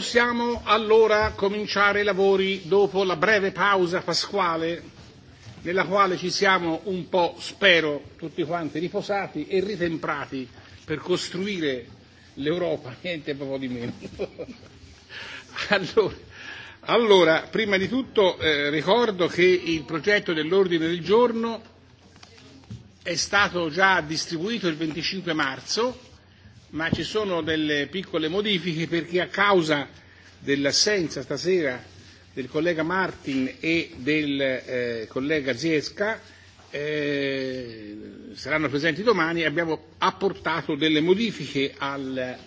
Possiamo allora cominciare i lavori dopo la breve pausa pasquale nella quale ci siamo un po', spero, tutti quanti riposati e ritemprati per costruire l'Europa, niente proprio di meno. Allora, allora prima di tutto eh, ricordo che il progetto dell'ordine del giorno è stato già distribuito il 25 marzo ma ci sono delle piccole modifiche perché a causa dell'assenza stasera del collega Martin e del eh, collega Ziesca eh, saranno presenti domani abbiamo apportato delle modifiche al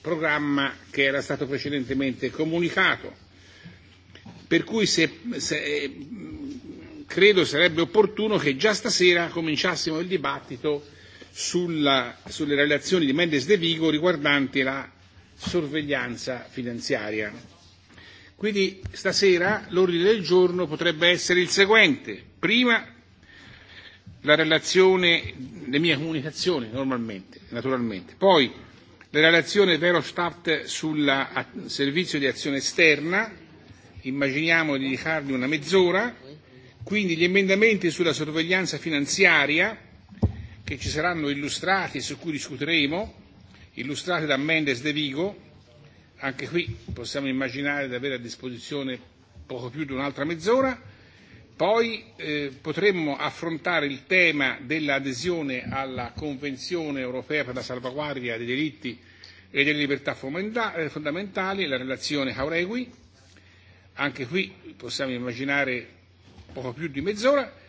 programma che era stato precedentemente comunicato per cui se, se, credo sarebbe opportuno che già stasera cominciassimo il dibattito sulla, sulle relazioni di Mendes De Vigo riguardanti la sorveglianza finanziaria. Quindi stasera l'ordine del giorno potrebbe essere il seguente. Prima la relazione, le mie comunicazioni normalmente, naturalmente. Poi la relazione Verostat sul servizio di azione esterna, immaginiamo di dedicargli una mezz'ora. Quindi gli emendamenti sulla sorveglianza finanziaria, che ci saranno illustrati e su cui discuteremo, illustrati da Mendes De Vigo, anche qui possiamo immaginare di avere a disposizione poco più di un'altra mezz'ora, poi eh, potremmo affrontare il tema dell'adesione alla Convenzione europea per la salvaguardia dei diritti e delle libertà fondamentali, la relazione Hauregui, anche qui possiamo immaginare poco più di mezz'ora,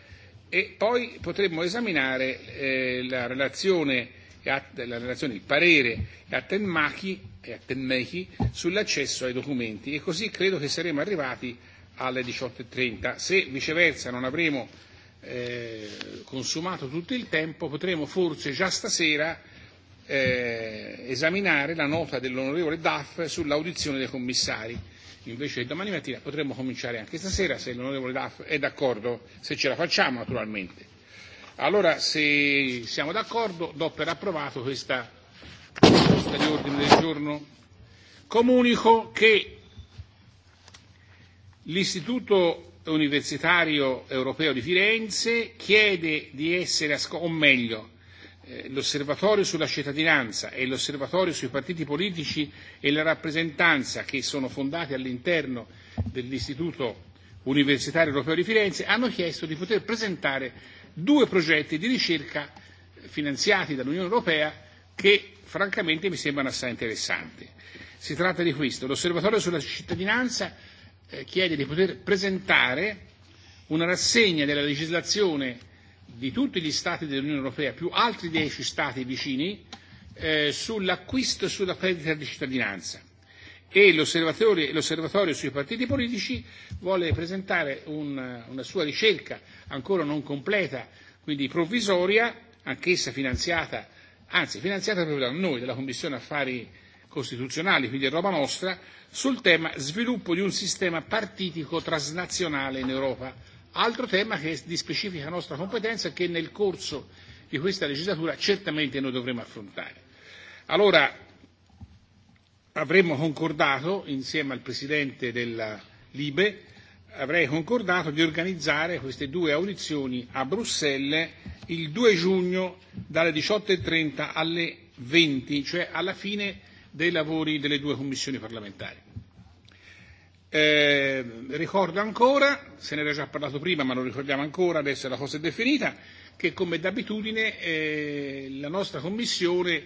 e poi potremmo esaminare eh, la relazione la relazione, il parere a Tenmachi, a sull'accesso ai documenti e così credo che saremo arrivati alle 18.30. Se viceversa non avremo eh, consumato tutto il tempo potremo forse già stasera eh, esaminare la nota dell'onorevole Daff sull'audizione dei commissari invece domani mattina, potremmo cominciare anche stasera se l'onorevole Daff è d'accordo, se ce la facciamo naturalmente. Allora se siamo d'accordo do per approvato questa proposta di ordine del giorno. Comunico che l'Istituto Universitario Europeo di Firenze chiede di essere, o meglio, l'osservatorio sulla cittadinanza e l'osservatorio sui partiti politici e la rappresentanza che sono fondati all'interno dell'Istituto Universitario Europeo di Firenze hanno chiesto di poter presentare due progetti di ricerca finanziati dall'Unione Europea che francamente mi sembrano assai interessanti. Si tratta di questo. L'osservatorio sulla cittadinanza chiede di poter presentare una rassegna della legislazione di tutti gli Stati dell'Unione Europea, più altri dieci Stati vicini, eh, sull'acquisto e sulla perdita di cittadinanza. E l'osservatorio, l'osservatorio sui partiti politici vuole presentare un, una sua ricerca ancora non completa, quindi provvisoria, anch'essa finanziata, anzi finanziata proprio da noi, della Commissione Affari costituzionali, quindi è roba nostra, sul tema sviluppo di un sistema partitico transnazionale in Europa Altro tema che è di specifica nostra competenza che nel corso di questa legislatura certamente noi dovremo affrontare. Allora avremmo concordato insieme al Presidente della Libe avrei concordato di organizzare queste due audizioni a Bruxelles il 2 giugno dalle 18.30 alle 20, cioè alla fine dei lavori delle due commissioni parlamentari. Eh, ricordo ancora, se ne era già parlato prima ma lo ricordiamo ancora, adesso la cosa è definita, che come d'abitudine eh, la nostra Commissione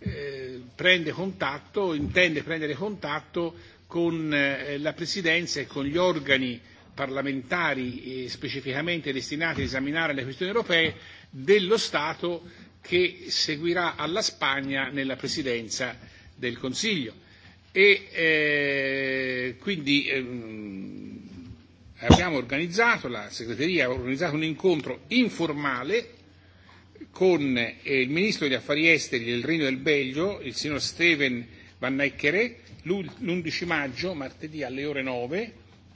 eh, prende contatto, intende prendere contatto con eh, la Presidenza e con gli organi parlamentari eh, specificamente destinati a esaminare le questioni europee dello Stato che seguirà alla Spagna nella Presidenza del Consiglio e eh, quindi ehm, abbiamo organizzato, la segreteria ha organizzato un incontro informale con eh, il ministro degli affari esteri del Regno del Belgio, il signor Steven Van Neckere, l'11 maggio, martedì alle ore 9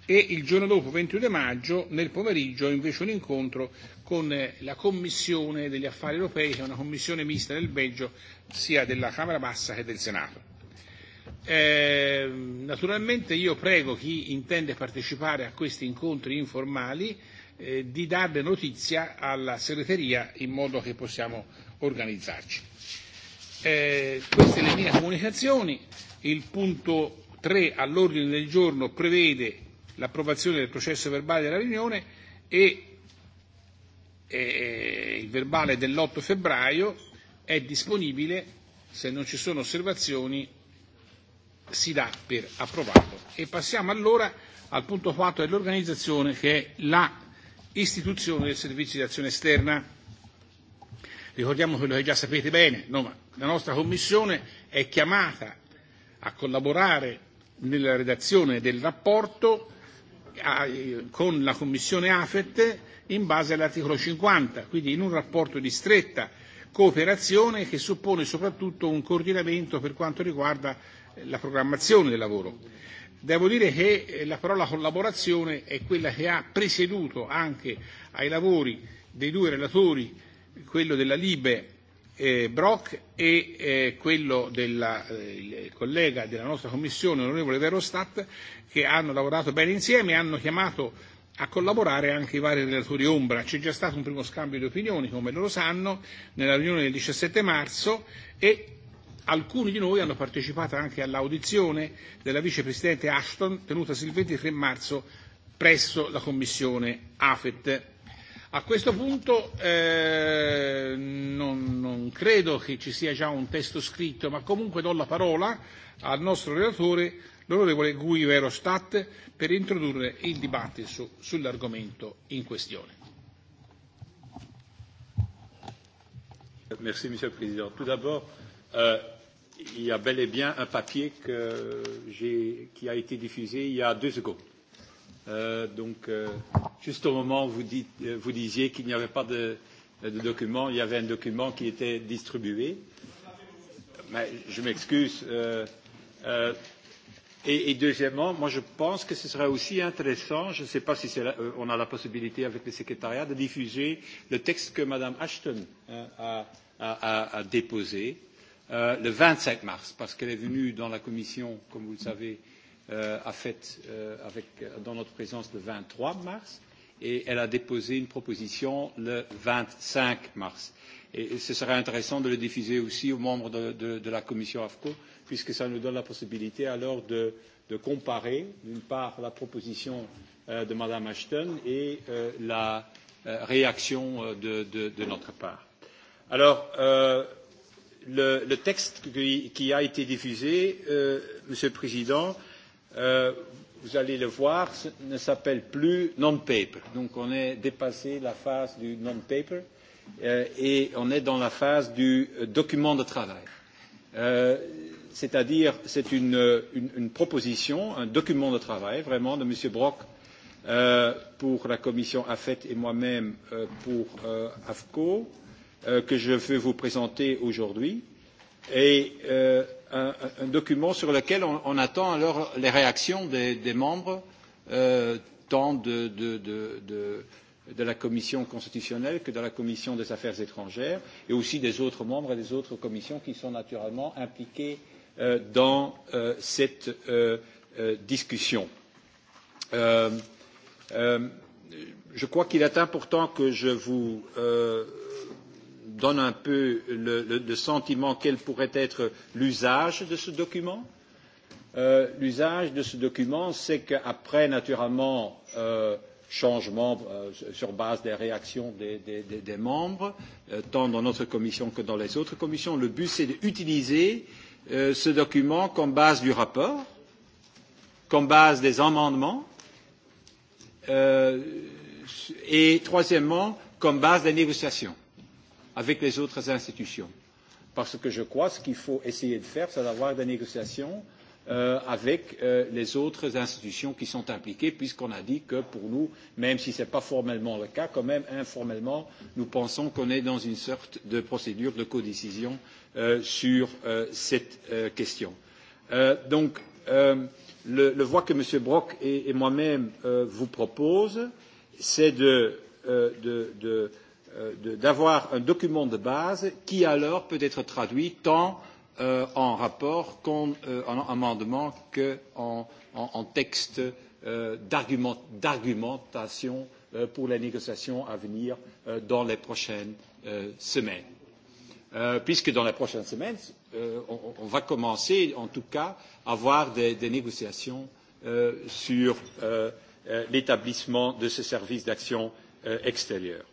e il giorno dopo, 22 maggio, nel pomeriggio invece un incontro con la Commissione degli affari europei, che è una commissione mista del Belgio, sia della Camera Bassa che del Senato. Eh, naturalmente io prego chi intende partecipare a questi incontri informali eh, di darle notizia alla segreteria in modo che possiamo organizzarci. Eh, queste le mie comunicazioni. Il punto 3 all'ordine del giorno prevede l'approvazione del processo verbale della riunione e eh, il verbale dell'8 febbraio è disponibile, se non ci sono osservazioni, si dà per approvato. E passiamo allora al punto 4 dell'organizzazione che è la istituzione del servizio di azione esterna. Ricordiamo quello che già sapete bene, no, ma la nostra Commissione è chiamata a collaborare nella redazione del rapporto con la Commissione AFET in base all'articolo 50, quindi in un rapporto di stretta cooperazione che suppone soprattutto un coordinamento per quanto riguarda la programmazione del lavoro. Devo dire che la parola collaborazione è quella che ha presieduto anche ai lavori dei due relatori, quello della Libe eh, Brock e eh, quello del eh, collega della nostra commissione, l'onorevole Verostat, che hanno lavorato bene insieme e hanno chiamato a collaborare anche i vari relatori ombra. C'è già stato un primo scambio di opinioni, come loro sanno, nella riunione del 17 marzo e alcuni di noi hanno partecipato anche all'audizione della vicepresidente Ashton tenutasi il 23 marzo presso la commissione AFET. A questo punto eh, non, non credo che ci sia già un testo scritto, ma comunque do la parola al nostro relatore, l'onorevole Guy Verostat, per introdurre il dibattito su, sull'argomento in questione. Merci, Monsieur le Président. Tout d'abord, euh, il y a bel et bien un papier que qui a été diffusé il y a deux secondes. Euh, donc, euh, juste au moment où vous, dit, vous disiez qu'il n'y avait pas de, de document, il y avait un document qui était distribué. Mais je m'excuse. Euh, euh, Et, et deuxièmement, moi je pense que ce serait aussi intéressant, je ne sais pas si là, euh, on a la possibilité avec le secrétariat de diffuser le texte que Mme Ashton hein, a, a, a, a déposé euh, le 25 mars, parce qu'elle est venue dans la commission, comme vous le savez, euh, a fait euh, avec, dans notre présence le 23 mars, et elle a déposé une proposition le 25 mars. Et ce serait intéressant de le diffuser aussi aux membres de, de, de la commission AFCO, puisque cela nous donne la possibilité alors de, comparer, d'une part, la proposition de Mme Ashton et la réaction de, notre part. Alors, le, texte qui, a été diffusé, Monsieur le Président, vous allez le voir, ne s'appelle plus non-paper. Donc on est dépassé la phase du non-paper et on est dans la phase du document de travail c'est-à-dire c'est une, une, une proposition, un document de travail vraiment de M. Brock euh, pour la commission AFET et moi-même euh, pour euh, AFCO euh, que je veux vous présenter aujourd'hui et euh, un, un document sur lequel on, on attend alors les réactions des, des membres euh, tant de, de, de, de, de la commission constitutionnelle que de la commission des affaires étrangères et aussi des autres membres et des autres commissions qui sont naturellement impliqués dans cette discussion. je crois qu'il est important que je vous donne un peu le, sentiment quel pourrait être l'usage de ce document. l'usage de ce document, c'est qu'après, naturellement, changement sur base des réactions des, membres, tant dans notre commission que dans les autres commissions, le but, c'est d'utiliser ce document comme base du rapport, comme base des amendements et troisièmement comme base des négociations avec les autres institutions. Parce que je crois que ce qu'il faut essayer de faire, c'est d'avoir des négociations avec les autres institutions qui sont impliquées, puisqu'on a dit que pour nous, même si ce n'est pas formellement le cas, quand même informellement, nous pensons qu'on est dans une sorte de procédure de codécision sur cette question. donc, le, voie que M. Brok et, moi-même vous proposent, c'est de d'avoir un document de base qui alors peut être traduit tant en rapport qu'en amendement qu'en texte d'argumentation pour les négociations à venir dans les prochaines semaines. Puisque dans les prochaines semaines, on va commencer en tout cas à avoir des négociations sur l'établissement de ce service d'action extérieure.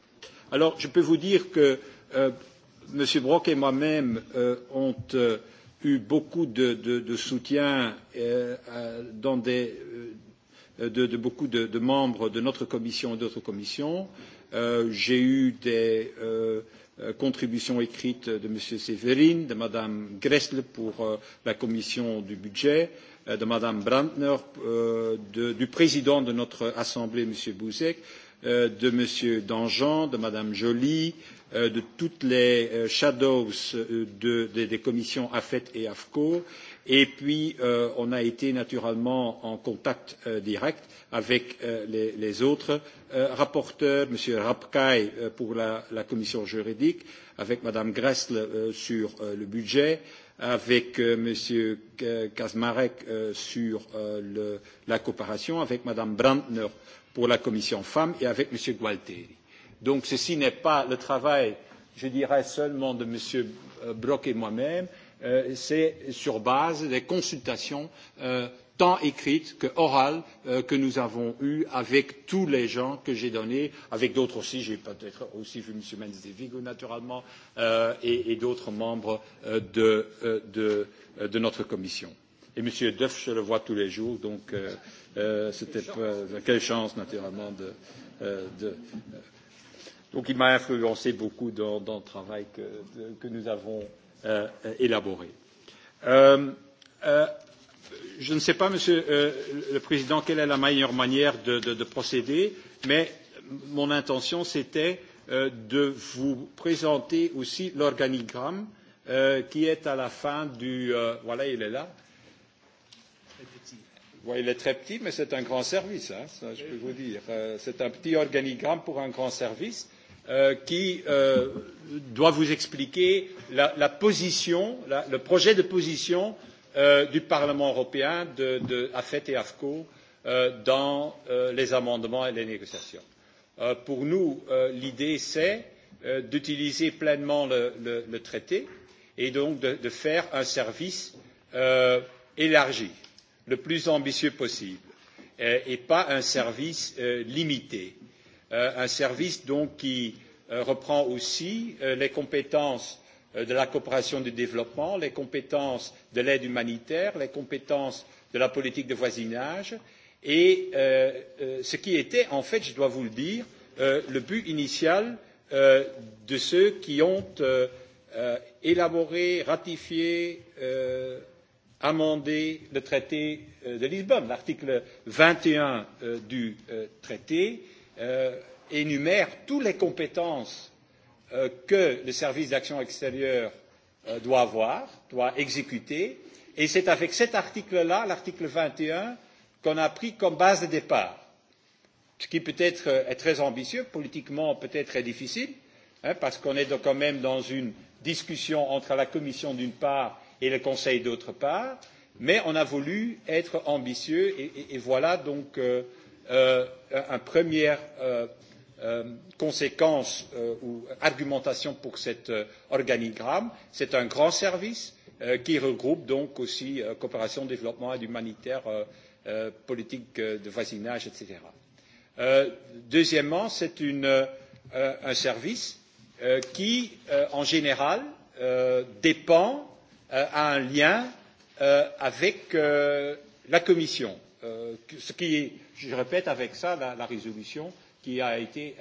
Alors, je peux vous dire que M. Brok et moi-même avons eu beaucoup de, soutien de, beaucoup de, membres de notre commission et d'autres commissions. J'ai eu des contributions écrites de M. Severin, de Mme Gressle pour la commission du budget, de Mme Brandner, du président de notre assemblée, M. Buzek de M. Danjean, de Mme Joly, de toutes les shadows des commissions AFET et AFCO. Et puis, on a été naturellement en contact direct avec les, autres rapporteurs, M. Rapkay pour la, commission juridique, avec Mme Gressle sur le budget, avec M. Kaczmarek sur la coopération, avec Mme Brandner pour la commission femm et avec M. Gualtieri. Donc ceci n'est pas le travail, je dirais, seulement de M. Brok et moi-même, c'est sur base des consultations tant écrites que orales que nous avons eues avec tous les gens que j'ai donnés, avec d'autres aussi, j'ai peut-être aussi vu M. Mendes de Vigo naturellement, et, d'autres membres de, notre commission. Et M. Duff, je le vois tous les jours, donc C'était quelle chance, naturellement, de. de donc il m'a influencé beaucoup dans, dans le travail que, que nous avons euh, élaboré. Euh, euh, je ne sais pas, Monsieur euh, le Président, quelle est la meilleure manière de, de, de procéder, mais mon intention, c'était euh, de vous présenter aussi l'organigramme euh, qui est à la fin du... Euh, voilà, il est là Oui, il est très petit, mais c'est un grand service, hein, ça, je peux vous dire. Euh, c'est un petit organigramme pour un grand service euh, qui euh, doit vous expliquer la, la position, la, le projet de position euh, du Parlement européen, de, de AFET et AFCO, euh, dans euh, les amendements et les négociations. Euh, pour nous, euh, l'idée, c'est euh, d'utiliser pleinement le, le, le traité et donc de, de faire un service euh, élargi le plus ambitieux possible et pas un service limité un service donc qui reprend aussi les compétences de la coopération du développement les compétences de l'aide humanitaire les compétences de la politique de voisinage et ce qui était en fait je dois vous le dire le but initial de ceux qui ont élaboré ratifié amender le traité de Lisbonne. L'article vingt et un du traité énumère toutes les compétences que le service d'action extérieure doit avoir, doit exécuter, et c'est avec cet article là, l'article vingt et un, qu'on a pris comme base de départ, ce qui peut être est très ambitieux, politiquement peut être très difficile, parce qu'on est quand même dans une discussion entre la Commission d'une part et le Conseil d'autre part, mais on a voulu être ambitieux et, voilà donc une première conséquence ou argumentation pour cet organigramme. C'est un grand service qui regroupe donc aussi coopération, développement, aide humanitaire, politique de voisinage, etc. deuxièmement, c'est un service qui, en général, dépend a un lien avec la Commission. ce qui est, je répète, avec ça, la, résolution qui a été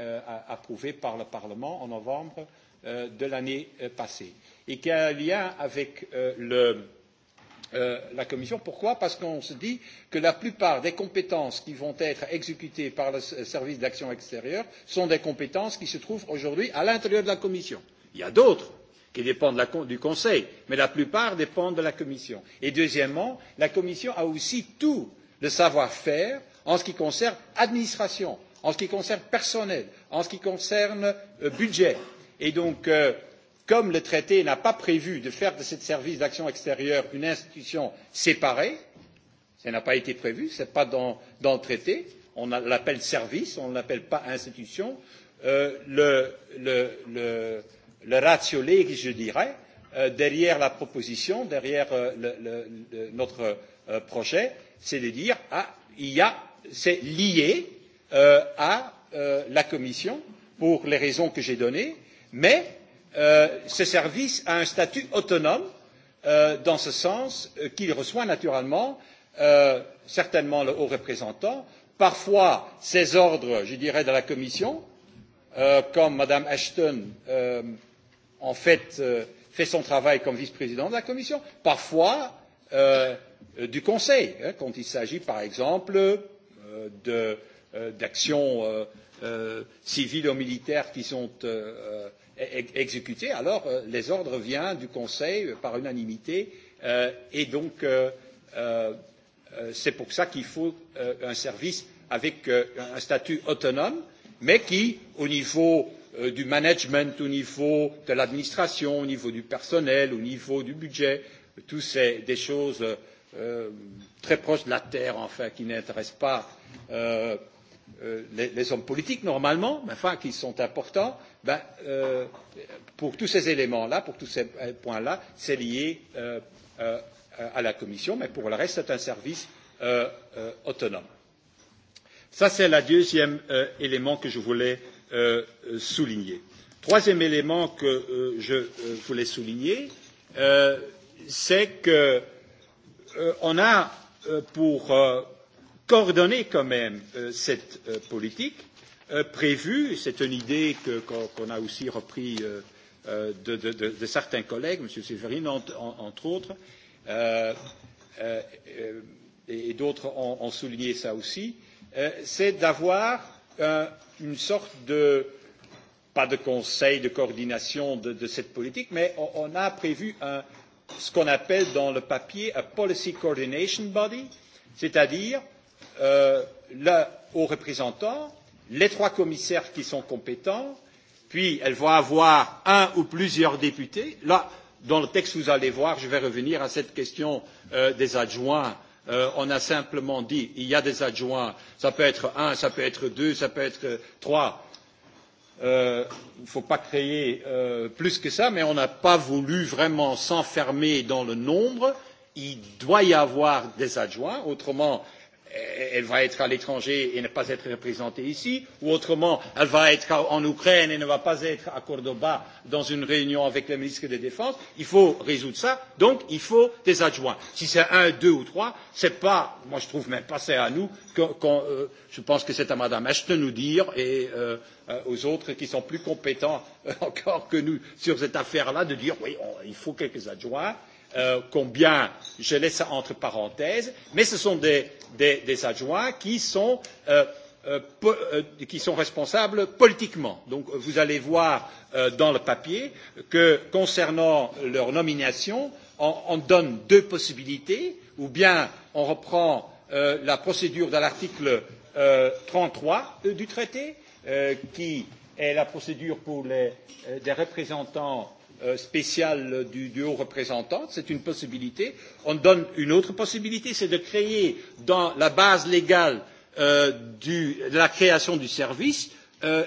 approuvée par le Parlement en novembre de l'année passée et qui a un lien avec la Commission. Pourquoi Parce qu'on se dit que la plupart des compétences qui vont être exécutées par le service d'action extérieure sont des compétences qui se trouvent aujourd'hui à l'intérieur de la Commission. Il y a d'autres qui dépend du Conseil, mais la plupart dépendent de la Commission. Et deuxièmement, la Commission a aussi tout le savoir-faire en ce qui concerne administration, en ce qui concerne personnel, en ce qui concerne budget. Et donc, comme le traité n'a pas prévu de faire de ce service d'action extérieure une institution séparée, ça n'a pas été prévu, ce n'est pas dans, le traité, on l'appelle service, on ne l'appelle pas institution, le, le ratio legis, je dirais, derrière la proposition, derrière notre projet, c'est de dire ah, il y a, c'est lié à la Commission pour les raisons que j'ai données, mais ce service a un statut autonome dans ce sens qu'il reçoit naturellement certainement le haut représentant, parfois ses ordres, je dirais, de la Commission, comme Mme Ashton en fait, fait son travail comme vice-président de la Commission, parfois du Conseil, quand il s'agit, par exemple, d'actions civiles ou militaires qui sont exécutées, alors les ordres viennent du Conseil par unanimité, et donc c'est pour cela qu'il faut un service avec un statut autonome, mais qui, au niveau du management au niveau de l'administration, au niveau du personnel, au niveau du budget, tout c'est des choses très proches de la terre, enfin, qui n'intéressent pas les, hommes politiques normalement, mais enfin, qui sont importants. pour tous ces éléments-là, pour tous ces points-là, c'est lié à la Commission, mais pour le reste, c'est un service autonome. Ça, c'est le deuxième élément que je voulais souligné. Troisième élément que je voulais souligner, c'est que a pour coordonner quand même cette politique prévu c'est une idée qu'on a aussi reprise de, certains collègues, M. Severin entre autres, et d'autres ont, souligné cela aussi, c'est d'avoir une sorte de pas de conseil de coordination de, cette politique, mais on, a prévu ce qu'on appelle dans le papier un policy coordination body, c'est-à-dire le haut représentant, les trois commissaires qui sont compétents, puis elle va avoir un ou plusieurs députés. Là, dans le texte, vous allez voir, je vais revenir à cette question des adjoints on a simplement dit il y a des adjoints, ça peut être un, ça peut être deux, ça peut être trois. Il ne faut pas créer plus que ça, mais on n'a pas voulu vraiment s'enfermer dans le nombre. Il doit y avoir des adjoints, autrement elle va être à l'étranger et ne pas être représentée ici, ou autrement, elle va être en Ukraine et ne va pas être à Cordoba dans une réunion avec le ministre de la Défense. Il faut résoudre ça, donc il faut des adjoints. Si c'est un, deux ou trois, c'est pas, moi je trouve même pas c'est à nous, je pense que c'est à Madame Ashton de nous dire et euh, aux autres qui sont plus compétents encore que nous sur cette affaire-là de dire oui, on, il faut quelques adjoints combien je laisse entre parenthèses, mais ce sont des, adjoints qui sont, responsables politiquement. Donc vous allez voir dans le papier que concernant leur nomination, on, donne deux possibilités, ou bien on reprend la procédure de l'article trente trois du traité, qui est la procédure pour les, représentants spéciale du, haut représentant, c'est une possibilité. On donne une autre possibilité, c'est de créer dans la base légale de la création du service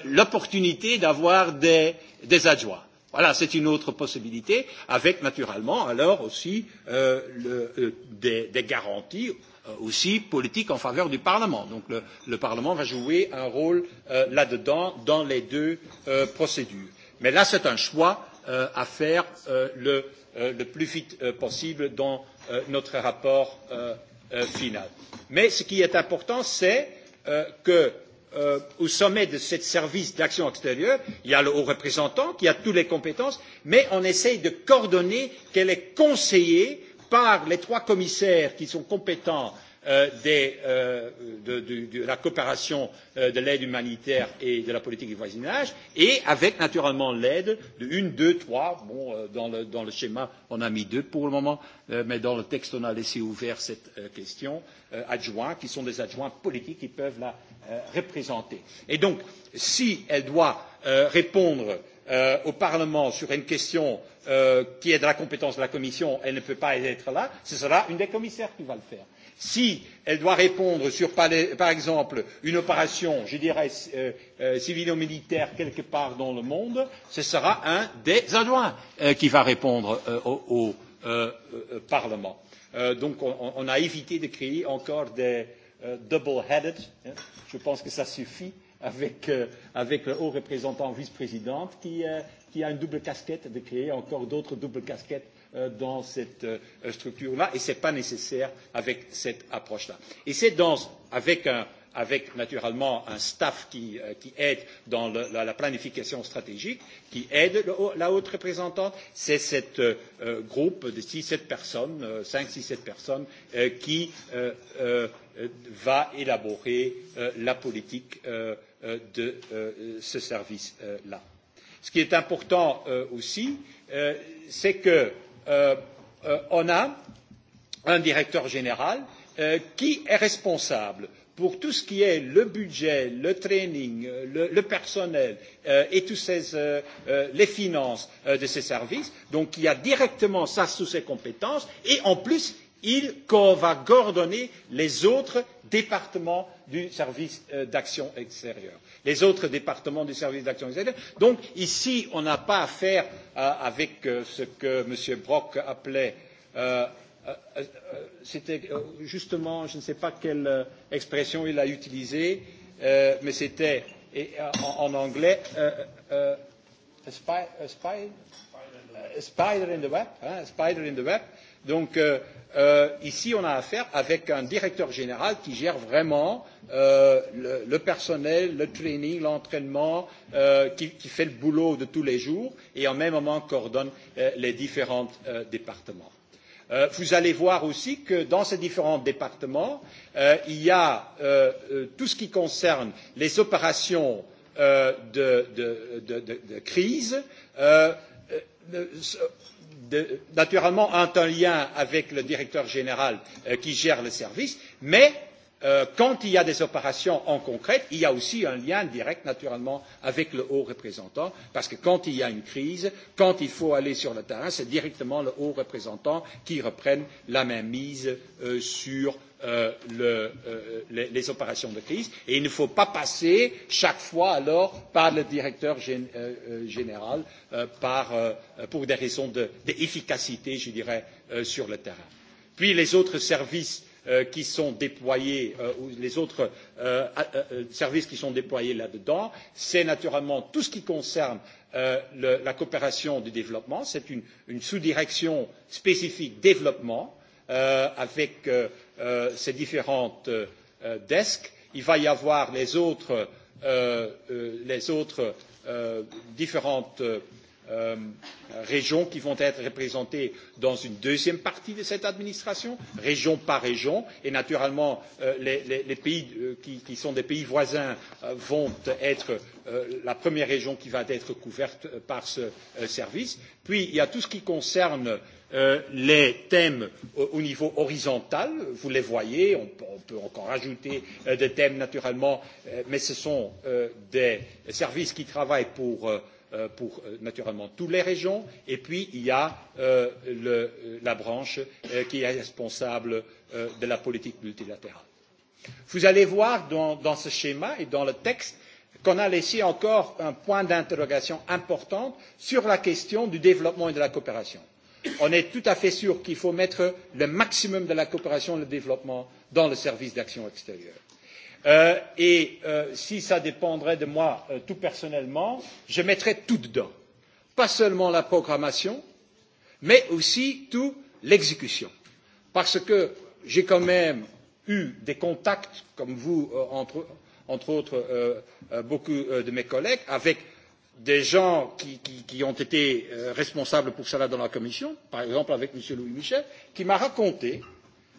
l'opportunité d'avoir des, adjoints. Voilà, c'est une autre possibilité, avec naturellement alors aussi des, garanties aussi politiques en faveur du Parlement. Donc le, Parlement va jouer un rôle là-dedans dans les deux procédures. Mais là, c'est un choix à faire le, plus vite possible dans notre rapport final. Mais ce qui est important, c'est que au sommet de ce service d'action extérieure, il y a le haut représentant qui a toutes les compétences, mais on essaie de coordonner qu'elle est conseillée par les trois commissaires qui sont compétents de, la coopération de l'aide humanitaire et de la politique de voisinage, et avec naturellement l'aide de une, deux, trois. Bon, dans, le, dans le schéma, on a mis deux pour le moment, mais dans le texte, on a laissé ouvert cette question adjoints, qui sont des adjoints politiques qui peuvent la représenter. Et donc, si elle doit répondre au Parlement sur une question qui est de la compétence de la Commission, elle ne peut pas être là, ce sera une des commissaires qui va le faire si elle doit répondre sur par exemple une opération je dirais civilo militaire quelque part dans le monde ce sera un des adjoints qui va répondre au parlement. donc on a évité de créer encore des double headed je pense que ça suffit avec, le haut représentant vice président qui, a une double casquette de créer encore d'autres doubles casquettes dans cette structure-là, et ce n'est pas nécessaire avec cette approche-là. Et c'est dans, avec un, avec naturellement un staff qui, aide dans la, planification stratégique, qui aide la haute représentante, c'est ce groupe de six sept personnes, cinq six sept personnes, qui va élaborer la politique de ce service là. Ce qui est important aussi, c'est que on a un directeur général qui est responsable pour tout ce qui est le budget, le training, le, personnel et tous ces, les finances de ces services, donc il y a directement ça sous ses compétences et en plus il va coordonner les autres départements du service d'action extérieure les autres départements du service d'action extérieure. Donc ici, on n'a pas affaire avec ce que M. Brok appelait c'était justement, je ne sais pas quelle expression il a utilisée, mais c'était en, anglais a, spider in the web, hein, spider in the web Donc euh, ici, on a affaire avec un directeur général qui gère vraiment euh, le, le personnel, le training, l'entraînement, euh, qui, qui fait le boulot de tous les jours et en même moment coordonne euh, les différents euh, départements. Euh, vous allez voir aussi que dans ces différents départements, euh, il y a euh, euh, tout ce qui concerne les opérations euh, de, de, de, de, de crise. Euh, naturellement ont un lien avec le directeur général qui gère le service, mais quand il y a des opérations en concret, il y a aussi un lien direct, naturellement, avec le haut représentant, parce que quand il y a une crise, quand il faut aller sur le terrain, c'est directement le haut représentant qui reprend la mainmise sur les, opérations de crise et il ne faut pas passer chaque fois alors par le directeur général pour des raisons d'efficacité, je dirais, sur le terrain. Puis les autres services qui sont déployés ou les autres services qui sont déployés là dedans c'est naturellement tout ce qui concerne la coopération du développement c'est une sous direction spécifique développement avec ces différentes desks il va y avoir les autres différentes régions qui vont être représentées dans une deuxième partie de cette administration région par région et naturellement les pays qui sont des pays voisins vont être la première région qui va être couverte par ce service. puis il y a tout ce qui concerne les thèmes au niveau horizontal, vous les voyez, on peut, encore ajouter des thèmes naturellement, mais ce sont des services qui travaillent pour pour naturellement toutes les régions et puis il y a la branche qui est responsable de la politique multilatérale. Vous allez voir dans, ce schéma et dans le texte qu'on a laissé encore un point d'interrogation important sur la question du développement et de la coopération on est tout à fait sûr qu'il faut mettre le maximum de la coopération et le développement dans le service d'action extérieure. et si cela dépendrait de moi tout personnellement, je mettrais tout dedans. Pas seulement la programmation, mais aussi toute l'exécution. Parce que j'ai quand même eu des contacts, comme vous, entre, autres beaucoup de mes collègues, avec des gens qui, ont été responsables pour cela dans la commission, par exemple avec M. Louis Michel, qui m'a raconté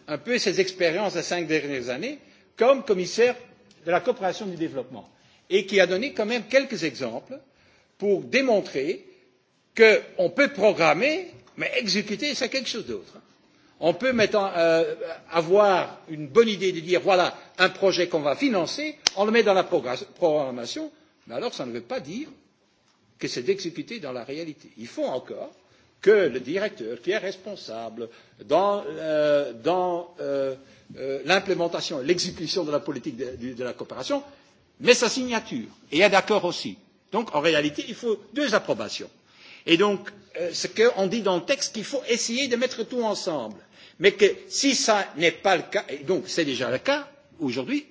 un peu ses expériences des cinq dernières années comme commissaire de la coopération du développement et qui a donné quand même quelques exemples pour démontrer qu'on peut programmer, mais exécuter, c'est quelque chose d'autre. On peut avoir une bonne idée de dire voilà un projet qu'on va financer, on le met dans la programmation, mais alors ça ne veut pas dire que c'est d'exécuter dans la réalité. Il faut encore que le directeur qui est responsable dans, euh, dans euh, euh, l'implémentation et l'exécution de la politique de, de la coopération met sa signature et est d'accord aussi. Donc en réalité, il faut deux approbations. Et donc, euh, ce qu'on dit dans le texte, qu'il faut essayer de mettre tout ensemble. Mais que si ça n'est pas le cas, et donc c'est déjà le cas aujourd'hui,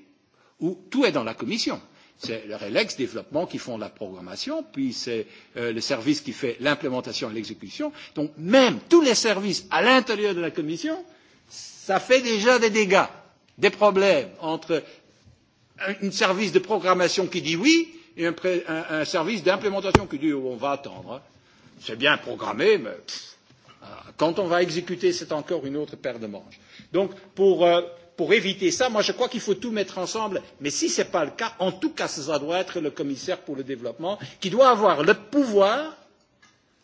où tout est dans la Commission C'est le Relex Développement qui font la programmation, puis c'est le service qui fait l'implémentation et l'exécution. Donc même tous les services à l'intérieur de la Commission, ça fait déjà des dégâts, des problèmes entre un service de programmation qui dit oui et un, service d'implémentation qui dit on va attendre. C'est bien programmé, mais quand on va exécuter, c'est encore une autre paire de manches. Donc pour pour éviter cela, moi je crois qu'il faut tout mettre ensemble. Mais si ce n'est pas le cas, en tout cas, cela doit être le commissaire pour le développement qui doit avoir le pouvoir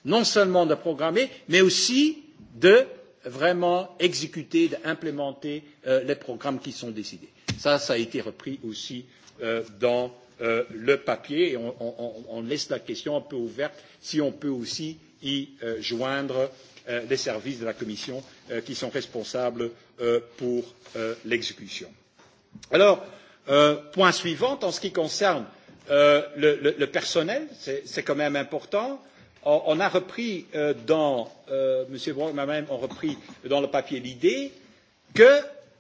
non seulement de programmer, mais aussi de vraiment exécuter, d'implémenter les programmes qui sont décidés. Cela a été repris aussi dans le papier et on, laisse la question un peu ouverte si on peut aussi y joindre les services de la Commission qui sont responsables pour l'exécution. Alors, point suivant, en ce qui concerne le, personnel, c'est quand même important. On, a repris dans, euh, Monsieur Brock même ont repris dans le papier l'idée que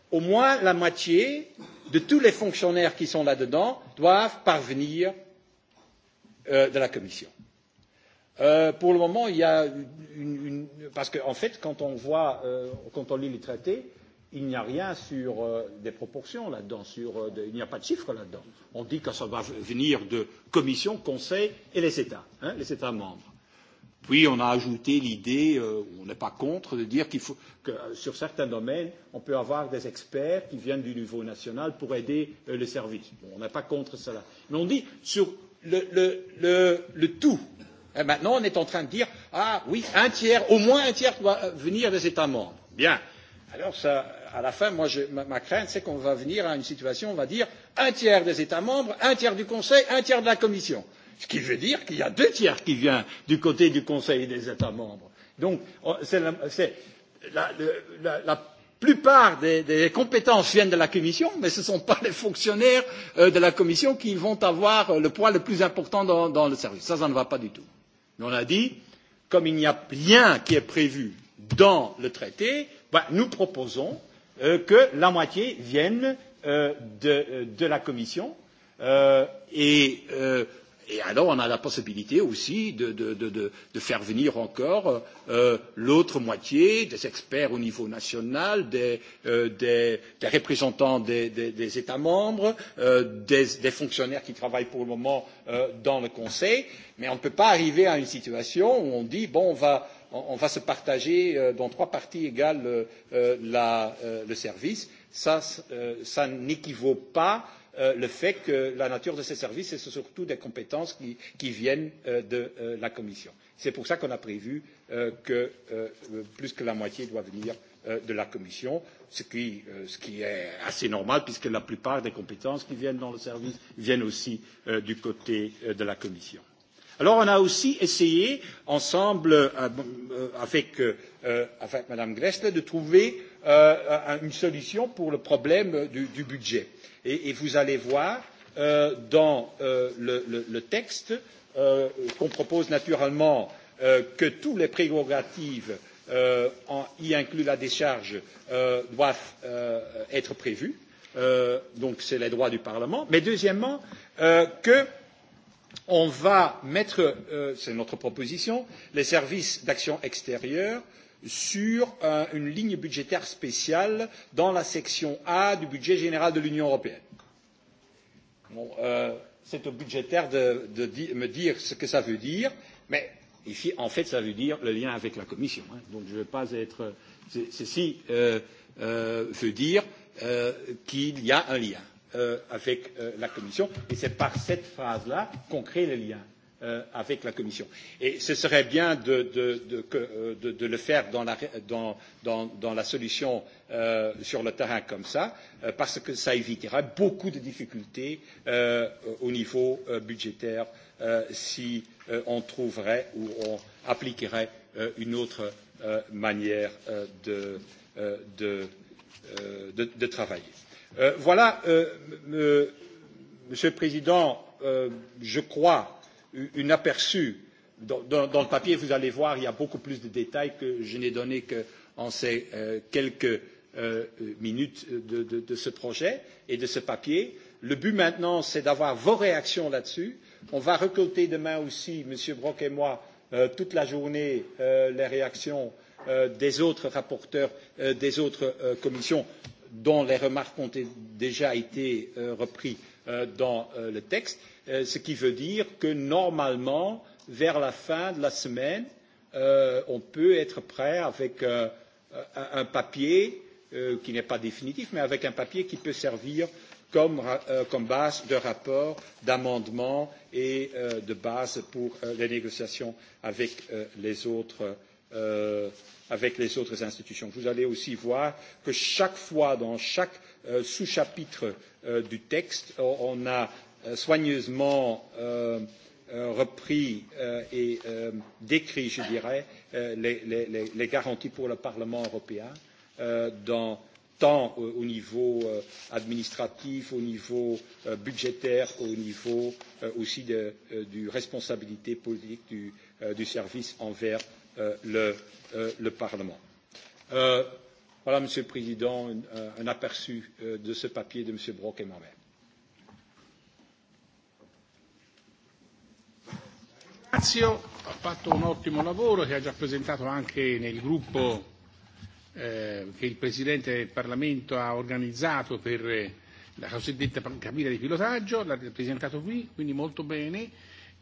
au moins la moitié de tous les fonctionnaires qui sont là-dedans doivent parvenir de la Commission pour le moment, il y a une, parce qu'en fait, quand on voit, quand on lit les traités, il n'y a rien sur des proportions là-dedans, sur il n'y a pas de chiffres là-dedans. On dit que ça va venir de Commission, Conseil et les États, hein, les États membres. Puis on a ajouté l'idée, euh, on n'est pas contre, de dire qu'il faut que sur certains domaines, on peut avoir des experts qui viennent du niveau national pour aider euh, les services. Bon, on n'est pas contre cela. Mais on dit sur le, le, le, le tout, Et maintenant, on est en train de dire ah oui, un tiers, au moins un tiers doit venir des États membres. Bien. Alors ça, à la fin, moi, je, ma, ma crainte, c'est qu'on va venir à une situation, on va dire un tiers des États membres, un tiers du Conseil, un tiers de la Commission. Ce qui veut dire qu'il y a deux tiers qui viennent du côté du Conseil et des États membres. Donc, c'est la, la, la, la plupart des, des compétences viennent de la Commission, mais ce ne sont pas les fonctionnaires euh, de la Commission qui vont avoir le poids le plus important dans, dans le service. Ça, ça ne va pas du tout. Mais on a dit, comme il n'y a rien qui est prévu dans le traité, nous proposons que la moitié vienne de, la Commission et Et alors, on a la possibilité aussi de, de, de, de, de faire venir encore euh, l'autre moitié, des experts au niveau national, des, euh, des, des représentants des, des, des États membres, euh, des, des fonctionnaires qui travaillent pour le moment euh, dans le Conseil. Mais on ne peut pas arriver à une situation où on dit, bon, on va, on, on va se partager euh, dans trois parties égales euh, la, euh, le service. Ça, euh, ça n'équivaut pas le fait que la nature de ces services, c'est surtout des compétences qui, viennent de la Commission. C'est pour cela qu'on a prévu que plus que la moitié doit venir de la Commission, ce qui, est assez normal puisque la plupart des compétences qui viennent dans le service viennent aussi du côté de la Commission. Alors on a aussi essayé ensemble avec, Mme Gressler de trouver une solution pour le problème du, budget Et, vous allez voir dans le, texte qu'on propose naturellement que toutes les prérogatives y inclus la décharge doivent être prévues donc c'est les droits du Parlement mais deuxièmement que on va mettre c'est notre proposition les services d'action extérieure sur une ligne budgétaire spéciale dans la section A du budget général de l'Union européenne. c'est au budgétaire de, me dire ce que cela veut dire, mais ici, en fait, cela veut dire le lien avec la Commission. donc, je ne veux pas être. Ceci veut dire qu'il y a un lien avec la Commission, et c'est par cette phrase-là qu'on crée le lien avec la Commission. Et ce serait bien de, le faire dans la, solution sur le terrain comme cela, parce que cela évitera beaucoup de difficultés au niveau budgétaire si on trouverait ou on appliquerait une autre manière de, travailler. voilà, Monsieur le Président, je crois un aperçu. Dans, le papier, vous allez voir, il y a beaucoup plus de détails que je n'ai donné qu'en ces quelques minutes de, ce projet et de ce papier. Le but maintenant, c'est d'avoir vos réactions là-dessus. On va récolter demain aussi, M. Brok et moi, toute la journée, les réactions des autres rapporteurs des autres commissions dont les remarques ont déjà été reprises dans le texte, ce qui veut dire que normalement, vers la fin de la semaine, on peut être prêt avec un papier qui n'est pas définitif, mais avec un papier qui peut servir comme, base de rapport, d'amendement et de base pour les négociations avec les autres avec les autres institutions. Vous allez aussi voir que chaque fois, dans chaque sous chapitre du texte. On a soigneusement repris et décrit, je dirais, les, garanties pour le Parlement européen dans tant au niveau administratif, au niveau budgétaire, au niveau aussi de responsabilité politique du, service envers le, Parlement. Voilà, Monsieur le Président, un aperçu de ce papier de M. Brok et moi-même. Ringrazio, ha fatto un ottimo lavoro che ha già presentato anche nel gruppo eh, che il Presidente del Parlamento ha organizzato per la cosiddetta cabina di pilotaggio, l'ha presentato qui, quindi molto bene.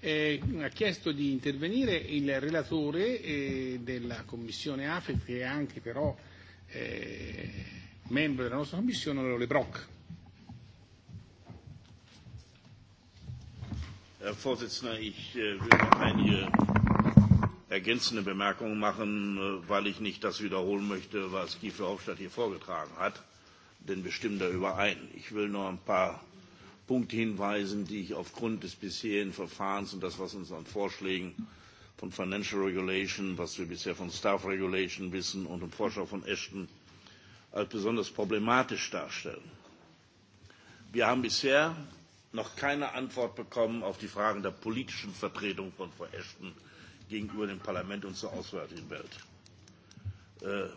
Eh, ha chiesto di intervenire il relatore eh, della Commissione AFET che è anche però eh, membro della nostra Commissione, onorevole Brock. Herr Vorsitzender, ich will noch einige ergänzende Bemerkungen machen, weil ich nicht das wiederholen möchte, was Kiefer Hofstadt hier vorgetragen hat, denn wir stimmen da überein. Ich will nur ein paar Punkte hinweisen, die ich aufgrund des bisherigen Verfahrens und das, was uns an Vorschlägen von Financial Regulation, was wir bisher von Staff Regulation wissen und im Vorschau von Ashton als besonders problematisch darstellen. Wir haben bisher noch keine Antwort bekommen auf die Fragen der politischen Vertretung von Frau Ashton gegenüber dem Parlament und zur auswärtigen Welt.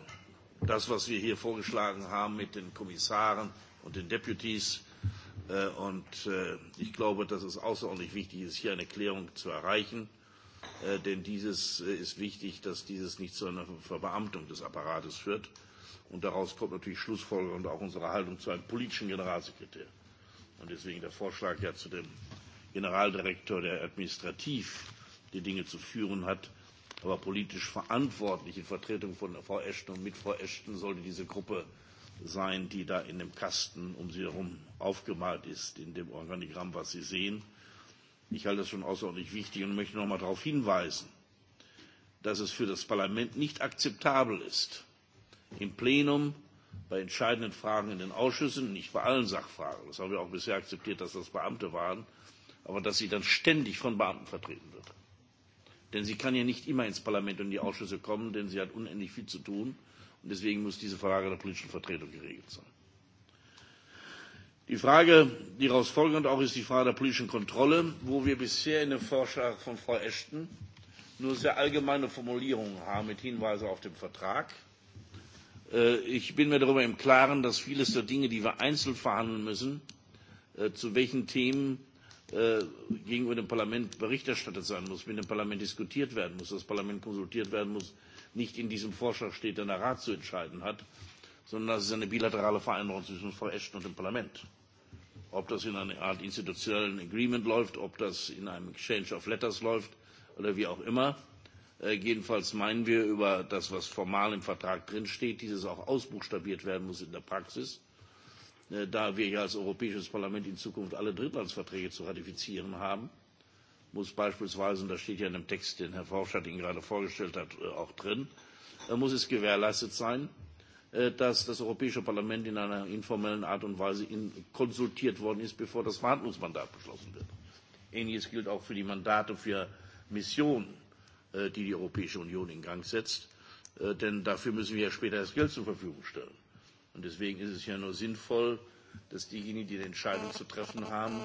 Das, was wir hier vorgeschlagen haben mit den Kommissaren und den Deputies, und ich glaube, dass es außerordentlich wichtig ist, hier eine Klärung zu erreichen denn dieses ist wichtig, dass dies nicht zu einer Verbeamtung des Apparates führt. Und daraus kommt natürlich Schlussfolgerung und auch unsere Haltung zu einem politischen Generalsekretär. Und deswegen der Vorschlag ja zu dem Generaldirektor, der administrativ die Dinge zu führen hat, aber politisch verantwortlich in Vertretung von Frau Ashton und mit Frau Ashton sollte diese Gruppe sein, die da in dem Kasten um sie herum aufgemalt ist, in dem Organigramm, was Sie sehen. Ich halte das schon außerordentlich wichtig und möchte noch einmal darauf hinweisen, dass es für das Parlament nicht akzeptabel ist, im Plenum bei entscheidenden Fragen in den Ausschüssen, nicht bei allen Sachfragen, das haben wir auch bisher akzeptiert, dass das Beamte waren, aber dass sie dann ständig von Beamten vertreten wird. Denn sie kann ja nicht immer ins Parlament und in die Ausschüsse kommen, denn sie hat unendlich viel zu tun. Und deswegen muss diese Frage der politischen Vertretung geregelt sein. Die Frage, die daraus folgend auch ist die Frage der politischen Kontrolle, wo wir bisher in dem Vorschlag von Frau Ashton nur sehr allgemeine Formulierungen haben mit Hinweisen auf den Vertrag. Ich bin mir darüber im Klaren, dass vieles der Dinge, die wir einzeln verhandeln müssen, zu welchen Themen gegenüber dem Parlament Bericht erstattet sein muss, mit dem Parlament diskutiert werden muss, das Parlament konsultiert werden muss, nicht in diesem Vorschlag steht, den der Rat zu entscheiden hat, sondern das ist eine bilaterale Vereinbarung zwischen Frau Ashton und dem Parlament. Ob das in einer Art institutionellen Agreement läuft, ob das in einem Exchange of Letters läuft oder wie auch immer. jedenfalls meinen wir über das, was formal im Vertrag drinsteht, dieses auch ausbuchstabiert werden muss in der Praxis. Da wir ja als Europäisches Parlament in Zukunft alle Drittlandsverträge zu ratifizieren haben, muss beispielsweise, und das steht ja in dem Text, den Herr Forschert Ihnen gerade vorgestellt hat, auch drin, muss es gewährleistet sein, dass das Europäische Parlament in einer informellen Art und Weise konsultiert worden ist, bevor das Verhandlungsmandat beschlossen wird. Ähnliches gilt auch für die Mandate für Missionen, die die Europäische Union in Gang setzt. Denn dafür müssen wir ja später das Geld zur Verfügung stellen. Und deswegen ist es ja nur sinnvoll, dass diejenigen, die die Entscheidung zu treffen haben,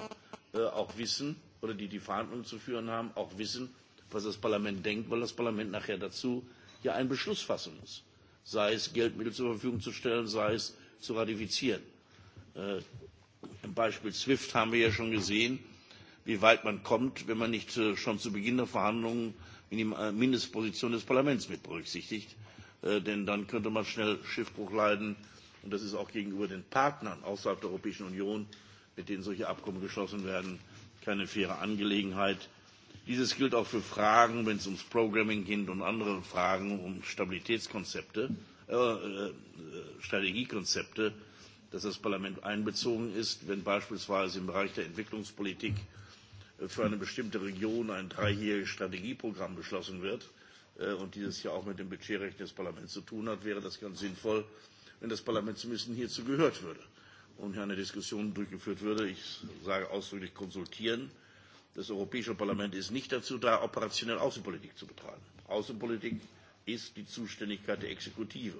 auch wissen, oder die die Verhandlungen zu führen haben, auch wissen, was das Parlament denkt, weil das Parlament nachher dazu ja einen Beschluss fassen muss sei es Geldmittel zur Verfügung zu stellen, sei es zu ratifizieren. Im Beispiel SWIFT haben wir ja schon gesehen, wie weit man kommt, wenn man nicht schon zu Beginn der Verhandlungen die Mindestposition des Parlaments mit berücksichtigt. Denn dann könnte man schnell Schiffbruch leiden. Und das ist auch gegenüber den Partnern außerhalb der Europäischen Union, mit denen solche Abkommen geschlossen werden, keine faire Angelegenheit. Dieses gilt auch für Fragen, wenn es ums Programming geht und andere Fragen um Stabilitätskonzepte, Strategiekonzepte, dass das Parlament einbezogen ist, wenn beispielsweise im Bereich der Entwicklungspolitik für eine bestimmte Region ein dreijähriges Strategieprogramm beschlossen wird und dieses ja auch mit dem Budgetrecht des Parlaments zu tun hat, wäre das ganz sinnvoll, wenn das Parlament zumindest hierzu gehört würde und hier eine Diskussion durchgeführt würde. Ich sage ausdrücklich konsultieren Das Europäische Parlament ist nicht dazu da, operationell Außenpolitik zu betreiben. Außenpolitik ist die Zuständigkeit der Exekutive.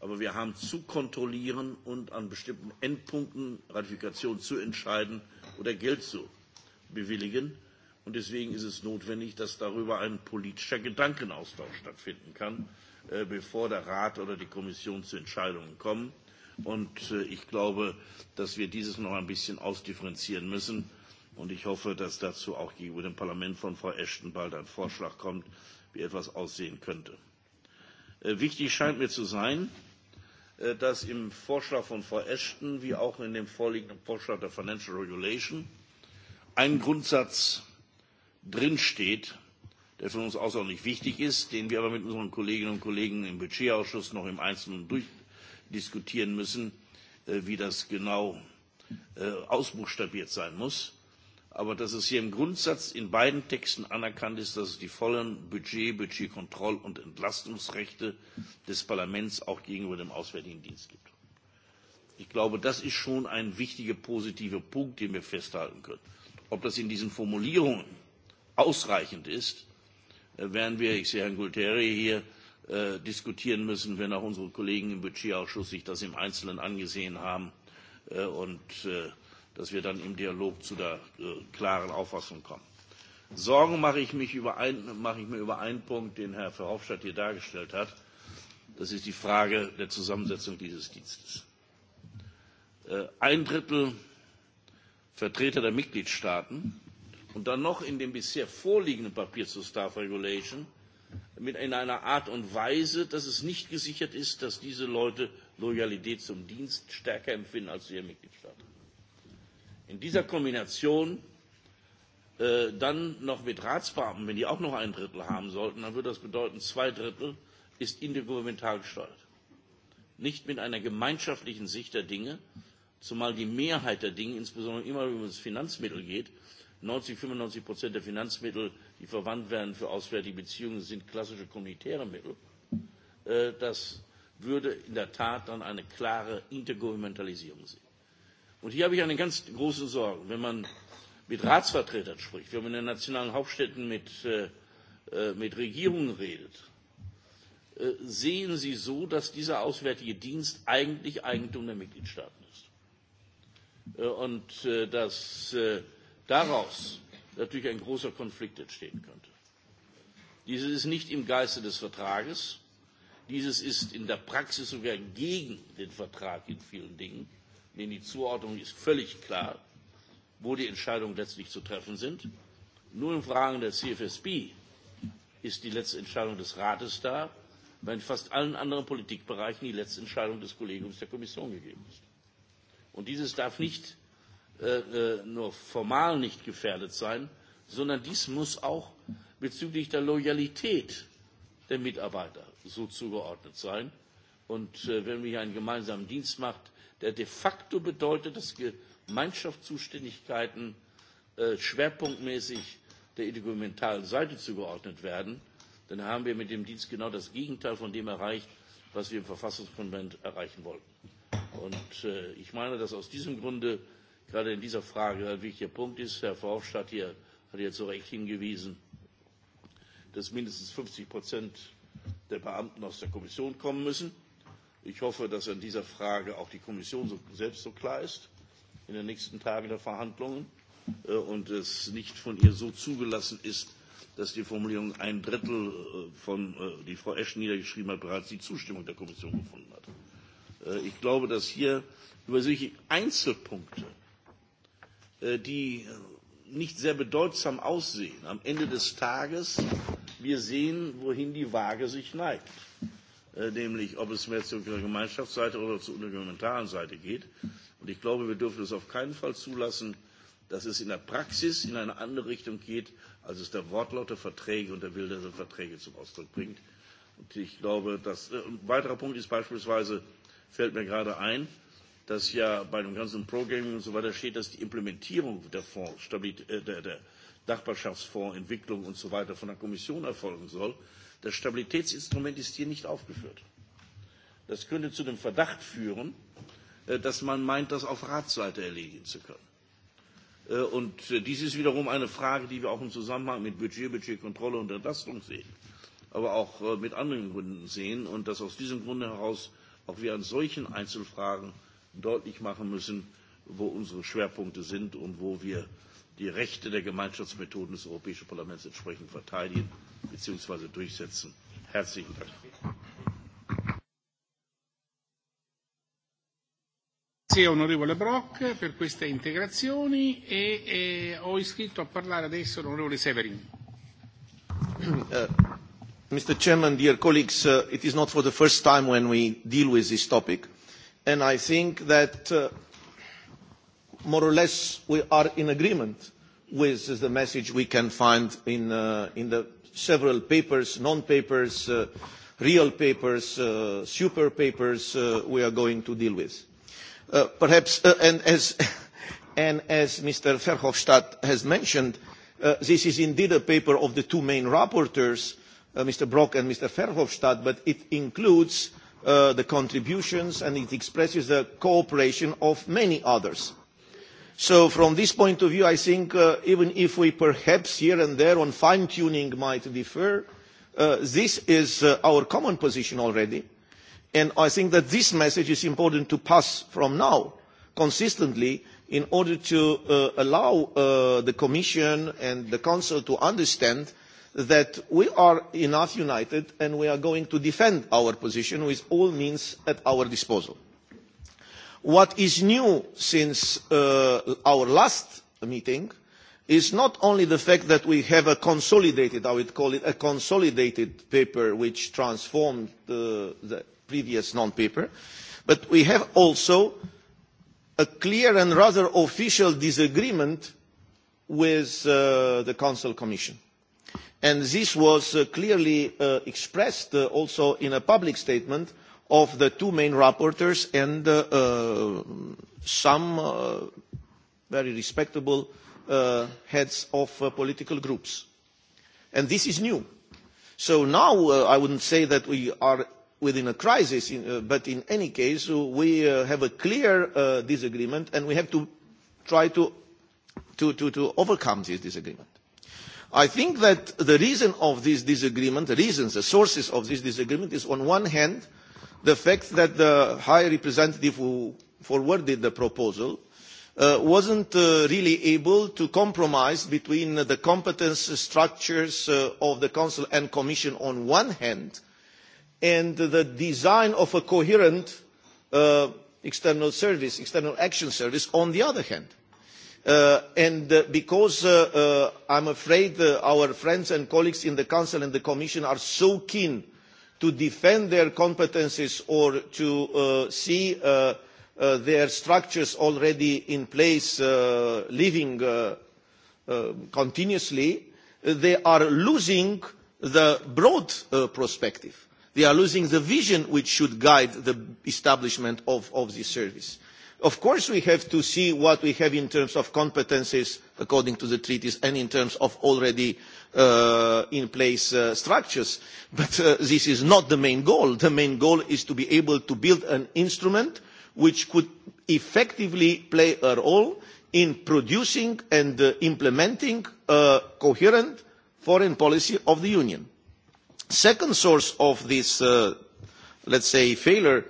Aber wir haben zu kontrollieren und an bestimmten Endpunkten Ratifikation zu entscheiden oder Geld zu bewilligen. Und deswegen ist es notwendig, dass darüber ein politischer Gedankenaustausch stattfinden kann, bevor der Rat oder die Kommission zu Entscheidungen kommen. Und ich glaube, dass wir dieses noch ein bisschen ausdifferenzieren müssen Und ich hoffe, dass dazu auch gegenüber dem Parlament von Frau Ashton bald ein Vorschlag kommt, wie etwas aussehen könnte. Wichtig scheint mir zu sein, dass im Vorschlag von Frau Ashton wie auch in dem vorliegenden Vorschlag der Financial Regulation ein Grundsatz drinsteht, der für uns außerordentlich wichtig ist, den wir aber mit unseren Kolleginnen und Kollegen im Budgetausschuss noch im Einzelnen durchdiskutieren müssen, wie das genau ausbuchstabiert sein muss aber dass es hier im Grundsatz in beiden Texten anerkannt ist, dass es die vollen Budget, Budgetkontroll- und Entlastungsrechte des Parlaments auch gegenüber dem Auswärtigen Dienst gibt. Ich glaube, das ist schon ein wichtiger positiver Punkt, den wir festhalten können. Ob das in diesen Formulierungen ausreichend ist, werden wir, ich sehe Herrn Gulteri hier, diskutieren müssen, wenn auch unsere Kollegen im Budgetausschuss sich das im Einzelnen angesehen haben und dass wir dann im Dialog zu der klaren Auffassung kommen. Sorgen mache ich, mich über ein, mache ich mir über einen Punkt, den Herr Verhofstadt hier dargestellt hat. Das ist die Frage der Zusammensetzung dieses Dienstes. Ein Drittel Vertreter der Mitgliedstaaten und dann noch in dem bisher vorliegenden Papier zur Staff Regulation mit in einer Art und Weise, dass es nicht gesichert ist, dass diese Leute Loyalität zum Dienst stärker empfinden als zu ihrem Mitgliedstaaten in dieser Kombination dann noch mit Ratsbeamten, wenn die auch noch ein Drittel haben sollten, dann würde das bedeuten, zwei Drittel ist intergouvernemental gesteuert. Nicht mit einer gemeinschaftlichen Sicht der Dinge, zumal die Mehrheit der Dinge, insbesondere immer wenn es um Finanzmittel geht, 90, 95 Prozent der Finanzmittel, die verwandt werden für auswärtige Beziehungen, sind klassische kommunitäre Mittel. Das würde in der Tat dann eine klare Intergouvernementalisierung sehen. Und hier habe ich eine ganz große Sorge. Wenn man mit Ratsvertretern spricht, wenn man in den nationalen Hauptstädten mit, mit Regierungen redet, sehen sie so, dass dieser Auswärtige Dienst eigentlich Eigentum der Mitgliedstaaten ist. Und dass daraus natürlich ein großer Konflikt entstehen könnte. Dieses ist nicht im Geiste des Vertrages. Dieses ist in der Praxis sogar gegen den Vertrag in vielen Dingen denn die Zuordnung ist völlig klar, wo die Entscheidungen letztlich zu treffen sind. Nur in Fragen der CFSB ist die letzte Entscheidung des Rates da, weil in fast allen anderen Politikbereichen die letzte Entscheidung des Kollegiums der Kommission gegeben ist. Und dieses darf nicht nur formal nicht gefährdet sein, sondern dies muss auch bezüglich der Loyalität der Mitarbeiter so zugeordnet sein. Und wenn man hier einen gemeinsamen Dienst macht, der de facto bedeutet, dass Gemeinschaftszuständigkeiten schwerpunktmäßig der intergouvernementalen Seite zugeordnet werden, dann haben wir mit dem Dienst genau das Gegenteil von dem erreicht, was wir im Verfassungskonvent erreichen wollten. Und ich meine, dass aus diesem Grunde gerade in dieser Frage ein wichtiger Punkt ist. Herr Verhofstadt hier hat jetzt so recht hingewiesen, dass mindestens 50 Prozent der Beamten aus der Kommission kommen müssen. Ich hoffe, dass in dieser Frage auch die Kommission selbst so klar ist in den nächsten Tagen der Verhandlungen und es nicht von ihr so zugelassen ist, dass die Formulierung ein Drittel von, die Frau Ashton niedergeschrieben hat, bereits die Zustimmung der Kommission gefunden hat. Ich glaube, dass hier über solche Einzelpunkte, die nicht sehr bedeutsam aussehen, am Ende des Tages wir sehen, wohin die Waage sich neigt nämlich ob es mehr zu der Gemeinschaftsseite oder zur der Seite geht. Und ich glaube, wir dürfen es auf keinen Fall zulassen, dass es in der Praxis in eine andere Richtung geht, als es der Wortlaut der Verträge und der Wille der Verträge zum Ausdruck bringt. Und ich glaube, dass, ein weiterer Punkt ist beispielsweise, fällt mir gerade ein, dass ja bei dem ganzen Programming und so weiter steht, dass die Implementierung der Fonds, der, der Nachbarschaftsfonds, Entwicklung und so weiter von der Kommission erfolgen soll. Das Stabilitätsinstrument ist hier nicht aufgeführt. Das könnte zu dem Verdacht führen, dass man meint, das auf Ratsseite erledigen zu können. Und dies ist wiederum eine Frage, die wir auch im Zusammenhang mit Budget, Budgetkontrolle und Entlastung sehen, aber auch mit anderen Gründen sehen und dass aus diesem Grunde heraus auch wir an solchen Einzelfragen deutlich machen müssen, wo unsere Schwerpunkte sind und wo wir die Rechte der Gemeinschaftsmethoden des Europäischen Parlaments entsprechend verteidigen bzw. durchsetzen. Herzlichen Dank. Grazie onorevole Brock per queste integrazioni e, e ho iscritto a parlare adesso l'onorevole Severin. Mr. Chairman, dear colleagues, uh, it is not for the first time when we deal with this topic and I think that uh, more or less we are in agreement with the message we can find in, the several papers, non-papers, real papers, super papers we are going to deal with. perhaps, and, as, Mr. Verhofstadt has mentioned, this is indeed a paper of the two main rapporteurs, Mr. Brok and Mr. Verhofstadt, but it includes the contributions and it expresses the cooperation of many others So from this point of view, I think even if we perhaps here and there on fine-tuning might differ, this is our common position already. And I think that this message is important to pass from now consistently in order to allow the Commission and the Council to understand that we are enough united and we are going to defend our position with all means at our disposal. What is new since our last meeting is not only the fact that we have a consolidated, I would call it a consolidated paper which transformed the, previous non-paper, but we have also a clear and rather official disagreement with the Council Commission. And this was clearly expressed also in a public statement of the two main rapporteurs and some very respectable heads of political groups. And this is new. So now I would not say that we are within a crisis, but in any case, we have a clear disagreement and we have to try to, to, to, to overcome this disagreement. I think that the reason of this disagreement, the reasons, the sources of this disagreement is on one hand, uh, the fact that the High Representative who forwarded the proposal uh, wasn't uh, really able to compromise between the competence structures uh, of the Council and Commission on one hand and the design of a coherent uh, external service, external action service on the other hand. Uh, and uh, because uh, uh, I'm afraid uh, our friends and colleagues in the Council and the Commission are so keen to defend their competences or to see their structures already in place living continuously, they are losing the broad perspective. They are losing the vision which should guide the establishment of, this service of course we have to see what we have in terms of competences according to the treaties and in terms of already in place structures but this is not the main goal. the main goal is to be able to build an instrument which could effectively play a role in producing and implementing a coherent foreign policy of the union. the second source of this let us say failure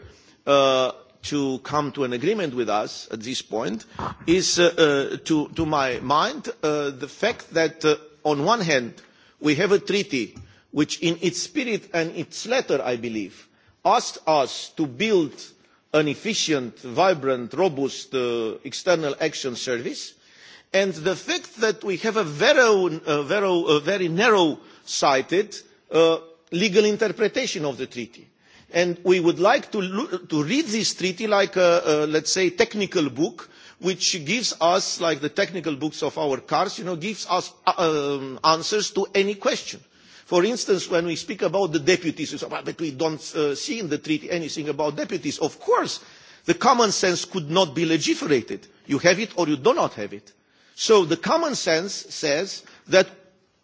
to come to an agreement with us at this point is, to, my mind, the fact that on one hand we have a treaty which in its spirit and its letter, I believe, asked us to build an efficient, vibrant, robust external action service, and the fact that we have a very, narrow-sighted legal interpretation of the treaty and we would like to, to read this treaty like a, a let's say technical book which gives us like the technical books of our cars you know gives us um, answers to any question for instance when we speak about the deputies we say, well, but we don't uh, see in the treaty anything about deputies of course the common sense could not be legiferated you have it or you do not have it so the common sense says that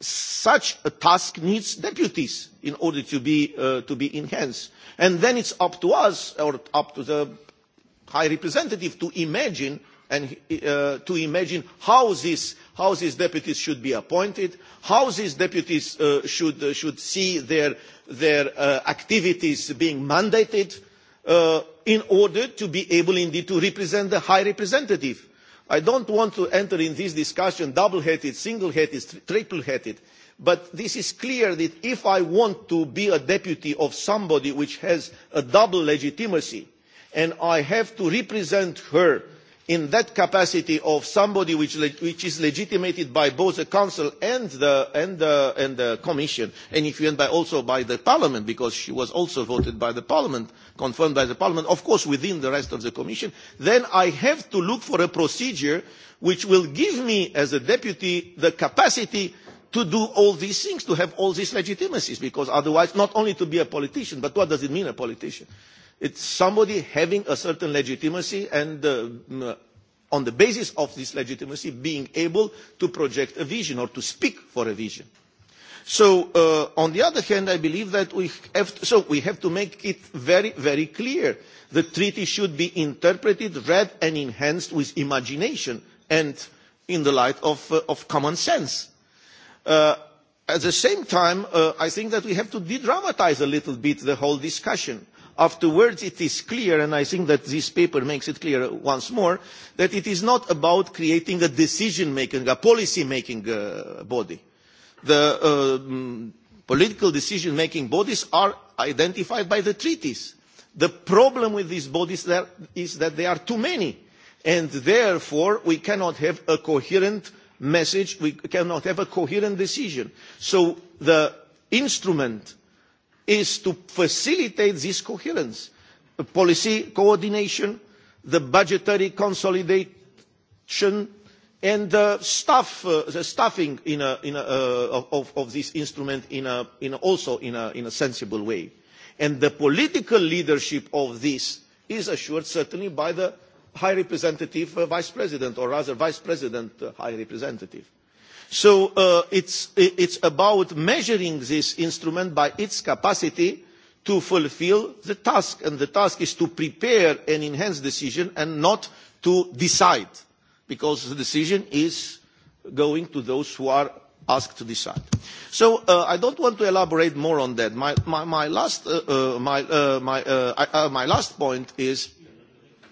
such a task needs deputies in order to be, uh, to be enhanced. And then it's up to us, or up to the High Representative, to imagine and uh, to imagine how these how these deputies should be appointed, how these deputies uh, should uh, should see their their uh, activities being mandated, uh, in order to be able indeed to represent the High Representative I do not want to enter into this discussion double headed, single headed, triple headed, but this is clear that if I want to be a deputy of somebody which has a double legitimacy and I have to represent her in that capacity of somebody which, is legitimated by both the Council and the, and, the, and the Commission, and if you and by also by the Parliament, because she was also voted by the Parliament, confirmed by the Parliament, of course within the rest of the Commission, then I have to look for a procedure which will give me, as a deputy, the capacity to do all these things, to have all these legitimacies, because otherwise, not only to be a politician, but what does it mean, a politician? It's somebody having a certain legitimacy and uh, on the basis of this legitimacy being able to project a vision or to speak for a vision. So uh, on the other hand, I believe that we have to, so we have to make it very, very clear. The treaty should be interpreted, read and enhanced with imagination and in the light of, uh, of common sense. Uh, at the same time, uh, I think that we have to de-dramatize a little bit the whole discussion afterwards it is clear and i think that this paper makes it clear once more that it is not about creating a decision making a policy making body the political decision making bodies are identified by the treaties the problem with these bodies is that they are too many and therefore we cannot have a coherent message we cannot have a coherent decision so the instrument is to facilitate this coherence, policy coordination, the budgetary consolidation, and the, staff, the staffing in a, in a, uh, of, of this instrument in a, in a, also in a, in a sensible way. And the political leadership of this is assured certainly by the High Representative uh, Vice President, or rather Vice President uh, High Representative So uh, it's, it's about measuring this instrument by its capacity to fulfil the task. And the task is to prepare an enhanced decision and not to decide, because the decision is going to those who are asked to decide. So uh, I don't want to elaborate more on that. My, my, my, last, uh, uh, my, uh, my, uh, uh, my last point is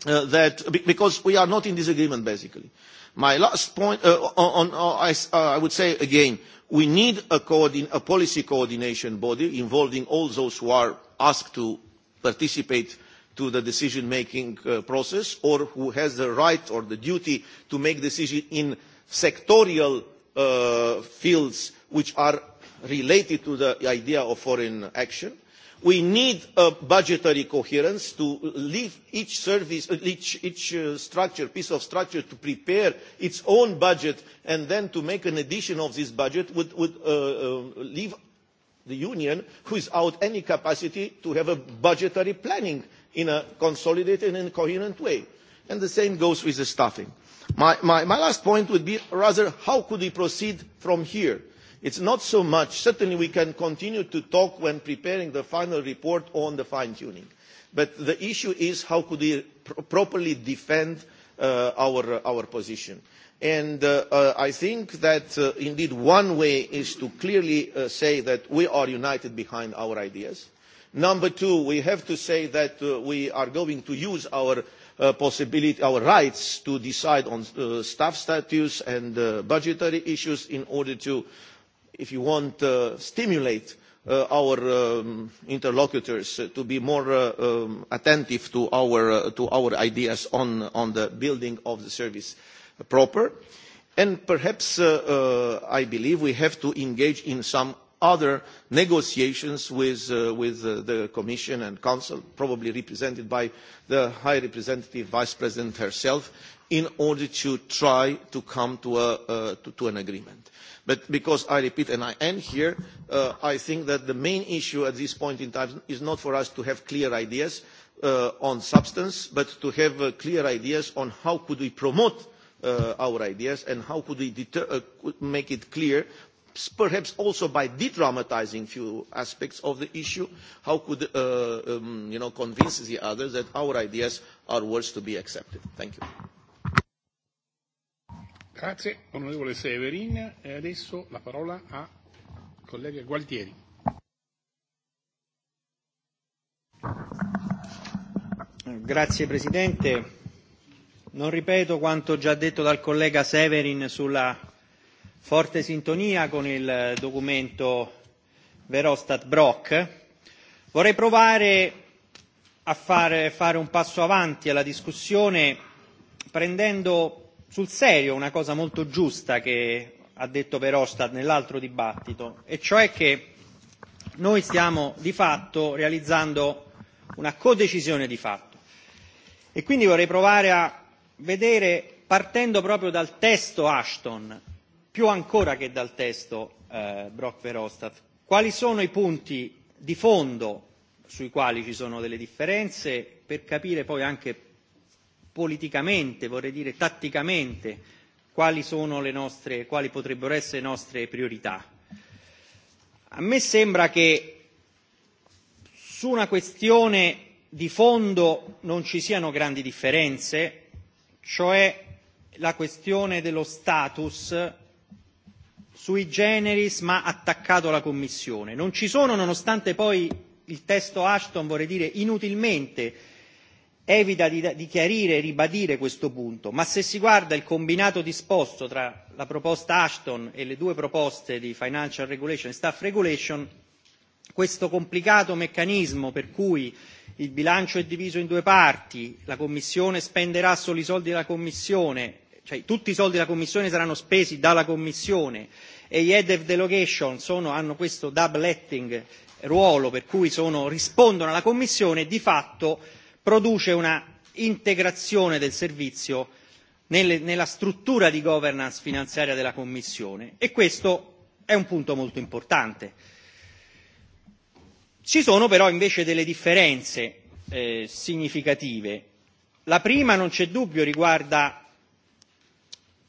uh, that because we are not in disagreement, basically. Uh, My last point, uh, on, on, I, uh, I would say again, we need a, coordin- a policy coordination body involving all those who are asked to participate to the decision-making uh, process or who has the right or the duty to make decisions in sectorial uh, fields which are related to the idea of foreign action we need budgetary coherence to leave each service, each, each structure, piece of structure to prepare its own budget and then to make an addition of this budget would, would leave the union without any capacity to have a budgetary planning in a consolidated and coherent way. And the same goes with the staffing. My, my, my last point would be rather how could we proceed from here? it is not so much certainly we can continue to talk when preparing the final report on the fine tuning but the issue is how could we properly defend our position and i think that indeed one way is to clearly say that we are united behind our ideas number two we have to say that we are going to use our possibility our rights to decide on staff status and budgetary issues in order to if you want, stimulate our interlocutors to be more attentive to our ideas on the building of the service proper. And perhaps I believe we have to engage in some other negotiations with, the Commission and Council, probably represented by the High Representative Vice President herself, in order to try to come to, an agreement. But because I repeat, and I end here, I think that the main issue at this point in time is not for us to have clear ideas on substance, but to have clear ideas on how could we promote our ideas and how could we make it clear perhaps also by de-dramatizing few aspects of the issue, how could uh, um, you know, convince the others that our ideas are worth to be accepted? Thank you. Grazie, onorevole Severin. E adesso la parola a collega Gualtieri. Grazie Presidente. Non ripeto quanto già detto dal collega Severin sulla forte sintonia con il documento Verostat Brock. Vorrei provare a fare, fare un passo avanti alla discussione prendendo sul serio una cosa molto giusta che ha detto Verhofstadt nell'altro dibattito, e cioè che noi stiamo di fatto realizzando una codecisione di fatto. E quindi vorrei provare a vedere, partendo proprio dal testo Ashton, più ancora che dal testo eh, Brock Verhofstadt. Quali sono i punti di fondo sui quali ci sono delle differenze per capire poi anche politicamente, vorrei dire tatticamente, quali, sono le nostre, quali potrebbero essere le nostre priorità. A me sembra che su una questione di fondo non ci siano grandi differenze, cioè la questione dello status sui generis ma attaccato la Commissione. Non ci sono, nonostante poi il testo Ashton, vorrei dire, inutilmente evita di, di chiarire e ribadire questo punto, ma se si guarda il combinato disposto tra la proposta Ashton e le due proposte di Financial Regulation e Staff Regulation, questo complicato meccanismo per cui il bilancio è diviso in due parti, la Commissione spenderà solo i soldi della Commissione, Cioè, tutti i soldi della Commissione saranno spesi dalla Commissione e gli head of delegation sono, hanno questo double acting ruolo per cui sono, rispondono alla Commissione e di fatto produce una integrazione del servizio nelle, nella struttura di governance finanziaria della Commissione e questo è un punto molto importante. Ci sono però invece delle differenze eh, significative. La prima, non c'è dubbio, riguarda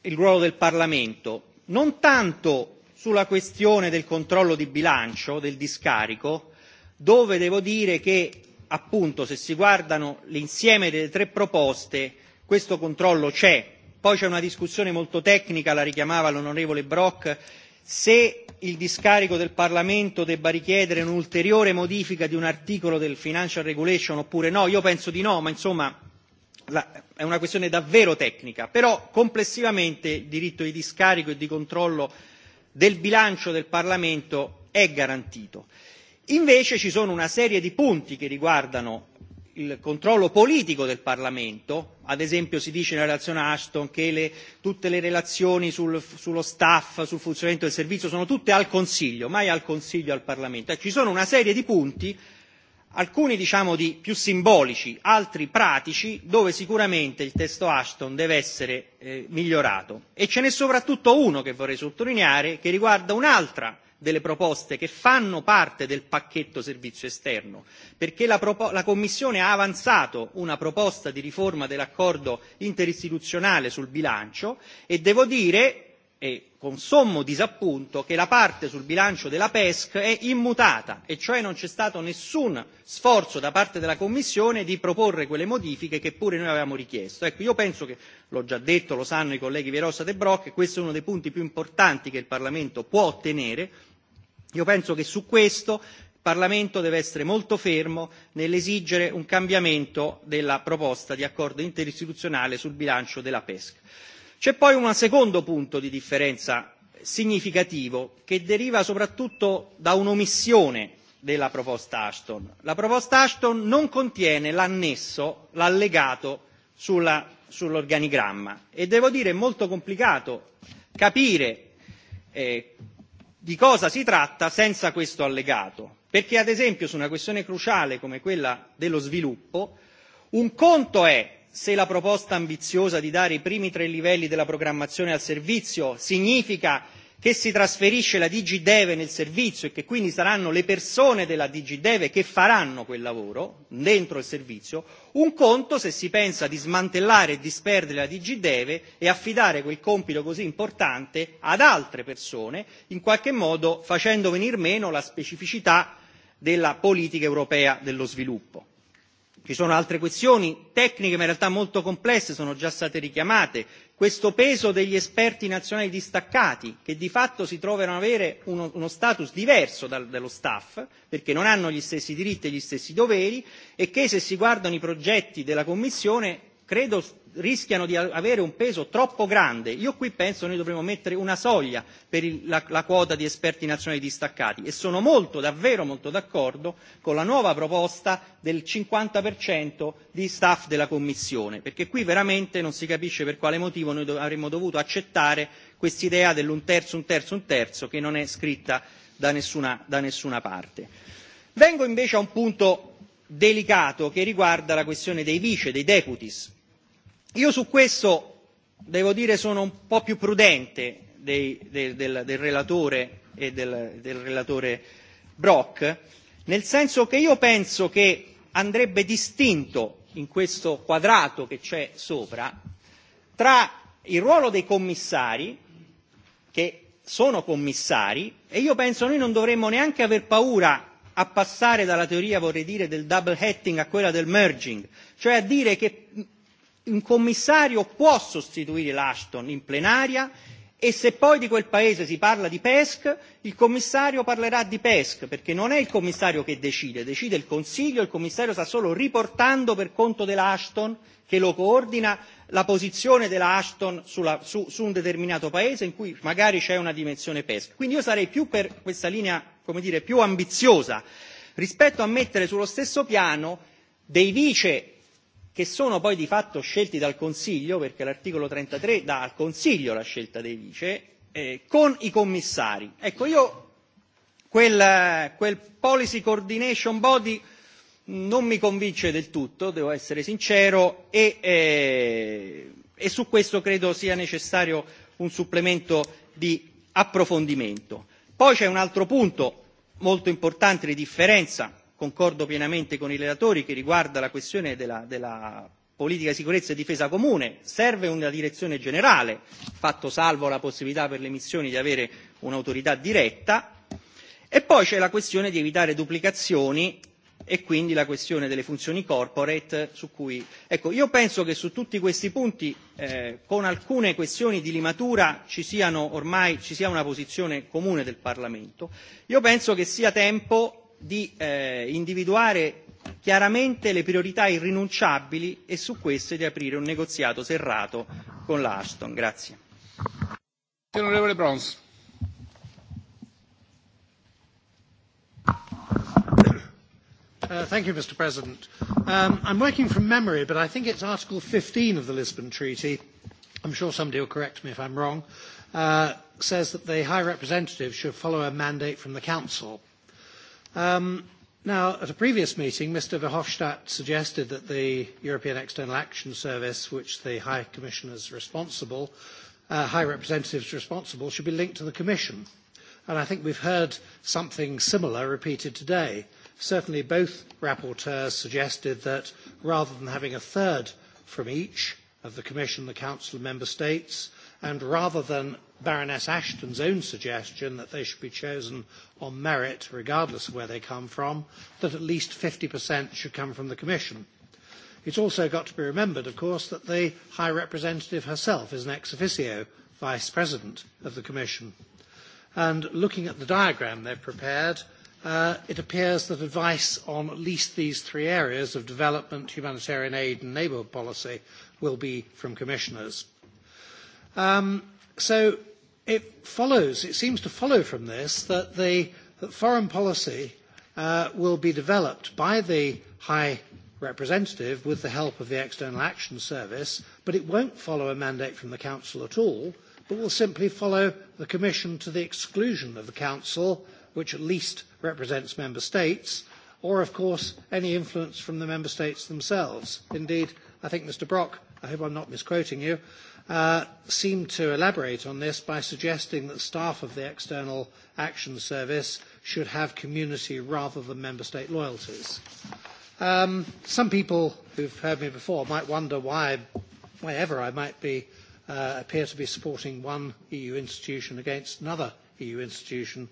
il ruolo del Parlamento non tanto sulla questione del controllo di bilancio, del discarico, dove devo dire che appunto se si guardano l'insieme delle tre proposte questo controllo c'è. Poi c'è una discussione molto tecnica, la richiamava l'onorevole Brok, se il discarico del Parlamento debba richiedere un'ulteriore modifica di un articolo del Financial Regulation oppure no. Io penso di no, ma insomma è una questione davvero tecnica, però complessivamente il diritto di discarico e di controllo del bilancio del Parlamento è garantito. Invece ci sono una serie di punti che riguardano il controllo politico del Parlamento, ad esempio si dice nella relazione Ashton che le, tutte le relazioni sul, sullo staff, sul funzionamento del servizio sono tutte al Consiglio, mai al Consiglio e al Parlamento. Ci sono una serie di punti alcuni diciamo di più simbolici, altri pratici, dove sicuramente il testo Ashton deve essere eh, migliorato. E ce n'è soprattutto uno che vorrei sottolineare, che riguarda un'altra delle proposte che fanno parte del pacchetto servizio esterno, perché la, la Commissione ha avanzato una proposta di riforma dell'accordo interistituzionale sul bilancio e devo dire, e con sommo disappunto che la parte sul bilancio della PESC è immutata e cioè non c'è stato nessun sforzo da parte della Commissione di proporre quelle modifiche che pure noi avevamo richiesto. Ecco, io penso che, l'ho già detto, lo sanno i colleghi Verhofstadt e Brok, questo è uno dei punti più importanti che il Parlamento può ottenere. Io penso che su questo Il Parlamento deve essere molto fermo nell'esigere un cambiamento della proposta di accordo interistituzionale sul bilancio della pesca. C'è poi un secondo punto di differenza significativo che deriva soprattutto da un'omissione della proposta Ashton. La proposta Ashton non contiene l'annesso, l'allegato sull'organigramma e devo dire è molto complicato capire di cosa si tratta senza questo allegato, perché ad esempio su una questione cruciale come quella dello sviluppo un conto è se la proposta ambiziosa di dare i primi tre livelli della programmazione al servizio significa che si trasferisce la DG Deve nel servizio e che quindi saranno le persone della DG Deve che faranno quel lavoro dentro il servizio, un conto se si pensa di smantellare e disperdere la DG Deve e affidare quel compito così importante ad altre persone, in qualche modo facendo venir meno la specificità della politica europea dello sviluppo. Ci sono altre questioni tecniche ma in realtà molto complesse, sono già state richiamate. Questo peso degli esperti nazionali distaccati, che di fatto si trovano ad avere uno, uno status diverso dal, dello staff, perché non hanno gli stessi diritti e gli stessi doveri, e che se si guardano i progetti della Commissione credo rischiano di avere un peso troppo grande. Io qui penso che noi dovremmo mettere una soglia per la, quota di esperti nazionali distaccati e sono molto, davvero molto d'accordo con la nuova proposta del cinquanta di staff della Commissione, perché qui veramente non si capisce per quale motivo noi avremmo dovuto accettare quest'idea dell'un terzo, un terzo, un terzo, che non è scritta da nessuna parte. Vengo invece a un punto delicato che riguarda la questione dei vice, dei deputies Io su questo devo dire sono un po' più prudente dei, del, del, del relatore e del, del relatore Brock, nel senso che io penso che andrebbe distinto in questo quadrato che c'è sopra tra il ruolo dei commissari, che sono commissari, e io penso noi non dovremmo neanche aver paura a passare dalla teoria, vorrei dire, del double hatting a quella del merging, cioè a dire che un commissario può sostituire l'Ashton in plenaria e se poi di quel paese si parla di PESC, il commissario parlerà di PESC, perché non è il commissario che decide, decide il Consiglio, il commissario sta solo riportando per conto della Ashton, che lo coordina, la posizione della Ashton sulla, su, su un determinato paese in cui magari c'è una dimensione PESC. Quindi io sarei più per questa linea, come dire, più ambiziosa rispetto a mettere sullo stesso piano dei vice che sono poi di fatto scelti dal Consiglio, perché l'articolo trentatré dà al Consiglio la scelta dei vice, con i commissari. Ecco, io quel, quel policy coordination body non mi convince del tutto, devo essere sincero, e, eh, e su questo credo sia necessario un supplemento di approfondimento. Poi c'è un altro punto molto importante di differenza concordo pienamente con i relatori, che riguarda la questione della, della politica di sicurezza e difesa comune, serve una direzione generale, fatto salvo la possibilità per le missioni di avere un'autorità diretta, e poi c'è la questione di evitare duplicazioni e quindi la questione delle funzioni corporate su cui ecco io penso che su tutti questi punti eh, con alcune questioni di limatura ci siano ormai ci sia una posizione comune del Parlamento io penso che sia tempo di eh, individuare chiaramente le priorità irrinunciabili e su queste di aprire un negoziato serrato con la Ashton. Grazie. Onorevole Brons. Mr. President. Um, I'm working from memory, but I think it's Article 15 of the Lisbon Treaty. I'm sure somebody will correct me if I'm wrong. Uh, says that the High Representative should follow a mandate from the Council now, at a previous meeting, Mr. Verhofstadt suggested that the European External Action Service, which the High Commissioner is responsible, High Representative is responsible, should be linked to the Commission. And I think we have heard something similar repeated today. Certainly, both rapporteurs suggested that rather than having a third from each of the Commission, the Council, and Member States, and rather than Baroness Ashton's own suggestion that they should be chosen on merit, regardless of where they come from, that at least 50% should come from the Commission. It's also got to be remembered, of course, that the High Representative herself is an ex officio Vice President of the Commission. And looking at the diagram they've prepared, it appears that advice on at least these three areas of development, humanitarian aid and neighbourhood policy will be from commissioners Um, so it follows, it seems to follow from this that, the, that foreign policy uh, will be developed by the High Representative with the help of the External Action Service, but it won't follow a mandate from the Council at all, but will simply follow the Commission to the exclusion of the Council, which at least represents Member States, or, of course, any influence from the Member States themselves. Indeed, I think, Mr Brok, I hope I am not misquoting you, seemed to elaborate on this by suggesting that staff of the External Action Service should have community rather than member state loyalties. some people who have heard me before might wonder why, why ever I might be, appear to be supporting one EU institution against another EU institution.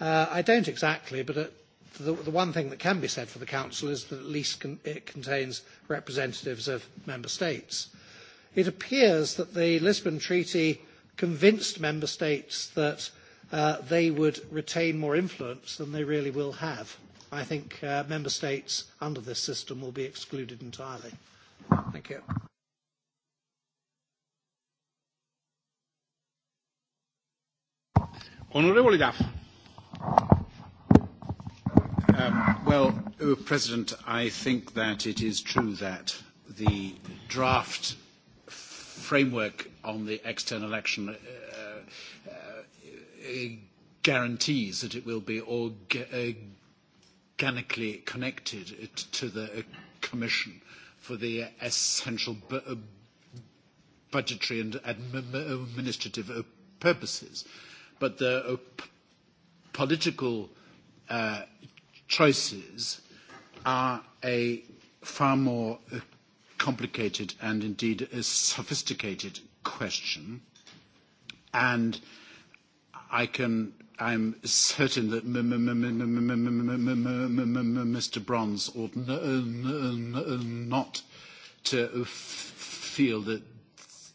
I don't exactly, but the, one thing that can be said for the Council is that at least it contains representatives of member states It appears that the Lisbon Treaty convinced member states that they would retain more influence than they really will have. I think member states under this system will be excluded entirely. Thank you. Honourable Duff. well, President, I think that it is true that the draft framework on the external action guarantees that it will be organically connected to the Commission for the essential budgetary and administrative purposes. But the political choices are a far more complicated and indeed a sophisticated question. And I can, I'm certain that Mr. Bronze ought not to feel that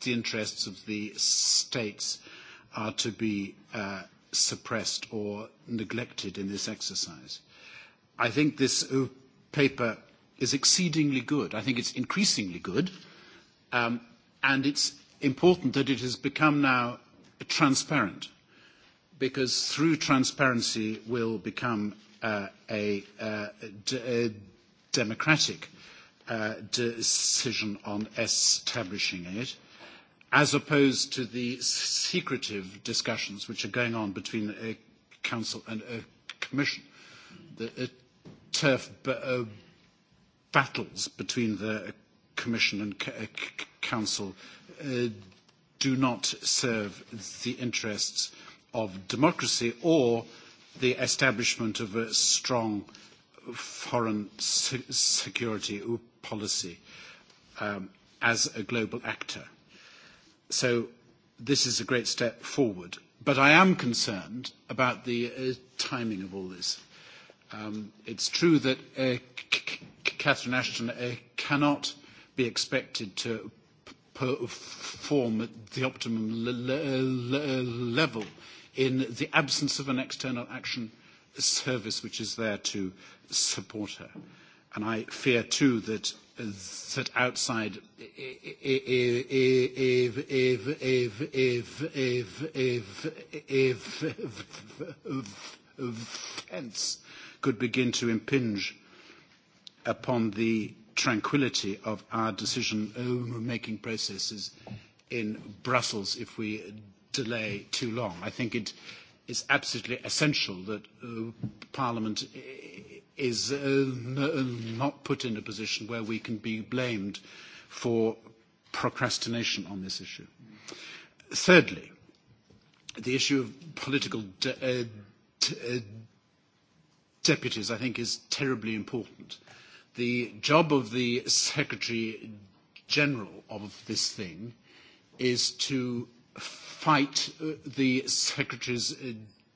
the interests of the states are to be suppressed or neglected in this exercise. I think this paper is exceedingly good. I think it's increasingly good. Um, and it's important that it has become now transparent because through transparency will become uh, a, d- a democratic uh, decision on establishing it as opposed to the secretive discussions which are going on between a council and a commission. The a turf b- uh, battles between the Commission and Council do not serve the interests of democracy or the establishment of a strong foreign security policy as a global actor. So this is a great step forward. But I am concerned about the timing of all this. It is true that Catherine Ashton cannot be expected to perform at the optimum level in the absence of an external action service which is there to support her. And I fear too that that outside events could begin to impinge upon the tranquility of our decision-making processes in Brussels if we delay too long. I think it is absolutely essential that Parliament is not put in a position where we can be blamed for procrastination on this issue. Thirdly, the issue of political deputies, I think, is terribly important the job of the Secretary General of this thing is to fight the Secretaries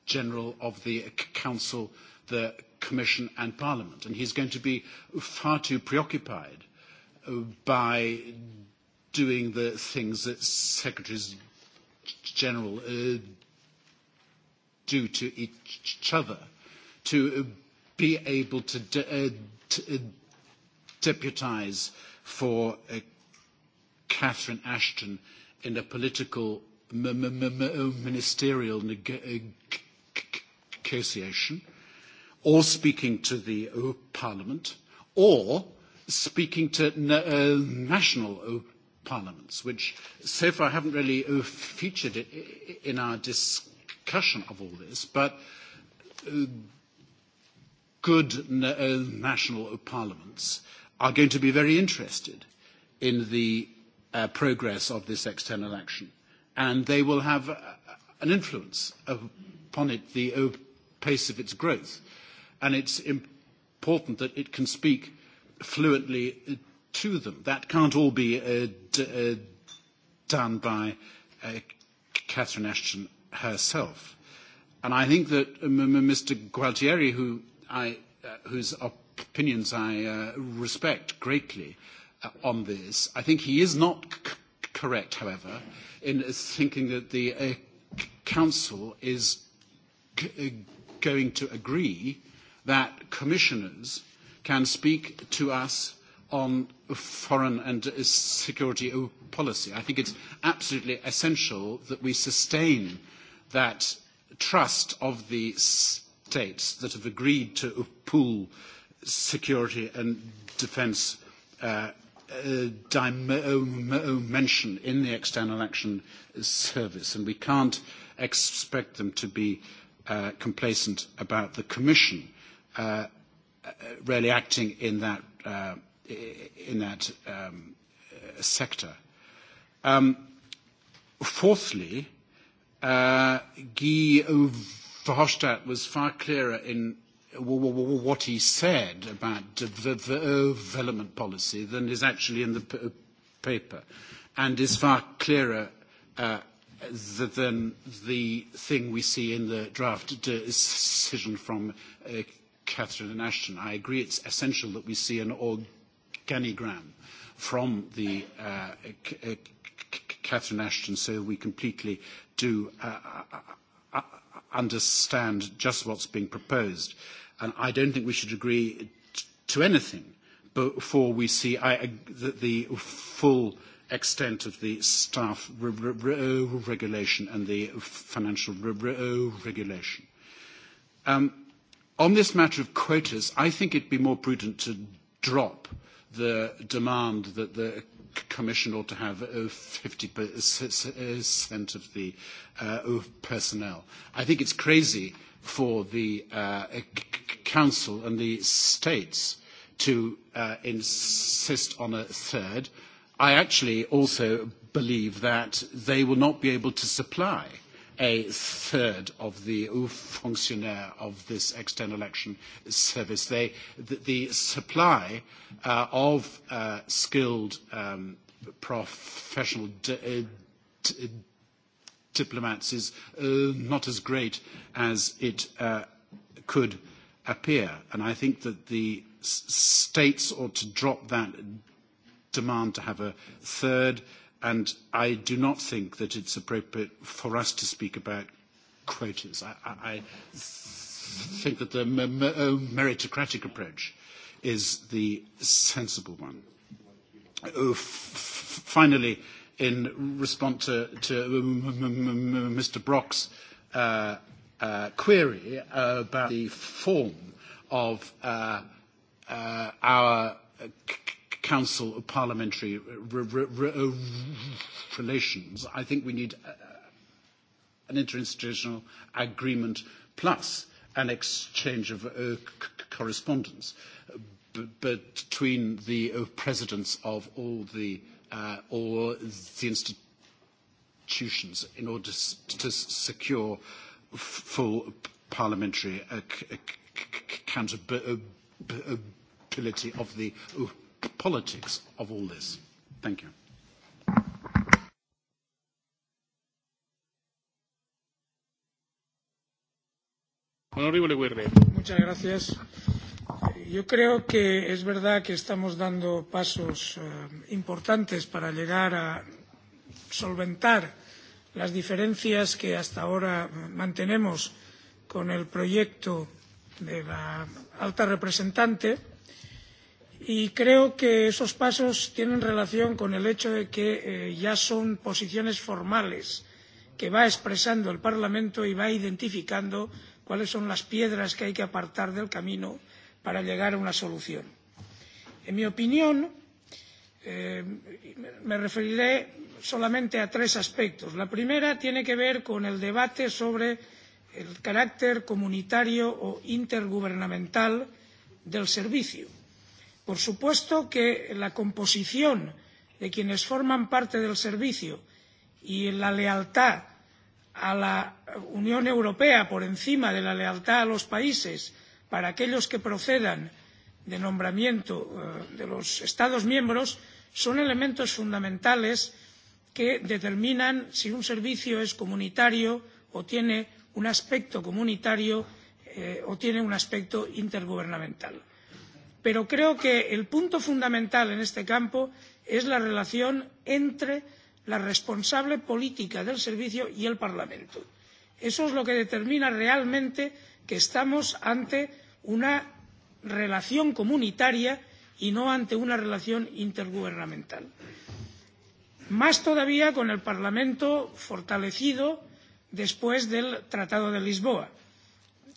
General of the Council, the Commission and Parliament. And he's going to be far too preoccupied by doing the things that Secretaries General do to each other to be able to deputise for Catherine Ashton in a political ministerial negotiation, or speaking to the Parliament, or speaking to national parliaments, which so far haven't really featured in our discussion of all this, but good national parliaments are going to be very interested in the uh, progress of this external action. And they will have an influence upon it, the pace of its growth. And it's important that it can speak fluently to them. That can't all be done by Catherine Ashton herself. And I think that Mr. Gualtieri, who I, whose op- opinions I uh, respect greatly uh, on this. I think he is not c- correct, however, in thinking that the uh, Council is going to agree that commissioners can speak to us on foreign and security policy. I think it's absolutely essential that we sustain that trust of the states that have agreed to pool security and defence dimension in the External Action Service, and we cannot expect them to be complacent about the Commission really acting in that sector. Fourthly, Guy Verhofstadt was far clearer in what he said about development policy than is actually in the paper and is far clearer than the thing we see in the draft decision from Catherine Ashton. I agree it's essential that we see an organigram from the Catherine Ashton so we completely do understand just what's being proposed And I don't think we should agree to anything before we see the full extent of the staff regulation and the financial regulation. On this matter of quotas, I think it'd be more prudent to drop the demand that the Commission ought to have 50% of the personnel. I think it's crazy for the Council and the states to insist on a third. I actually also believe that they will not be able to supply a third of the fonctionnaire of this external action service. They, the, the supply uh, of uh, skilled um, professional d- d- diplomats is not as great as it could appear. And I think that the states ought to drop that demand to have a third. And I do not think that it's appropriate for us to speak about quotas. I, I think that the meritocratic approach is the sensible one. Finally, in response to, to Mr. Brock's uh, uh, query about the form of uh, uh, our Council of parliamentary relations, I think we need an interinstitutional agreement plus an exchange of correspondence between the presidents of all the or the institutions in order to secure full parliamentary accountability of the politics of all this. Thank you. Honorable Muchas gracias yo creo que es verdad que estamos dando pasos importantes para llegar a solventar las diferencias que hasta ahora mantenemos con el proyecto de la alta representante y creo que esos pasos tienen relación con el hecho de que ya son posiciones formales que va expresando el parlamento y va identificando cuáles son las piedras que hay que apartar del camino para llegar a una solución. En mi opinión, me referiré solamente a tres aspectos. La primera tiene que ver con el debate sobre el carácter comunitario o intergubernamental del servicio. Por supuesto que la composición de quienes forman parte del servicio y la lealtad a la Unión Europea por encima de la lealtad a los países para aquellos que procedan de nombramiento de los Estados miembros son elementos fundamentales que determinan si un servicio es comunitario o tiene un aspecto comunitario o tiene un aspecto intergubernamental. Pero creo que el punto fundamental en este campo es la relación entre la responsable política del servicio y el Parlamento. Eso es lo que determina realmente que estamos ante una relación comunitaria y no ante una relación intergubernamental. Más todavía con el Parlamento fortalecido después del Tratado de Lisboa.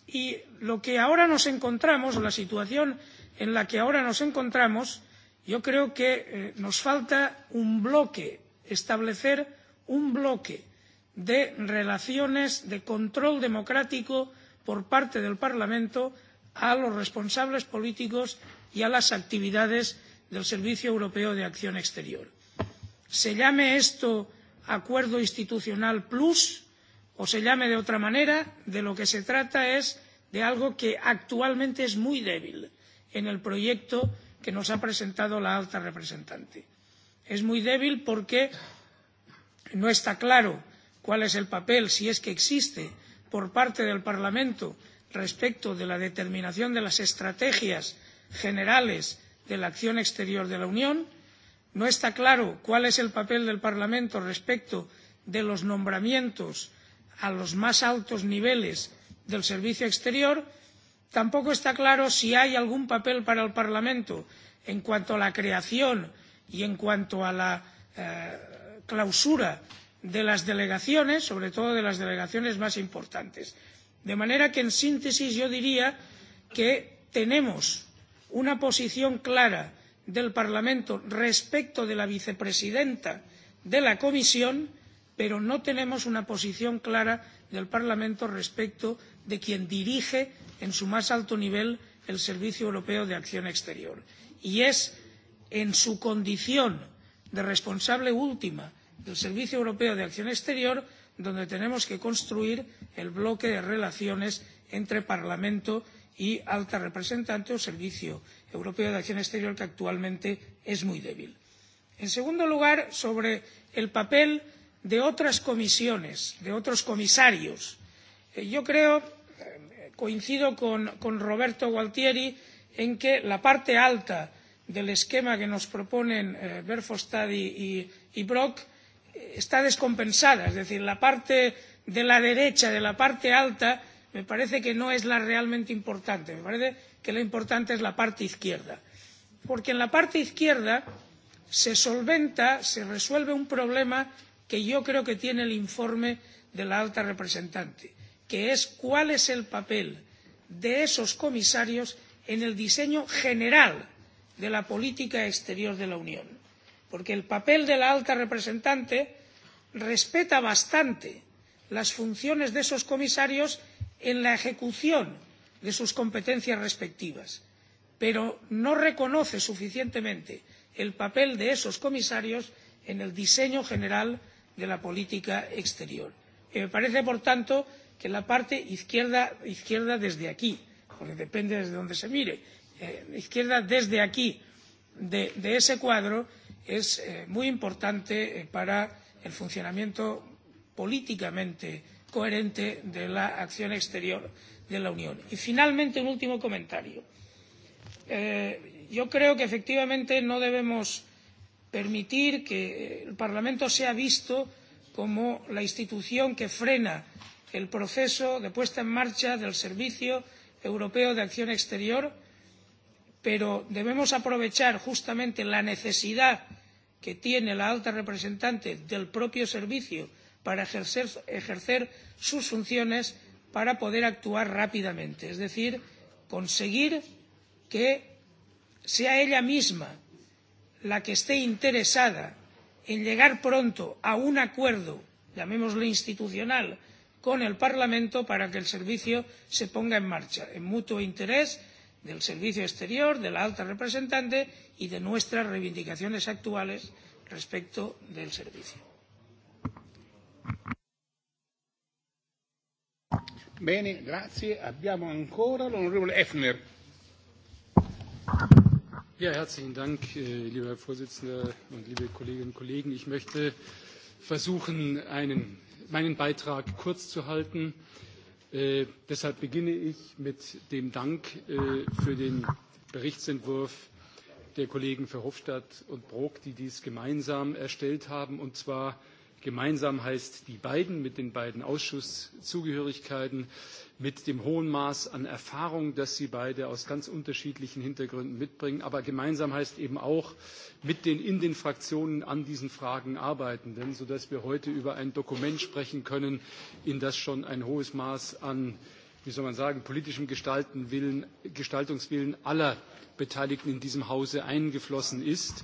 Y lo que ahora nos encontramos, la situación en la que ahora nos encontramos, yo creo que nos falta un bloque, establecer un bloque de relaciones de control democrático por parte del Parlamento a los responsables políticos y a las actividades del servicio europeo de acción exterior se llame esto acuerdo institucional plus o se llame de otra manera de lo que se trata es de algo que actualmente es muy débil en el proyecto que nos ha presentado la alta representante. es muy débil porque no está claro cuál es el papel si es que existe por parte del parlamento respecto de la determinación de las estrategias generales de la acción exterior de la unión no está claro cuál es el papel del parlamento respecto de los nombramientos a los más altos niveles del servicio exterior tampoco está claro si hay algún papel para el parlamento en cuanto a la creación y en cuanto a la clausura de las delegaciones sobre todo de las delegaciones más importantes de manera que en síntesis yo diría que tenemos una posición clara del parlamento respecto de la vicepresidenta de la comisión pero no tenemos una posición clara del parlamento respecto de quien dirige en su más alto nivel el servicio europeo de acción exterior y es en su condición de responsable última del servicio europeo de acción exterior donde tenemos que construir el bloque de relaciones entre parlamento y alta representante o servicio europeo de acción exterior que actualmente es muy débil. en segundo lugar sobre el papel de otras comisiones de otros comisarios yo creo coincido con roberto gualtieri en que la parte alta del esquema que nos proponen verhofstadt y brok está descompensada. Es decir, la parte de la derecha, de la parte alta, me parece que no es la realmente importante. Me parece que lo importante es la parte izquierda. Porque en la parte izquierda se solventa, se resuelve un problema que yo creo que tiene el informe de la alta representante, que es cuál es el papel de esos comisarios en el diseño general de la política exterior de la Unión porque el papel de la alta representante respeta bastante las funciones de esos comisarios en la ejecución de sus competencias respectivas pero no reconoce suficientemente el papel de esos comisarios en el diseño general de la política exterior. Y me parece por tanto que la parte izquierda izquierda desde aquí porque depende desde donde se mire izquierda desde aquí de ese cuadro es muy importante para el funcionamiento políticamente coherente de la acción exterior de la Unión. Y finalmente, un último comentario. yo creo que efectivamente no debemos permitir que el Parlamento sea visto como la institución que frena el proceso de puesta en marcha del Servicio Europeo de Acción Exterior pero debemos aprovechar justamente la necesidad que tiene la alta representante del propio servicio para ejercer, sus funciones para poder actuar rápidamente, es decir, conseguir que sea ella misma la que esté interesada en llegar pronto a un acuerdo, llamémosle institucional, con el Parlamento para que el servicio se ponga en marcha, en mutuo interés del Servicio Exterior, de la alta representante y de nuestras reivindicaciones actuales respecto del servicio. Bene, grazie. Abbiamo ancora l'onorevole Effner. Ja, herzlichen Dank, lieber Herr Vorsitzender und liebe Kolleginnen und Kollegen. Ich möchte versuchen, einen, meinen Beitrag kurz zu halten deshalb beginne ich mit dem Dank für den Berichtsentwurf der Kollegen Verhofstadt und Brok, die dies gemeinsam erstellt haben, und zwar Gemeinsam heißt die beiden mit den beiden Ausschusszugehörigkeiten, mit dem hohen Maß an Erfahrung, das sie beide aus ganz unterschiedlichen Hintergründen mitbringen. Aber gemeinsam heißt eben auch mit den in den Fraktionen an diesen Fragen Arbeitenden, sodass wir heute über ein Dokument sprechen können, in das schon ein hohes Maß an wie soll man sagen, politischem Gestaltungswillen aller Beteiligten in diesem Hause eingeflossen ist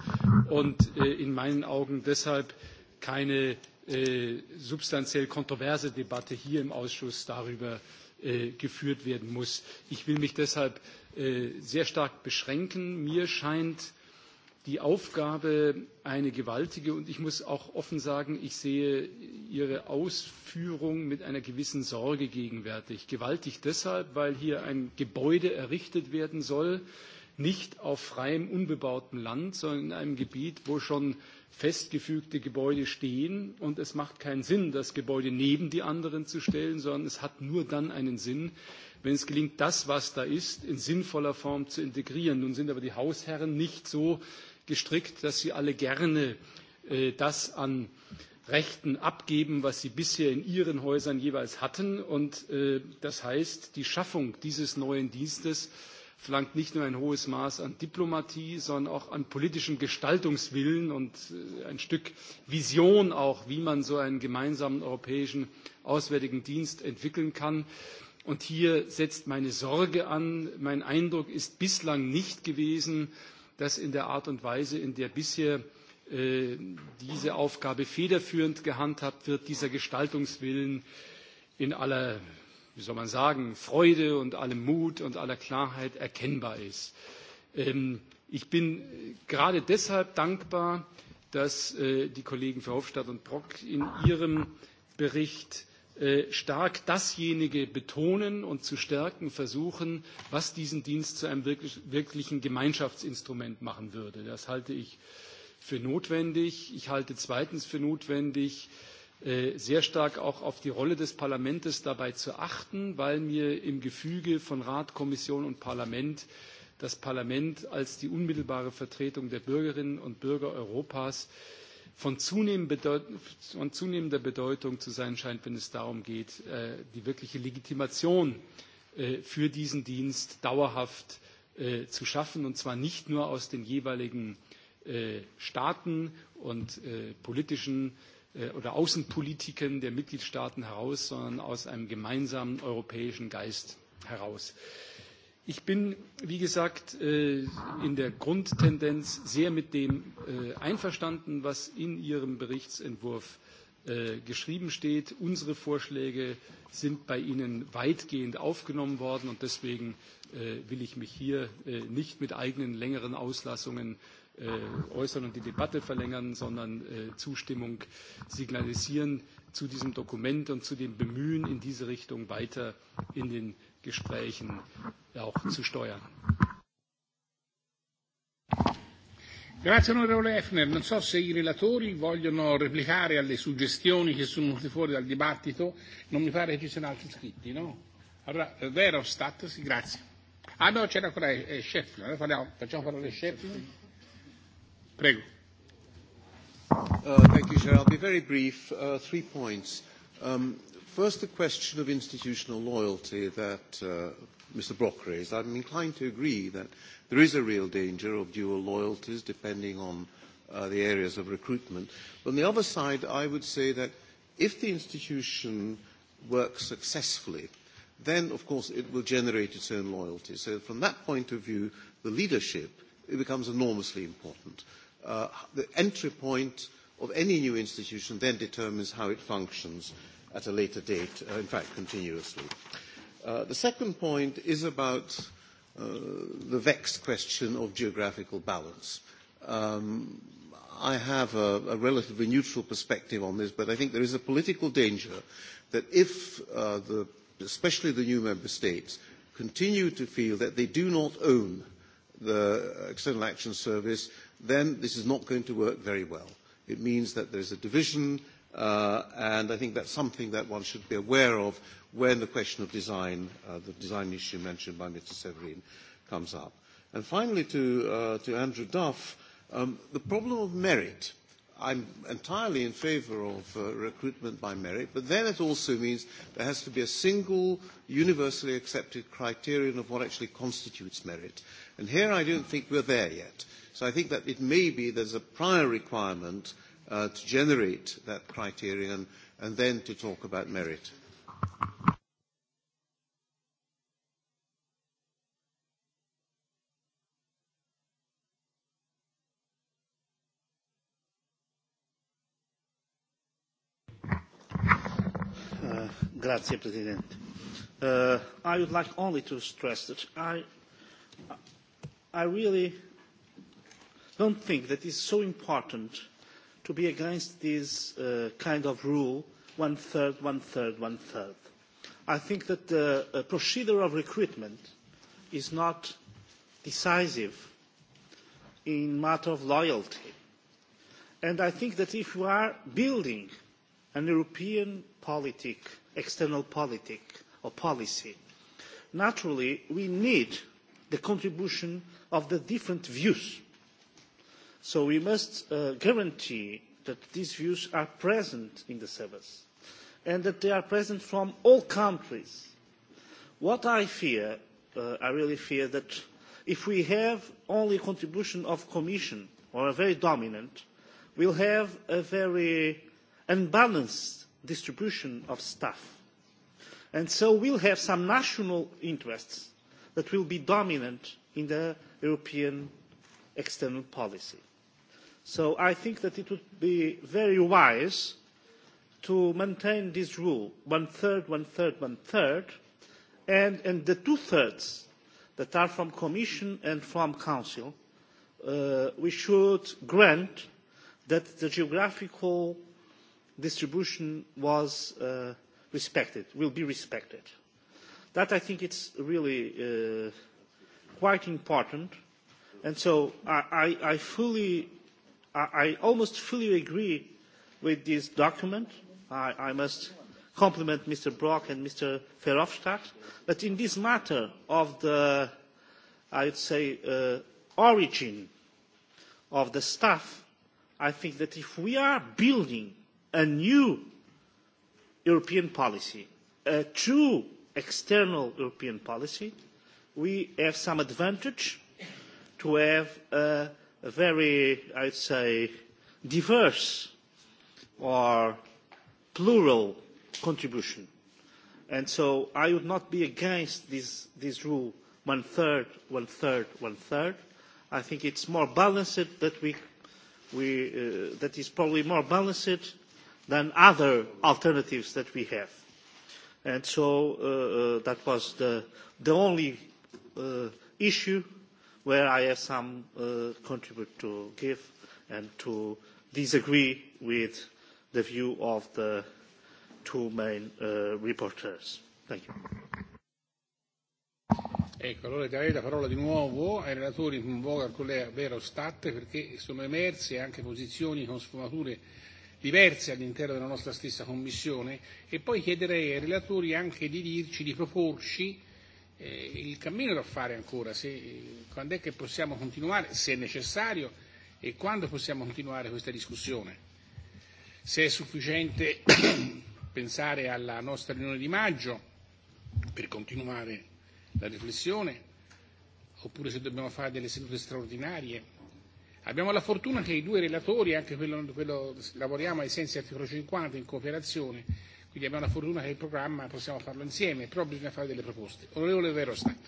und in meinen Augen deshalb keine substanziell kontroverse Debatte hier im Ausschuss darüber geführt werden muss. Ich will mich deshalb sehr stark beschränken. Mir scheint die Aufgabe eine gewaltige und ich muss auch offen sagen, ich sehe Ihre Ausführung mit einer gewissen Sorge gegenwärtig. Gewaltig deshalb, weil hier ein Gebäude errichtet werden soll, nicht auf freiem, unbebautem Land, sondern in einem Gebiet, wo schon festgefügte Gebäude stehen und es macht keinen Sinn, das Gebäude neben die anderen zu stellen, sondern es hat nur dann einen Sinn, wenn es gelingt, das, was da ist, in sinnvoller Form zu integrieren. Nun sind aber die Hausherren nicht so gestrickt, dass sie alle gerne das an Rechten abgeben, was sie bisher in ihren Häusern jeweils hatten. Und das heißt, die Schaffung dieses neuen Dienstes verlangt nicht nur ein hohes Maß an Diplomatie, sondern auch an politischem Gestaltungswillen und ein Stück Vision auch, wie man so einen gemeinsamen europäischen Auswärtigen Dienst entwickeln kann. Und hier setzt meine Sorge an. Mein Eindruck ist bislang nicht gewesen, dass in der Art und Weise, in der bisher diese Aufgabe federführend gehandhabt wird, dieser Gestaltungswillen in aller wie soll man sagen, Freude und allem Mut und aller Klarheit erkennbar ist. ich bin gerade deshalb dankbar, dass die Kollegen Verhofstadt und Brok in ihrem Bericht stark dasjenige betonen und zu stärken versuchen, was diesen Dienst zu einem wirklichen Gemeinschaftsinstrument machen würde. Das halte ich für notwendig. Ich halte zweitens für notwendig, sehr stark auch auf die Rolle des Parlaments dabei zu achten, weil mir im Gefüge von Rat, Kommission und Parlament das Parlament als die unmittelbare Vertretung der Bürgerinnen und Bürger Europas von zunehmender Bedeutung zu sein scheint, wenn es darum geht, die wirkliche Legitimation für diesen Dienst dauerhaft zu schaffen, und zwar nicht nur aus den jeweiligen Staaten und politischen oder Außenpolitiken der Mitgliedstaaten heraus, sondern aus einem gemeinsamen europäischen Geist heraus. Ich bin, wie gesagt, in der Grundtendenz sehr mit dem einverstanden, was in Ihrem Berichtsentwurf geschrieben steht. Unsere Vorschläge sind bei Ihnen weitgehend aufgenommen worden und deswegen will ich mich hier nicht mit eigenen längeren Auslassungen äußern und die Debatte verlängern, sondern Zustimmung signalisieren zu diesem Dokument und zu dem Bemühen, in diese Richtung weiter in den Gesprächen auch zu steuern. Grazie onorevole Effner, non so se i relatori vogliono replicare alle suggestioni che sono venute fuori dal dibattito, non mi pare che ci siano altri iscritti, no? Allora, Verhofstadt, sì, grazie. Ah no, c'era ancora Scheffler, facciamo parlare Scheffler. Prego. Thank you, Chair. I'll be very brief. Three points. First, the question of institutional loyalty that Mr. Brok raised. I'm inclined to agree that there is a real danger of dual loyalties depending on the areas of recruitment. But On the other side, I would say that if the institution works successfully, then of course it will generate its own loyalty. So from that point of view, the leadership, it becomes enormously important uh, the entry point of any new institution then determines how it functions at a later date, uh, in fact, continuously. Uh, the second point is about uh, the vexed question of geographical balance. Um, I have a, a relatively neutral perspective on this, but I think there is a political danger that if uh, the, especially the new member states continue to feel that they do not own the External Action Service, then this is not going to work very well. It means that there is a division, uh, and I think that's something that one should be aware of when the question of design, uh, the design issue mentioned by Mr. Severin, comes up. And finally, to, uh, to Andrew Duff, um, the problem of merit. I'm entirely in favour of uh, recruitment by merit, but then it also means there has to be a single, universally accepted criterion of what actually constitutes merit. And here I don't think we're there yet. So I think that it may be there's a prior requirement uh, to generate that criterion and then to talk about merit. Mr President. I would like only to stress that I, I really don't think that it is so important to be against this kind of rule, one third, one third, one third. I think that the procedure of recruitment is not decisive in matter of loyalty. And I think that if we are building an European politic, external politic or policy, naturally we need the contribution of the different views So we must guarantee that these views are present in the service and that they are present from all countries. What I fear, I really fear that if we have only contribution of Commission or a very dominant, we will have a very unbalanced distribution of staff. And so we will have some national interests that will be dominant in the European external policy So I think that it would be very wise to maintain this rule, one third, one third, one third, and, and the two thirds that are from Commission and from Council, we should grant that the geographical distribution was respected, will be respected. That I think is really quite important. And so I, I, I fully I, I almost fully agree with this document. I, I must compliment Mr. Brok and Mr. Verhofstadt. But in this matter of the, I would say, uh, origin of the staff, I think that if we are building a new European policy, a true external European policy, we have some advantage to have a a very, would say, diverse or plural contribution. And so I would not be against this, this rule one third, one third, one third. I think it's more balanced that we, we uh, that is probably more balanced than other alternatives that we have. And so uh, that was the, the only uh, issue where I have some contribution to give and to disagree with the view of the two main reporters. Thank you. Ecco, allora darei la parola di nuovo ai relatori voga al collega Verhofstadt perché sono emerse anche posizioni con sfumature diverse all'interno della nostra stessa Commissione e poi chiederei ai relatori anche di dirci, di proporci eh, il cammino da fare ancora, se, quando è che possiamo continuare, se è necessario, e quando possiamo continuare questa discussione. Se è sufficiente pensare alla nostra riunione di maggio per continuare la riflessione, oppure se dobbiamo fare delle sedute straordinarie. Abbiamo la fortuna che i due relatori, anche quello, quello lavoriamo ai sensi articolo 50 in cooperazione, Quindi abbiamo la fortuna che il programma possiamo farlo insieme, però bisogna fare delle proposte. Onorevole Verostat.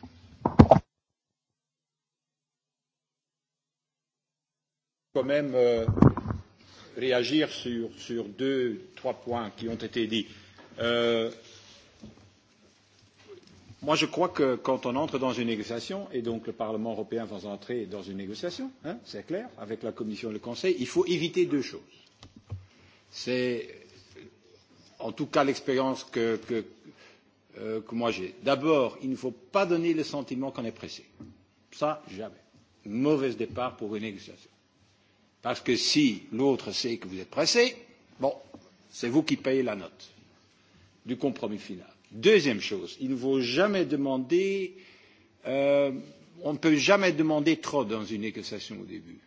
Quand même euh, réagir sur, sur deux, trois points qui ont été dits. Euh, Moi, je crois que quand on entre dans une négociation, et donc le Parlement européen va entrer dans une négociation, hein, c'est clair, avec la Commission et le Conseil, il faut éviter deux choses. C'est en tout cas l'expérience que, que, euh, que moi j'ai. D'abord, il ne faut pas donner le sentiment qu'on est pressé. Ça, jamais. Mauvais départ pour une négociation. Parce que si l'autre sait que vous êtes pressé, bon, c'est vous qui payez la note du compromis final. Deuxième chose, il ne faut jamais demander, euh, on ne peut jamais demander trop dans une négociation au début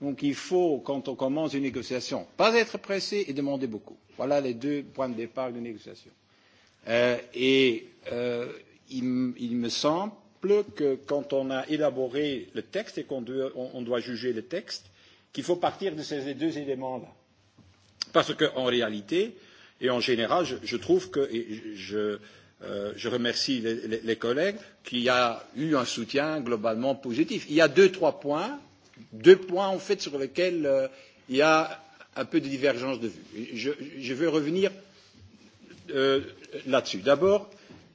Donc il faut, quand on commence une négociation, pas être pressé et demander beaucoup. Voilà les deux points de départ d'une négociation. Euh, et euh, il, il me semble que quand on a élaboré le texte et qu'on doit, on, on doit juger le texte, qu'il faut partir de ces deux éléments-là. Parce qu'en réalité, et en général, je, je trouve que, et je, euh, je remercie les, les, les collègues, qu'il y a eu un soutien globalement positif. Il y a deux, trois points deux points en fait sur lesquels il y a un peu de divergence de vue. Je, je veux revenir là-dessus. D'abord,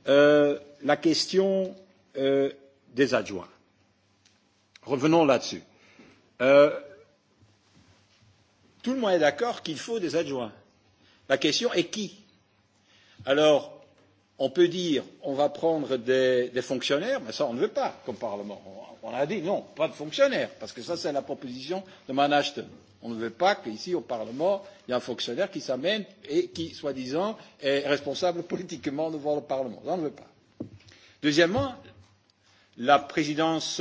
la question des adjoints. Revenons là-dessus. tout le monde est d'accord qu'il faut des adjoints. La question est qui Alors, On peut dire on va prendre des, des fonctionnaires, mais ça on ne veut pas comme Parlement. On, on a dit non, pas de fonctionnaires, parce que ça c'est la proposition de Manhattan. On ne veut pas qu'ici au Parlement, il y ait un fonctionnaire qui s'amène et qui, soi-disant, est responsable politiquement devant le Parlement. Ça on ne veut pas. Deuxièmement, la présidence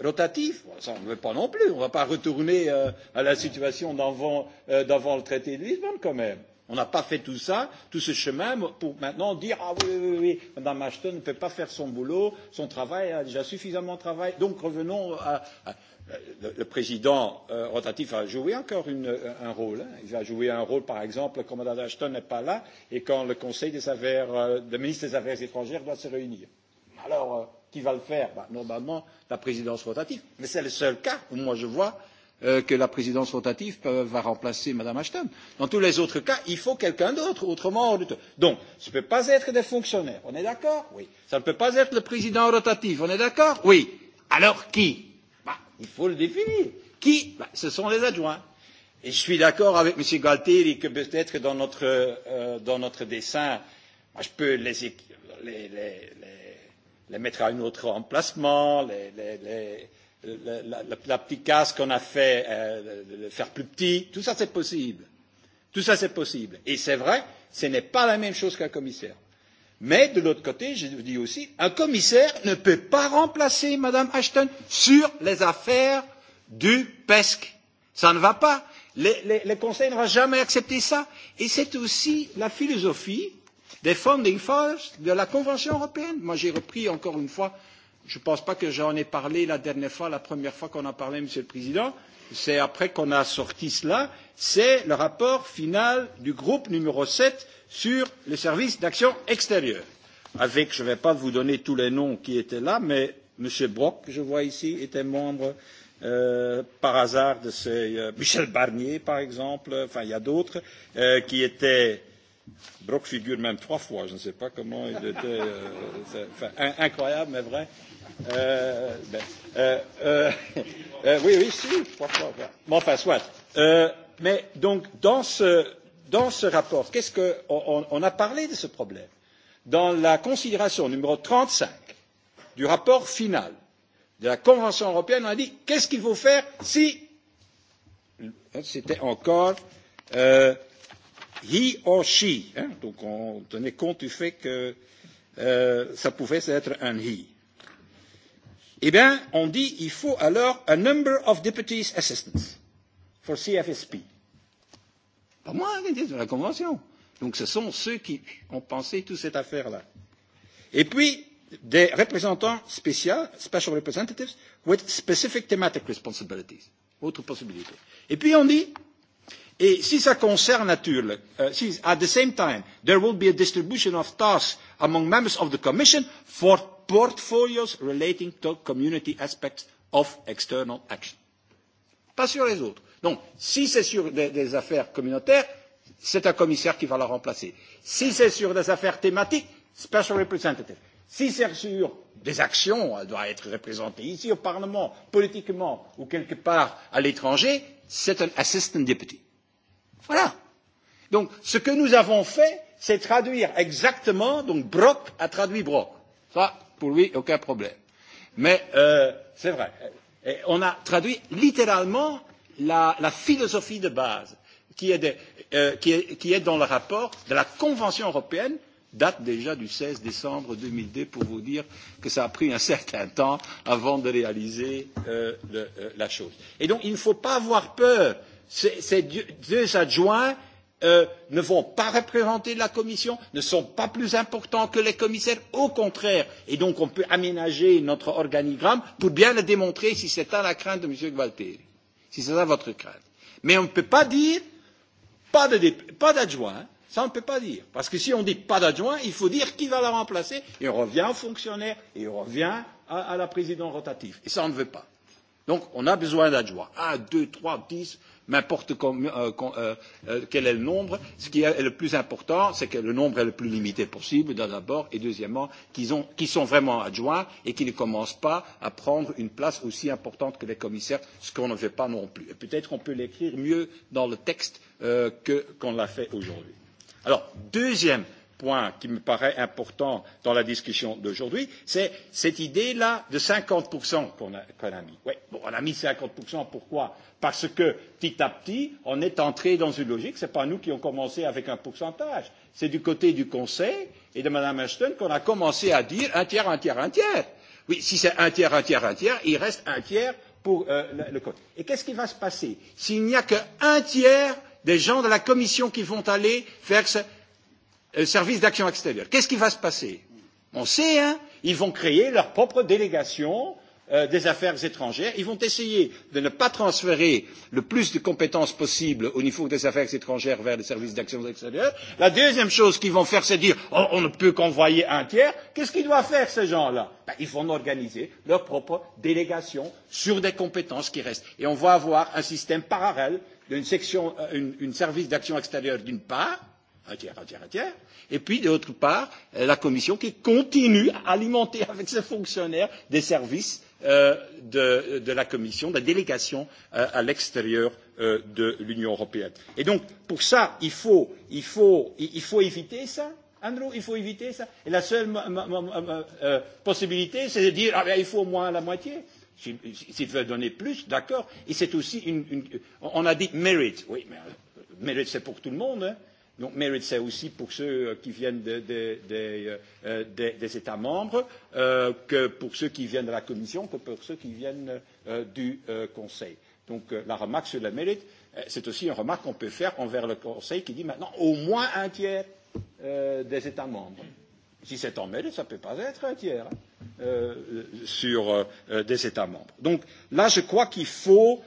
rotative, ça on ne veut pas non plus. On ne va pas retourner à la situation d'avant le traité de Lisbonne quand même On n'a pas fait tout ça, tout ce chemin pour maintenant dire Ah oui, oui, oui, oui Madame Ashton ne peut pas faire son boulot, son travail a déjà suffisamment de travail. Donc revenons à. à le président rotatif a joué encore un rôle. Il a joué un rôle, par exemple, quand Mme Ashton n'est pas là et quand le Conseil des affaires, le ministre des Affaires étrangères doit se réunir. Alors, qui va le faire Normalement, la présidence rotative. Mais c'est le seul cas où moi je vois que la présidence rotative va remplacer Mme Ashton. Dans tous les autres cas, il faut quelqu'un d'autre, autrement. Donc, ce ne peut pas être des fonctionnaires, on est d'accord Oui. Ça ne peut pas être le président rotatif, on est d'accord Oui. Alors qui bah, Il faut le définir. Qui bah, Ce sont les adjoints. Et je suis d'accord avec M. Galtieri que peut-être dans notre, euh, dans notre dessin, moi, je peux les, les, les, les, les mettre à un autre emplacement, les, les, les, la, la, la petite casse qu'on a fait, euh, faire plus petit, tout ça c'est possible. Tout ça c'est possible. Et c'est vrai, ce n'est pas la même chose qu'un commissaire. Mais de l'autre côté, je dis aussi, un commissaire ne peut pas remplacer Madame Ashton sur les affaires du PESC. Ça ne va pas. Le, Conseil ne va jamais accepter ça. Et c'est aussi la philosophie des funding fathers de la Convention européenne. Moi, j'ai repris encore une fois Je ne pense pas que j'en ai parlé la dernière fois, la première fois qu'on a parlé, Monsieur le Président. C'est après qu'on a sorti cela. C'est le rapport final du groupe numéro sept sur les services d'action extérieure. Avec, je ne vais pas vous donner tous les noms qui étaient là, mais M. Brok, que je vois ici, était membre par hasard de ces. Michel Barnier, par exemple, enfin il y a d'autres, qui étaient Brock figure même trois fois, je ne sais pas comment il était. Euh, enfin, incroyable, mais vrai. Euh, ben, euh, euh, euh, oui, oui, si, trois fois. Ben. Bon, enfin, soit. Euh, mais donc, dans ce, dans ce rapport, qu'est-ce que on, on a parlé de ce problème Dans la considération numéro 35 du rapport final de la Convention européenne, on a dit qu'est-ce qu'il faut faire si c'était encore euh, he or she. Hein, donc on tenait compte du fait que euh, ça pouvait être un he. Eh bien, on dit il faut alors a number of deputies assistants for CFSP. Pas moi, dit de la Convention. Donc ce sont ceux qui ont pensé toute cette affaire-là. Et puis, des représentants spéciaux, special representatives, with specific thematic responsibilities. Autre possibilité. Et puis on dit, Et si ça concerne naturellement uh, since at the same time there will be a distribution of tasks among members of the Commission for portfolios relating to community aspects of external action. Pas sur les autres. Donc, si c'est sur des, des affaires communautaires, c'est un commissaire qui va la remplacer. Si c'est sur des affaires thématiques, special representative. Si c'est sur des actions, elle doit être représentée ici au Parlement, politiquement ou quelque part à l'étranger, c'est un assistant deputy. Voilà. Donc, ce que nous avons fait, c'est traduire exactement, donc Brock a traduit Brock. Ça, pour lui, aucun problème. Mais euh, c'est vrai. Et on a traduit littéralement la, la philosophie de base qui est, de, euh, qui, est, qui est dans le rapport de la Convention européenne, date déjà du 16 décembre 2002, pour vous dire que ça a pris un certain temps avant de réaliser euh, le, euh, la chose. Et donc, il ne faut pas avoir peur euh, ces deux adjoints ne vont pas représenter la Commission, ne sont pas plus importants que les commissaires, au contraire. Et donc on peut aménager notre organigramme pour bien le démontrer si c'est à la crainte de M. Gualtieri, si c'est là votre crainte. Mais on ne peut pas dire pas d'adjoint, ça on ne peut pas dire. Parce que si on dit pas d'adjoint, il faut dire qui va la remplacer, et on revient aux fonctionnaires, et on revient à, à la présidente rotative. Et ça on ne veut pas. Donc on a besoin d'adjoints. Un, deux, trois, dix, M'importe quel est le nombre, ce qui est le plus important, c'est que le nombre est le plus limité possible, d'abord, et deuxièmement, qu'ils qu sont vraiment adjoints et qu'ils ne commencent pas à prendre une place aussi importante que les commissaires, ce qu'on ne fait pas non plus. peut-être qu'on peut l'écrire mieux dans le texte qu'on l'a fait aujourd'hui. Alors, deuxième point qui me paraît important dans la discussion d'aujourd'hui, c'est cette idée-là de 50% qu'on a, qu a mis. Oui, bon, on a mis 50%, pourquoi Parce que petit à petit, on est entré dans une logique, ce n'est pas nous qui avons commencé avec un pourcentage, c'est du côté du Conseil et de Mme Ashton qu'on a commencé à dire un tiers, un tiers, un tiers. Oui, si c'est un tiers, un tiers, un tiers, il reste un tiers pour euh, le, le code. Et qu'est-ce qui va se passer S'il n'y a qu'un tiers des gens de la Commission qui vont aller faire ce, le service d'action extérieure. Qu'est-ce qui va se passer On sait, hein, ils vont créer leur propre délégation des affaires étrangères. Ils vont essayer de ne pas transférer le plus de compétences possibles au niveau des affaires étrangères vers le service d'action extérieure. La deuxième chose qu'ils vont faire, c'est dire on ne peut qu'envoyer un tiers. Qu'est-ce qu'ils doivent faire, ces gens-là ben, Ils vont organiser leur propre délégation sur des compétences qui restent. Et on va avoir un système parallèle d'une section, euh, une, une service d'action extérieure d'une part, un tiers, un tiers, un tiers, et puis d'autre part la Commission qui continue à alimenter avec ses fonctionnaires des services de, la Commission, de la délégation à l'extérieur de l'Union européenne. Et donc, pour ça, il faut, éviter cela, Andrew, il faut éviter cela. Et la seule possibilité, c'est de dire, ah, il faut au moins la moitié. S'il veut donner plus, d'accord. Et c'est aussi une, On a dit mérite. Oui, mais mérite, c'est pour tout le monde. Hein Donc mérite c'est aussi pour ceux qui viennent des, de, de, de, des États membres euh, que pour ceux qui viennent de la Commission que pour ceux qui viennent euh, du euh, Conseil. Donc euh, la remarque sur le mérite, euh, c'est aussi une remarque qu'on peut faire envers le Conseil qui dit maintenant au moins un tiers euh, des États membres. Si c'est en mérite, ça ne peut pas être un tiers hein, euh, sur euh, des États membres. Donc là, je crois qu'il faut euh,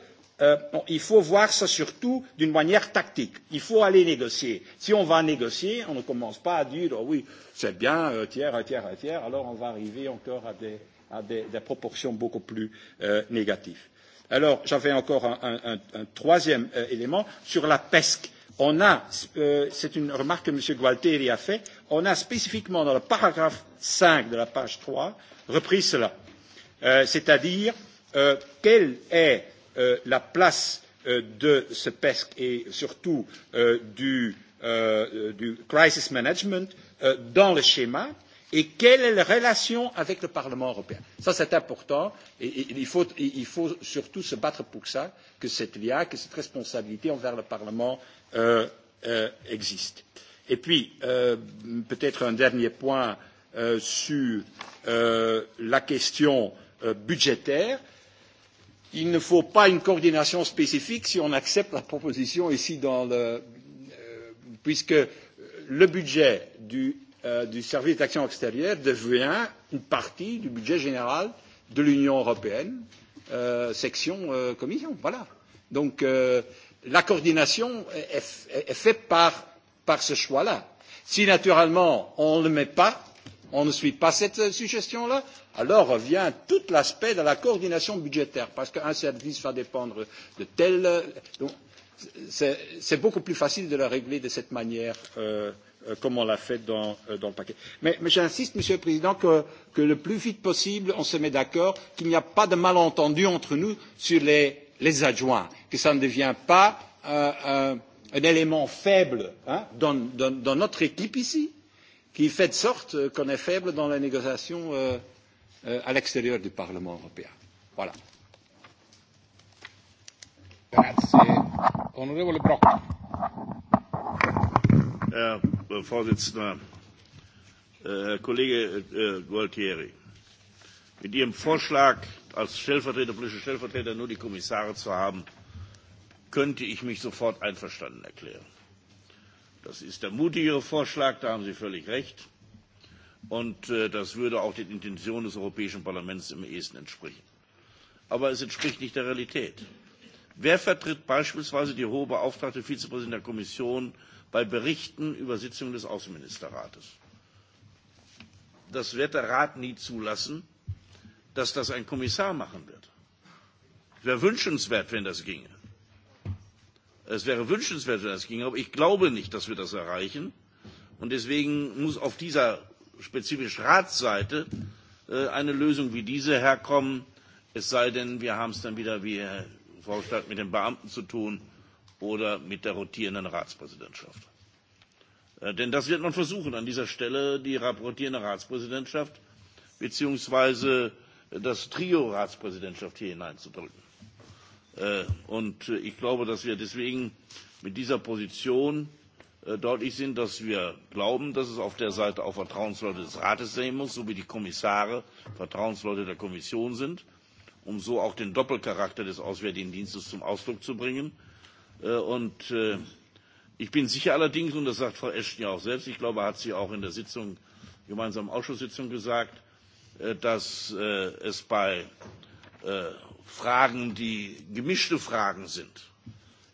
il faut voir ça surtout d'une manière tactique. Il faut aller négocier. Si on va négocier, on ne commence pas à dire oh oui, c'est bien, un tiers, un tiers, un tiers, alors on va arriver encore à des, à des, des proportions beaucoup plus euh, négatives. Alors, j'avais encore un, un, un, un troisième euh, élément sur la pesque. On a, euh, c'est une remarque que M. Gualtieri a faite, on a spécifiquement dans le paragraphe 5 de la page 3 repris cela. Euh, C'est-à-dire, euh, quelle est la place de ce PESC et surtout du, crisis management dans le schéma et quelle est la relation avec le Parlement européen. Ça, c'est important et, il, faut, surtout se battre pour ça, que cette lien, que cette responsabilité envers le Parlement existe. Et puis, peut-être un dernier point sur la question budgétaire il ne faut pas une coordination spécifique si on accepte la proposition ici dans le puisque le budget du, service d'action extérieure devient une partie du budget général de l'Union européenne, section commission. Voilà. Donc la coordination est, faite par, ce choix-là. Si naturellement on ne le met pas, on ne suit pas cette suggestion là, alors revient tout l'aspect de la coordination budgétaire, parce qu'un service va dépendre de tel. c'est beaucoup plus facile de le régler de cette manière comme on l'a fait dans, le paquet. Mais, j'insiste, Monsieur le Président, que, le plus vite possible, on se met d'accord, qu'il n'y a pas de malentendu entre nous sur les, adjoints, que cela ne devient pas un élément faible dans, notre équipe ici, qui fait de sorte qu'on est faible dans les négociations à l'extérieur du Parlement européen. Voilà. Herr Vorsitzender, Herr Kollege Gualtieri, mit Ihrem Vorschlag, als Stellvertreter, politische Stellvertreter nur die Kommissare zu haben, könnte ich mich sofort einverstanden erklären. Das ist der mutigere Vorschlag, da haben Sie völlig recht. Und das würde auch den Intentionen des Europäischen Parlaments am ehesten entsprechen. Aber es entspricht nicht der Realität. Wer vertritt beispielsweise die hohe Beauftragte Vizepräsidentin der Kommission bei Berichten über Sitzungen des Außenministerrates? Das wird der Rat nie zulassen, dass das ein Kommissar machen wird. Es wäre wünschenswert, wenn das ginge. Es wäre wünschenswert, wenn das ginge, aber ich glaube nicht, dass wir das erreichen. Und deswegen muss auf dieser spezifisch Ratsseite eine Lösung wie diese herkommen, es sei denn, wir haben es dann wieder, wie Herr Vorstadt, mit den Beamten zu tun oder mit der rotierenden Ratspräsidentschaft. Denn das wird man versuchen, an dieser Stelle die rotierende Ratspräsidentschaft beziehungsweise das Trio Ratspräsidentschaft hier hineinzudrücken. Und ich glaube, dass wir deswegen mit dieser Position deutlich sind, dass wir glauben, dass es auf der Seite auch Vertrauensleute des Rates sein muss, so wie die Kommissare Vertrauensleute der Kommission sind, um so auch den Doppelcharakter des Auswärtigen Dienstes zum Ausdruck zu bringen. Und ich bin sicher allerdings, und das sagt Frau Ashton ja auch selbst, ich glaube, hat sie auch in der Sitzung, gemeinsamen Ausschusssitzung gesagt, dass es bei Fragen, die gemischte Fragen sind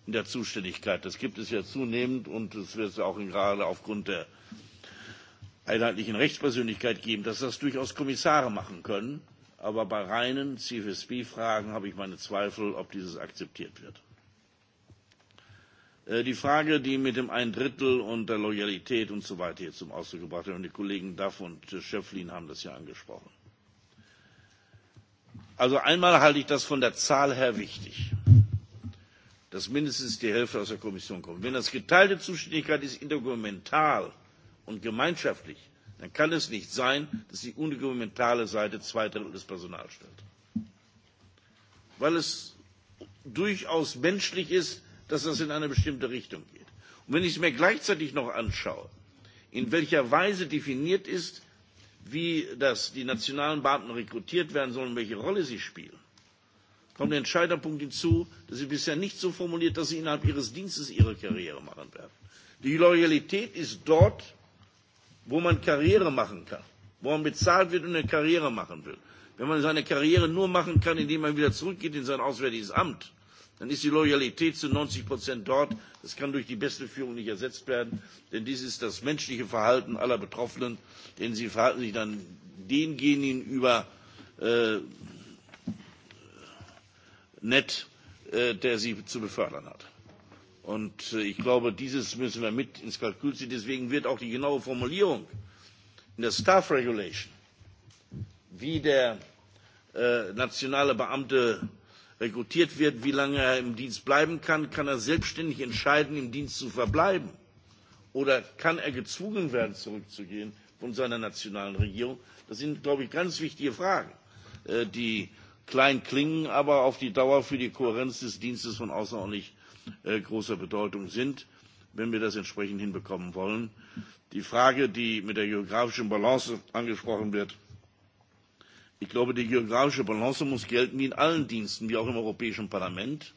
in der Zuständigkeit. Das gibt es ja zunehmend und es wird es auch gerade aufgrund der einheitlichen Rechtspersönlichkeit geben, dass das durchaus Kommissare machen können. Aber bei reinen CFSB-Fragen habe ich meine Zweifel, ob dieses akzeptiert wird. Die Frage, die mit dem ein Drittel und der Loyalität und so weiter hier zum Ausdruck gebracht wird, und die Kollegen Duff und Schöpflin haben das ja angesprochen. Also einmal halte ich das von der Zahl her wichtig, dass mindestens die Hälfte aus der Kommission kommt. Wenn das geteilte Zuständigkeit ist intergouvernemental und gemeinschaftlich, dann kann es nicht sein, dass die intergouvernementale Seite zwei Drittel des Personals stellt. Weil es durchaus menschlich ist, dass das in eine bestimmte Richtung geht. Und wenn ich es mir gleichzeitig noch anschaue, in welcher Weise definiert ist, wie das, die nationalen Beamten rekrutiert werden sollen, und welche Rolle sie spielen, kommt der entscheidender Punkt hinzu, dass sie bisher nicht so formuliert, dass sie innerhalb ihres Dienstes ihre Karriere machen werden. Die Loyalität ist dort, wo man Karriere machen kann, wo man bezahlt wird und eine Karriere machen will. Wenn man seine Karriere nur machen kann, indem man wieder zurückgeht in sein auswärtiges Amt, dann ist die Loyalität zu neunzig dort. Das kann durch die beste Führung nicht ersetzt werden, denn dies ist das menschliche Verhalten aller Betroffenen, denn sie verhalten sich dann denjenigen über nett, der sie zu befördern hat. Und ich glaube, dieses müssen wir mit ins Kalkül ziehen. Deswegen wird auch die genaue Formulierung in der Staff Regulation, wie der nationale Beamte rekrutiert wird, wie lange er im Dienst bleiben kann, kann er selbstständig entscheiden, im Dienst zu verbleiben. Oder kann er gezwungen werden, zurückzugehen von seiner nationalen Regierung? Das sind, glaube ich, ganz wichtige Fragen, die klein klingen, aber auf die Dauer für die Kohärenz des Dienstes von außerordentlich großer Bedeutung sind, wenn wir das entsprechend hinbekommen wollen. Die Frage, die mit der geografischen Balance angesprochen wird, Ich glaube, die geografische Balance muss gelten wie in allen Diensten, wie auch im Europäischen Parlament,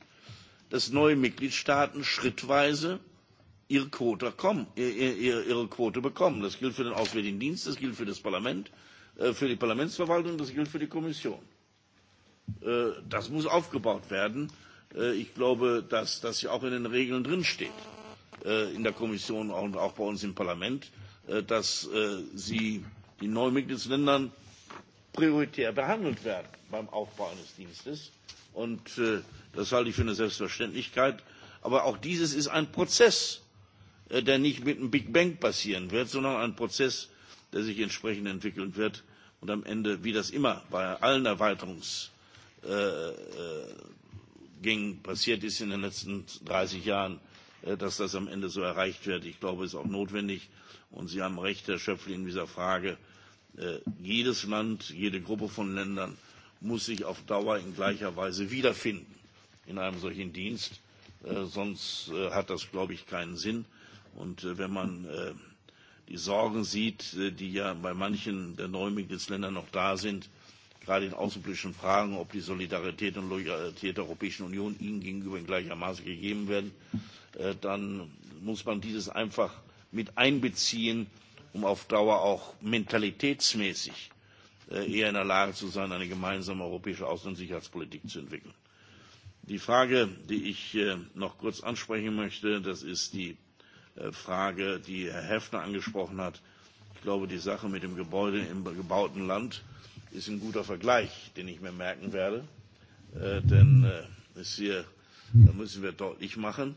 dass neue Mitgliedstaaten schrittweise ihre Quote, bekommen. Das gilt für den Auswärtigen Dienst, das gilt für das Parlament, für die Parlamentsverwaltung, das gilt für die Kommission. Das muss aufgebaut werden. Ich glaube, dass das ja auch in den Regeln drinsteht, in der Kommission und auch bei uns im Parlament, dass sie die neuen Mitgliedsländern prioritär behandelt werden beim Aufbau eines Dienstes. Und das halte ich für eine Selbstverständlichkeit. Aber auch dieses ist ein Prozess, der nicht mit einem Big Bang passieren wird, sondern ein Prozess, der sich entsprechend entwickeln wird und am Ende, wie das immer bei allen Erweiterungsgängen passiert ist in den letzten dreißig Jahren, dass das am Ende so erreicht wird. Ich glaube, es ist auch notwendig. Und Sie haben recht, Herr Schöpflin, in dieser Frage jedes Land, jede Gruppe von Ländern muss sich auf Dauer in gleicher Weise wiederfinden in einem solchen Dienst. Sonst hat das, glaube ich, keinen Sinn. Und wenn man die Sorgen sieht, die ja bei manchen der neuen Mitgliedsländer noch da sind, gerade in außenpolitischen Fragen, ob die Solidarität und Loyalität der Europäischen Union ihnen gegenüber in gleicher Maße gegeben werden, dann muss man dieses einfach mit einbeziehen um auf Dauer auch mentalitätsmäßig eher in der Lage zu sein, eine gemeinsame europäische Außen- und Sicherheitspolitik zu entwickeln. Die Frage, die ich noch kurz ansprechen möchte, das ist die Frage, die Herr Häfner angesprochen hat. Ich glaube, die Sache mit dem Gebäude im gebauten Land ist ein guter Vergleich, den ich mir merken werde. denn da müssen wir deutlich machen,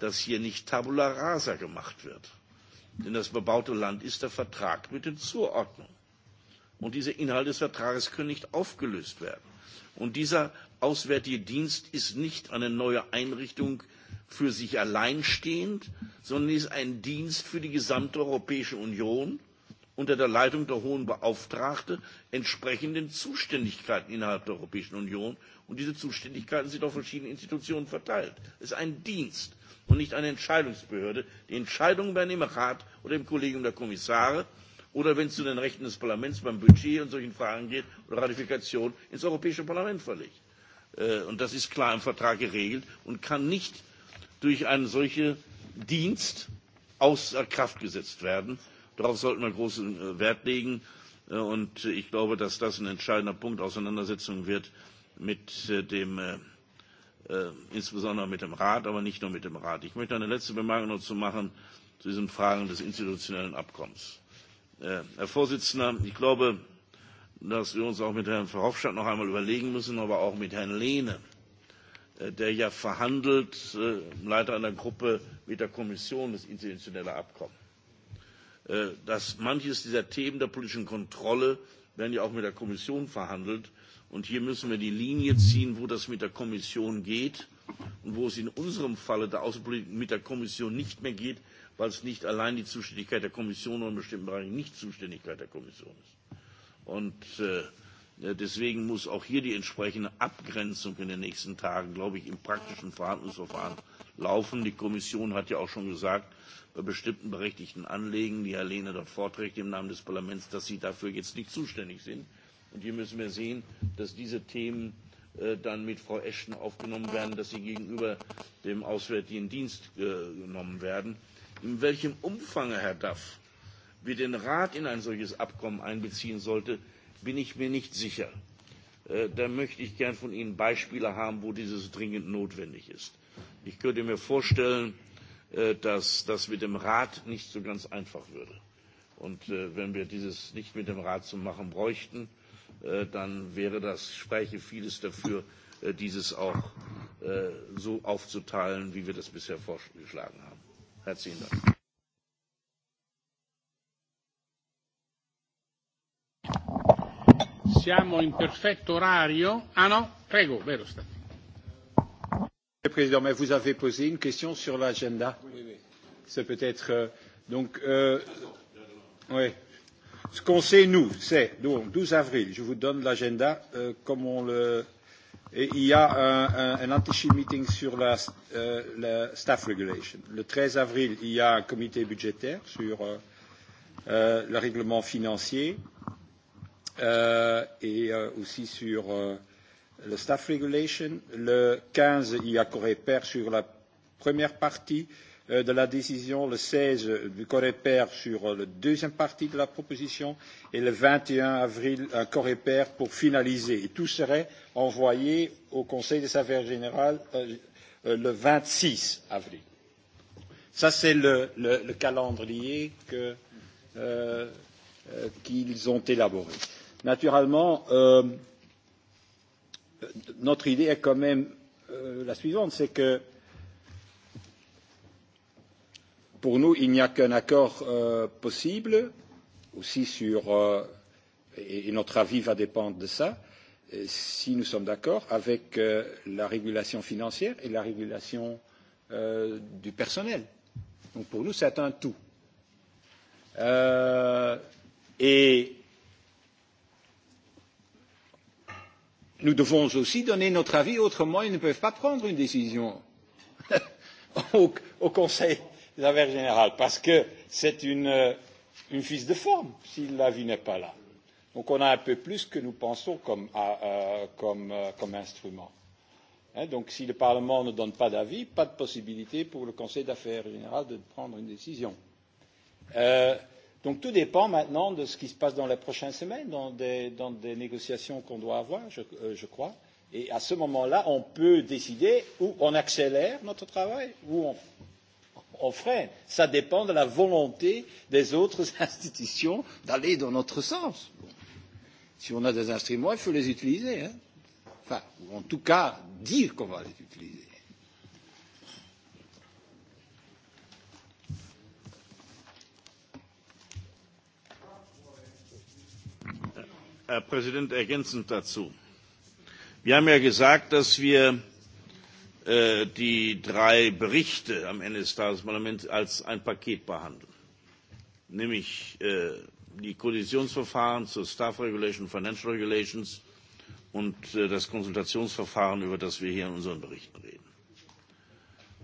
dass hier nicht Tabula Rasa gemacht wird Denn das bebaute Land ist der Vertrag mit den Zuordnungen. Und diese Inhalte des Vertrages können nicht aufgelöst werden. Und dieser Auswärtige Dienst ist nicht eine neue Einrichtung für sich alleinstehend, sondern ist ein Dienst für die gesamte Europäische Union unter der Leitung der Hohen Beauftragte entsprechenden Zuständigkeiten innerhalb der Europäischen Union. Und diese Zuständigkeiten sind auf verschiedene Institutionen verteilt. Es ist ein Dienst und nicht eine Entscheidungsbehörde, die Entscheidungen werden im Rat oder im Kollegium der Kommissare oder wenn es zu den Rechten des Parlaments beim Budget und solchen Fragen geht oder Ratifikation ins Europäische Parlament verlegt. Und das ist klar im Vertrag geregelt und kann nicht durch einen solchen Dienst außer Kraft gesetzt werden. Darauf sollten wir großen Wert legen. Und ich glaube, dass das ein entscheidender Punkt Auseinandersetzung wird mit dem insbesondere mit dem Rat, aber nicht nur mit dem Rat. Ich möchte eine letzte Bemerkung dazu machen zu diesen Fragen des institutionellen Abkommens. Herr Vorsitzender, ich glaube, dass wir uns auch mit Herrn Verhofstadt noch einmal überlegen müssen, aber auch mit Herrn Lehne, der ja verhandelt, Leiter einer Gruppe mit der Kommission das institutionelle Abkommen. Dass manches dieser Themen der politischen Kontrolle werden ja auch mit der Kommission verhandelt Und hier müssen wir die Linie ziehen, wo das mit der Kommission geht und wo es in unserem Falle der Außenpolitik mit der Kommission nicht mehr geht, weil es nicht allein die Zuständigkeit der Kommission oder in bestimmten Bereichen nicht Zuständigkeit der Kommission ist. Und deswegen muss auch hier die entsprechende Abgrenzung in den nächsten Tagen, glaube ich, im praktischen Verhandlungsverfahren laufen. Die Kommission hat ja auch schon gesagt, bei bestimmten berechtigten Anliegen, die Herr Lehne dort vorträgt im Namen des Parlaments, dass sie dafür jetzt nicht zuständig sind Und hier müssen wir sehen, dass diese Themen dann mit Frau Ashton aufgenommen werden, dass sie gegenüber dem Auswärtigen Dienst genommen werden. In welchem Umfang, Herr Duff, wir den Rat in ein solches Abkommen einbeziehen sollte, bin ich mir nicht sicher. Da möchte ich gern von Ihnen Beispiele haben, wo dieses dringend notwendig ist. Ich könnte mir vorstellen, dass das mit dem Rat nicht so ganz einfach würde. Und wenn wir dieses nicht mit dem Rat zu machen bräuchten, dann wäre das, spreche vieles dafür, dieses auch so aufzuteilen, wie wir das bisher vorgeschlagen haben. Herzlichen Dank. Siamo in perfetto orario. Ah no, prego, Verhofstadt. Monsieur le Président, mais vous avez posé une question sur l'agenda. C'est peut-être euh, donc. Euh, oui. Ce qu'on sait, nous, c'est donc 12 avril, je vous donne l'agenda euh, comme on le. Et il y a un, un, un anti meeting sur la, euh, la staff regulation. Le 13 avril, il y a un comité budgétaire sur euh, euh, le règlement financier euh, et euh, aussi sur euh, le staff regulation. Le 15, il y a Corée Père sur la première partie. Euh, de la décision le seize du coreper sur la deuxième partie de la proposition et le vingt et un avril un coreper pour finaliser et tout serait envoyé au conseil des affaires générales le vingt six avril. Ça, c'est le, calendrier qu'ils ont élaboré. Naturellement, notre idée est quand même la suivante, c'est que pour nous, il n'y a qu'un accord possible, aussi sur, et, notre avis va dépendre de cela, si nous sommes d'accord avec la régulation financière et la régulation du personnel. Donc pour nous, c'est un tout. et nous devons aussi donner notre avis, autrement ils ne peuvent pas prendre une décision au Conseil de l'affaire parce que c'est une, une fille de forme si l'avis n'est pas là. Donc on a un peu plus que nous pensons comme, euh, comme, euh, comme instrument. Hein, donc si le Parlement ne donne pas d'avis, pas de possibilité pour le Conseil d'affaires générales de prendre une décision. Euh, donc tout dépend maintenant de ce qui se passe dans les prochaines semaines, dans des, dans des négociations qu'on doit avoir, je, euh, je crois. Et à ce moment-là, on peut décider où on accélère notre travail, ou on freine. Cela dépend de la volonté des autres institutions d'aller dans notre sens. Si on a des instruments, il faut les utiliser. Hein. Enfin, ou en tout cas, dire qu'on va les utiliser. Herr Präsident, ergänzend dazu. Wir haben ja gesagt, dass wir die drei Berichte am Ende des Tagesparlaments als ein Paket behandeln, nämlich die Koalitionsverfahren zur Staff Regulation, Financial Regulations und das Konsultationsverfahren, über das wir hier in unseren Berichten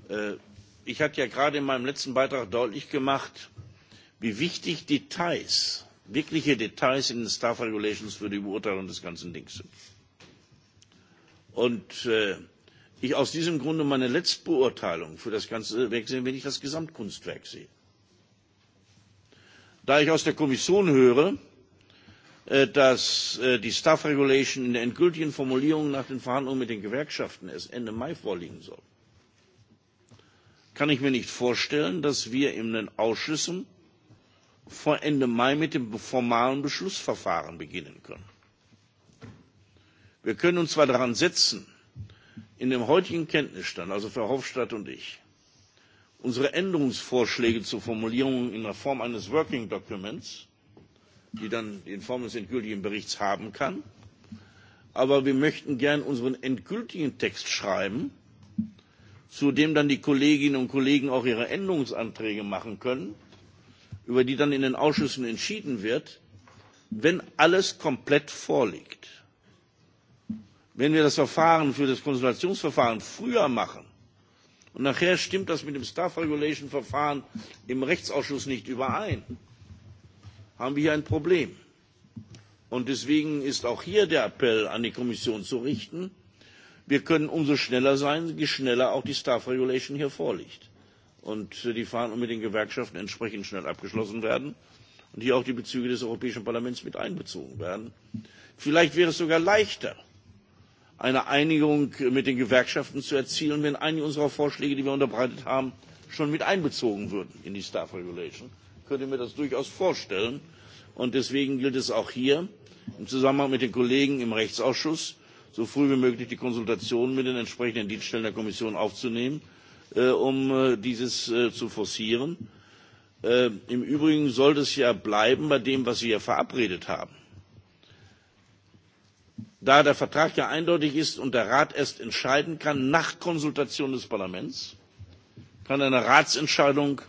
reden. ich hatte ja gerade in meinem letzten Beitrag deutlich gemacht, wie wichtig Details, wirkliche Details in den Staff Regulations für die Beurteilung des ganzen Dings sind. Und ich aus diesem Grunde meine Letztbeurteilung für das ganze Werk sehe, wenn ich das Gesamtkunstwerk sehe. Da ich aus der Kommission höre, dass die Staff Regulation in der endgültigen Formulierung nach den Verhandlungen mit den Gewerkschaften erst Ende Mai vorliegen soll, kann ich mir nicht vorstellen, dass wir in den Ausschüssen vor Ende Mai mit dem formalen Beschlussverfahren beginnen können. Wir können uns zwar daran setzen, in dem heutigen Kenntnisstand, also Verhofstadt und ich, unsere Änderungsvorschläge zur Formulierung in der Form eines Working Documents, die dann in Form des endgültigen Berichts haben kann, aber wir möchten gern unseren endgültigen Text schreiben, zu dem dann die Kolleginnen und Kollegen auch ihre Änderungsanträge machen können, über die dann in den Ausschüssen entschieden wird, wenn alles komplett vorliegt. Wenn wir das Verfahren für das Konsultationsverfahren früher machen und nachher stimmt das mit dem Staff Regulation Verfahren im Rechtsausschuss nicht überein, haben wir hier ein Problem. Und deswegen ist auch hier der Appell an die Kommission zu richten, wir können umso schneller sein, je schneller auch die Staff Regulation hier vorliegt. Und die Verhandlungen mit den Gewerkschaften entsprechend schnell abgeschlossen werden und hier auch die Bezüge des Europäischen Parlaments mit einbezogen werden. Vielleicht wäre es sogar leichter, eine Einigung mit den Gewerkschaften zu erzielen, wenn einige unserer Vorschläge, die wir unterbreitet haben, schon mit einbezogen würden in die Staff Regulation. Ich könnte mir das durchaus vorstellen. Und deswegen gilt es auch hier im Zusammenhang mit den Kollegen im Rechtsausschuss, so früh wie möglich die Konsultationen mit den entsprechenden Dienststellen der Kommission aufzunehmen, um dieses zu forcieren. Im Übrigen sollte es ja bleiben bei dem, was Sie ja verabredet haben da der Vertrag ja eindeutig ist und der Rat erst entscheiden kann nach Konsultation des Parlaments, kann eine Ratsentscheidung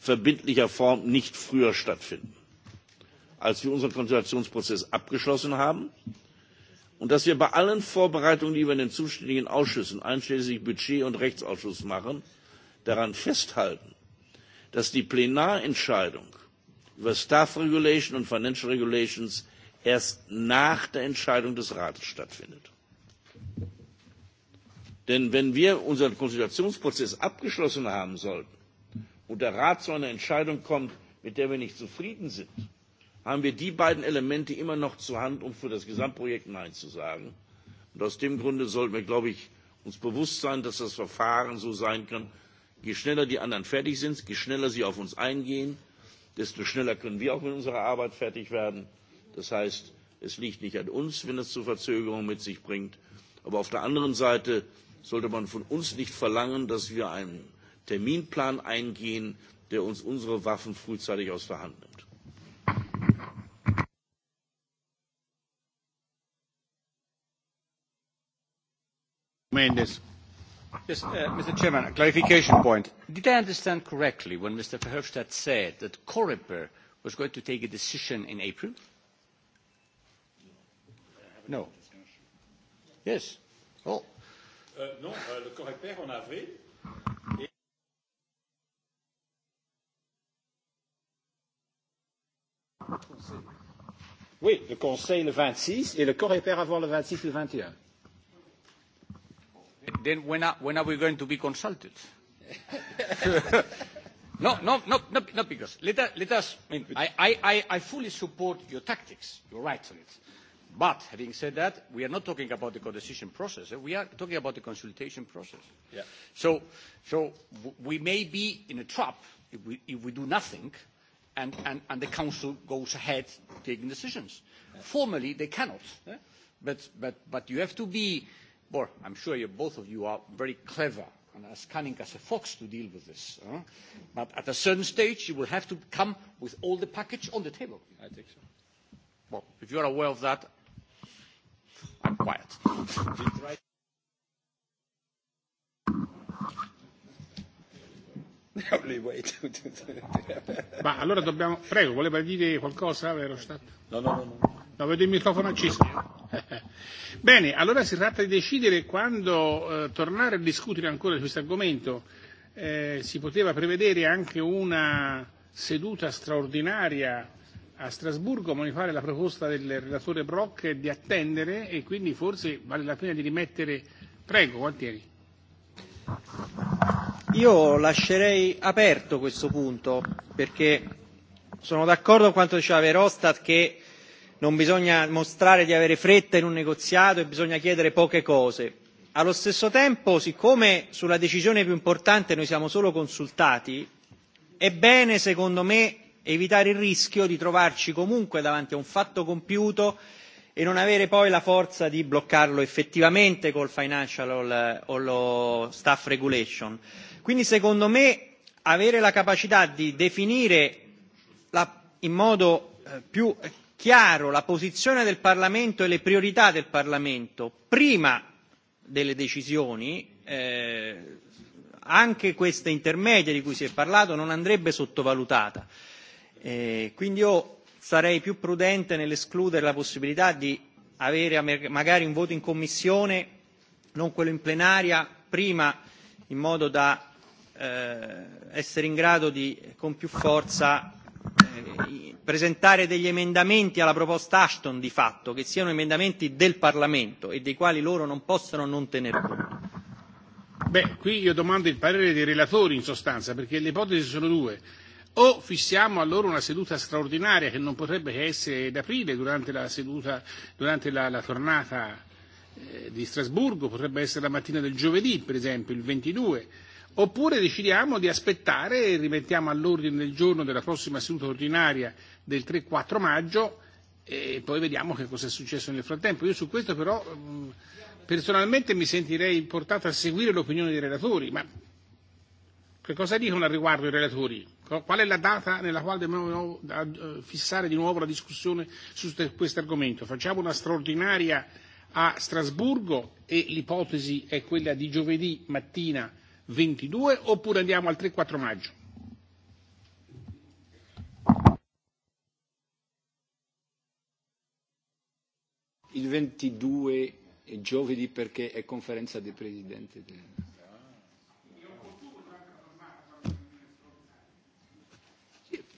verbindlicher Form nicht früher stattfinden, als wir unseren Konsultationsprozess abgeschlossen haben und dass wir bei allen Vorbereitungen, die wir in den zuständigen Ausschüssen, einschließlich Budget und Rechtsausschuss machen, daran festhalten, dass die Plenarentscheidung über Staff Regulation und Financial Regulations erst nach der Entscheidung des Rates stattfindet. Denn wenn wir unseren Konsultationsprozess abgeschlossen haben sollten und der Rat zu einer Entscheidung kommt, mit der wir nicht zufrieden sind, haben wir die beiden Elemente immer noch zur Hand, um für das Gesamtprojekt Nein zu sagen. Und aus dem Grunde sollten wir, glaube ich, uns bewusst sein, dass das Verfahren so sein kann, je schneller die anderen fertig sind, je schneller sie auf uns eingehen, desto schneller können wir auch mit unserer Arbeit fertig werden. Das heißt, es liegt nicht an uns, wenn es zu Verzögerungen mit sich bringt. Aber auf der anderen Seite sollte man von uns nicht verlangen, dass wir einen Terminplan eingehen, der uns unsere Waffen frühzeitig aus der Hand nimmt. Mendes. Yes, Mr. Chairman, a clarification point. Did I understand correctly when Mr. Verhofstadt said that Coreper was going to take a decision in April? No. Yes. Oh no, non, le Corépère en avril. Oui, le Conseil le 26 et le Corépère avant le 26 et le 21. Then when are, when are we going to be consulted? no, no, no, no, not because. Let us. Let us I, I, I fully support your tactics. You're right on it But having said that, we are not talking about the co-decision process. We are talking about the consultation process. Yeah. So, so we may be in a trap if we, if we do nothing, and, and, and the council goes ahead taking decisions. Formally, they cannot. Yeah. But, but, but you have to be, well, I'm sure you, both of you are very clever and as cunning as a fox to deal with this. Huh? But at a certain stage, you will have to come with all the package on the table. I think so. Well, if you are aware of that, I'm quiet. Ma allora dobbiamo. Prego, voleva dire qualcosa, vero No, no, no. no. No, vedo il microfono acceso. Bene, allora si tratta di decidere quando eh, tornare a discutere ancora di questo argomento. Eh, si poteva prevedere anche una seduta straordinaria a Strasburgo, voglio fare, la proposta del relatore Brock di attendere e quindi forse vale la pena di rimettere. Prego, Gualtieri. Io lascerei aperto questo punto perché sono d'accordo con quanto diceva Verostat che non bisogna mostrare di avere fretta in un negoziato e bisogna chiedere poche cose. Allo stesso tempo, siccome sulla decisione più importante noi siamo solo consultati, è bene, secondo me, evitare il rischio di trovarci comunque davanti a un fatto compiuto e non avere poi la forza di bloccarlo effettivamente col financial o lo staff regulation. Quindi secondo me avere la capacità di definire in modo più chiaro la posizione del Parlamento e le priorità del Parlamento prima delle decisioni, anche questa intermedia di cui si è parlato, non andrebbe sottovalutata Eh, quindi io sarei più prudente nell'escludere la possibilità di avere magari un voto in commissione, non quello in plenaria, prima in modo da eh, essere in grado di con più forza eh, presentare degli emendamenti alla proposta Ashton di fatto, che siano emendamenti del Parlamento e dei quali loro non possono non tener conto. Beh, qui io domando il parere dei relatori in sostanza, perché le ipotesi sono due o fissiamo allora una seduta straordinaria che non potrebbe che essere d'aprile durante la seduta, durante la, la tornata eh, di Strasburgo, potrebbe essere la mattina del giovedì, per esempio, il 22, oppure decidiamo di aspettare e rimettiamo all'ordine del giorno della prossima seduta ordinaria del 3-4 maggio e poi vediamo che cosa è successo nel frattempo. Io su questo però personalmente mi sentirei portato a seguire l'opinione dei relatori, ma che cosa dicono al riguardo i relatori? Qual è la data nella quale dobbiamo fissare di nuovo la discussione su questo argomento? Facciamo una straordinaria a Strasburgo e l'ipotesi è quella di giovedì mattina 22 oppure andiamo al 3-4 maggio? Il 22 è giovedì perché è conferenza dei presidenti. Del...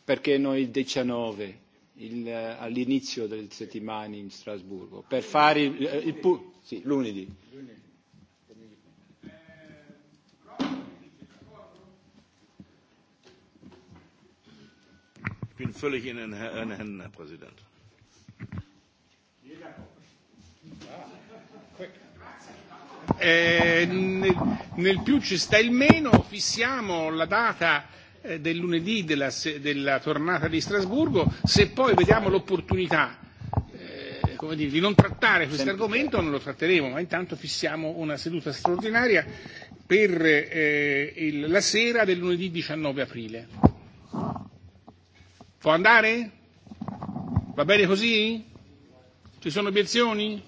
perché noi il 19 il, all'inizio delle settimane in Strasburgo per fare il, il, il sì, lunedì. Ich bin völlig in den Händen, Herr Präsident. Eh, nel, nel più ci sta il meno, fissiamo la data del lunedì della, della tornata di Strasburgo, se poi vediamo l'opportunità come dire, di non trattare questo argomento non lo tratteremo, ma intanto fissiamo una seduta straordinaria per eh, il, la sera del lunedì 19 aprile. Può andare? Va bene così? Ci sono obiezioni?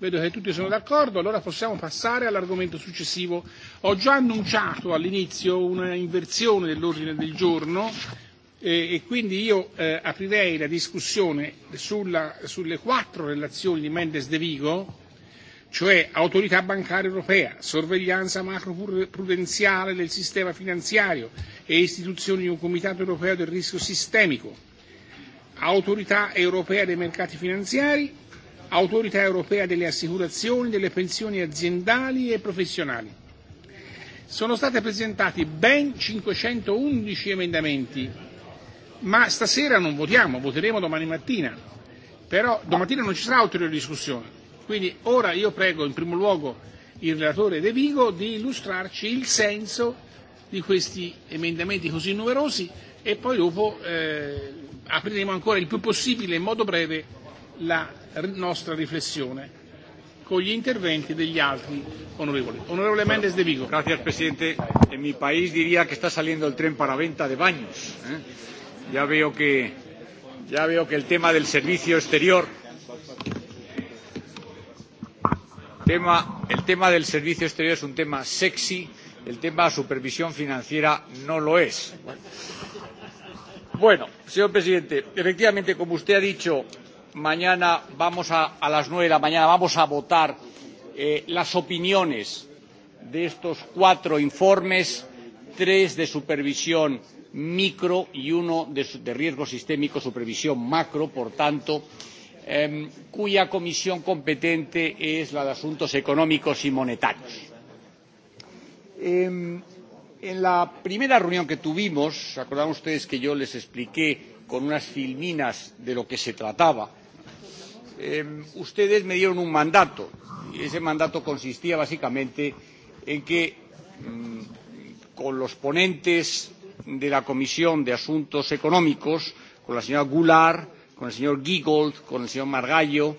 Vedo che tutti sono d'accordo, allora possiamo passare all'argomento successivo. Ho già annunciato all'inizio una inversione dell'ordine del giorno e quindi io eh, aprirei la discussione sulla, sulle quattro relazioni di Mendes de Vigo, cioè autorità bancaria europea, sorveglianza macroprudenziale del sistema finanziario e istituzioni di un comitato europeo del rischio sistemico, autorità europea dei mercati finanziari Autorità europea delle assicurazioni, delle pensioni aziendali e professionali. Sono stati presentati ben 511 emendamenti, ma stasera non votiamo, voteremo domani mattina. Però domattina non ci sarà ulteriore discussione. Quindi ora io prego in primo luogo il relatore De Vigo di illustrarci il senso di questi emendamenti così numerosi e poi dopo eh, apriremo ancora il più possibile in modo breve la nostra riflessione con gli interventi degli altri onorevoli. Onorevole Méndez de Vigo. Gracias, presidente. En mi país diría que está saliendo el tren para venta de baños. ¿eh? Ya, veo que, ya veo que el tema del servicio exterior tema, el tema del servicio exterior es un tema sexy, el tema de supervisión financiera no lo es. Bueno, señor presidente, efectivamente, como usted ha dicho, mañana vamos a, a las nueve de la mañana vamos a votar eh, las opiniones de estos cuatro informes, tres de supervisión micro y uno de, de riesgo sistémico, supervisión macro, por tanto, eh, cuya comisión competente es la de asuntos económicos y monetarios. Eh, en la primera reunión que tuvimos, acordarán ustedes que yo les expliqué con unas filminas de lo que se trataba, ustedes me dieron un mandato y ese mandato consistía básicamente en que con los ponentes de la Comisión de Asuntos Económicos, con la señora Goulard, con el señor Giegold, con el señor Margallo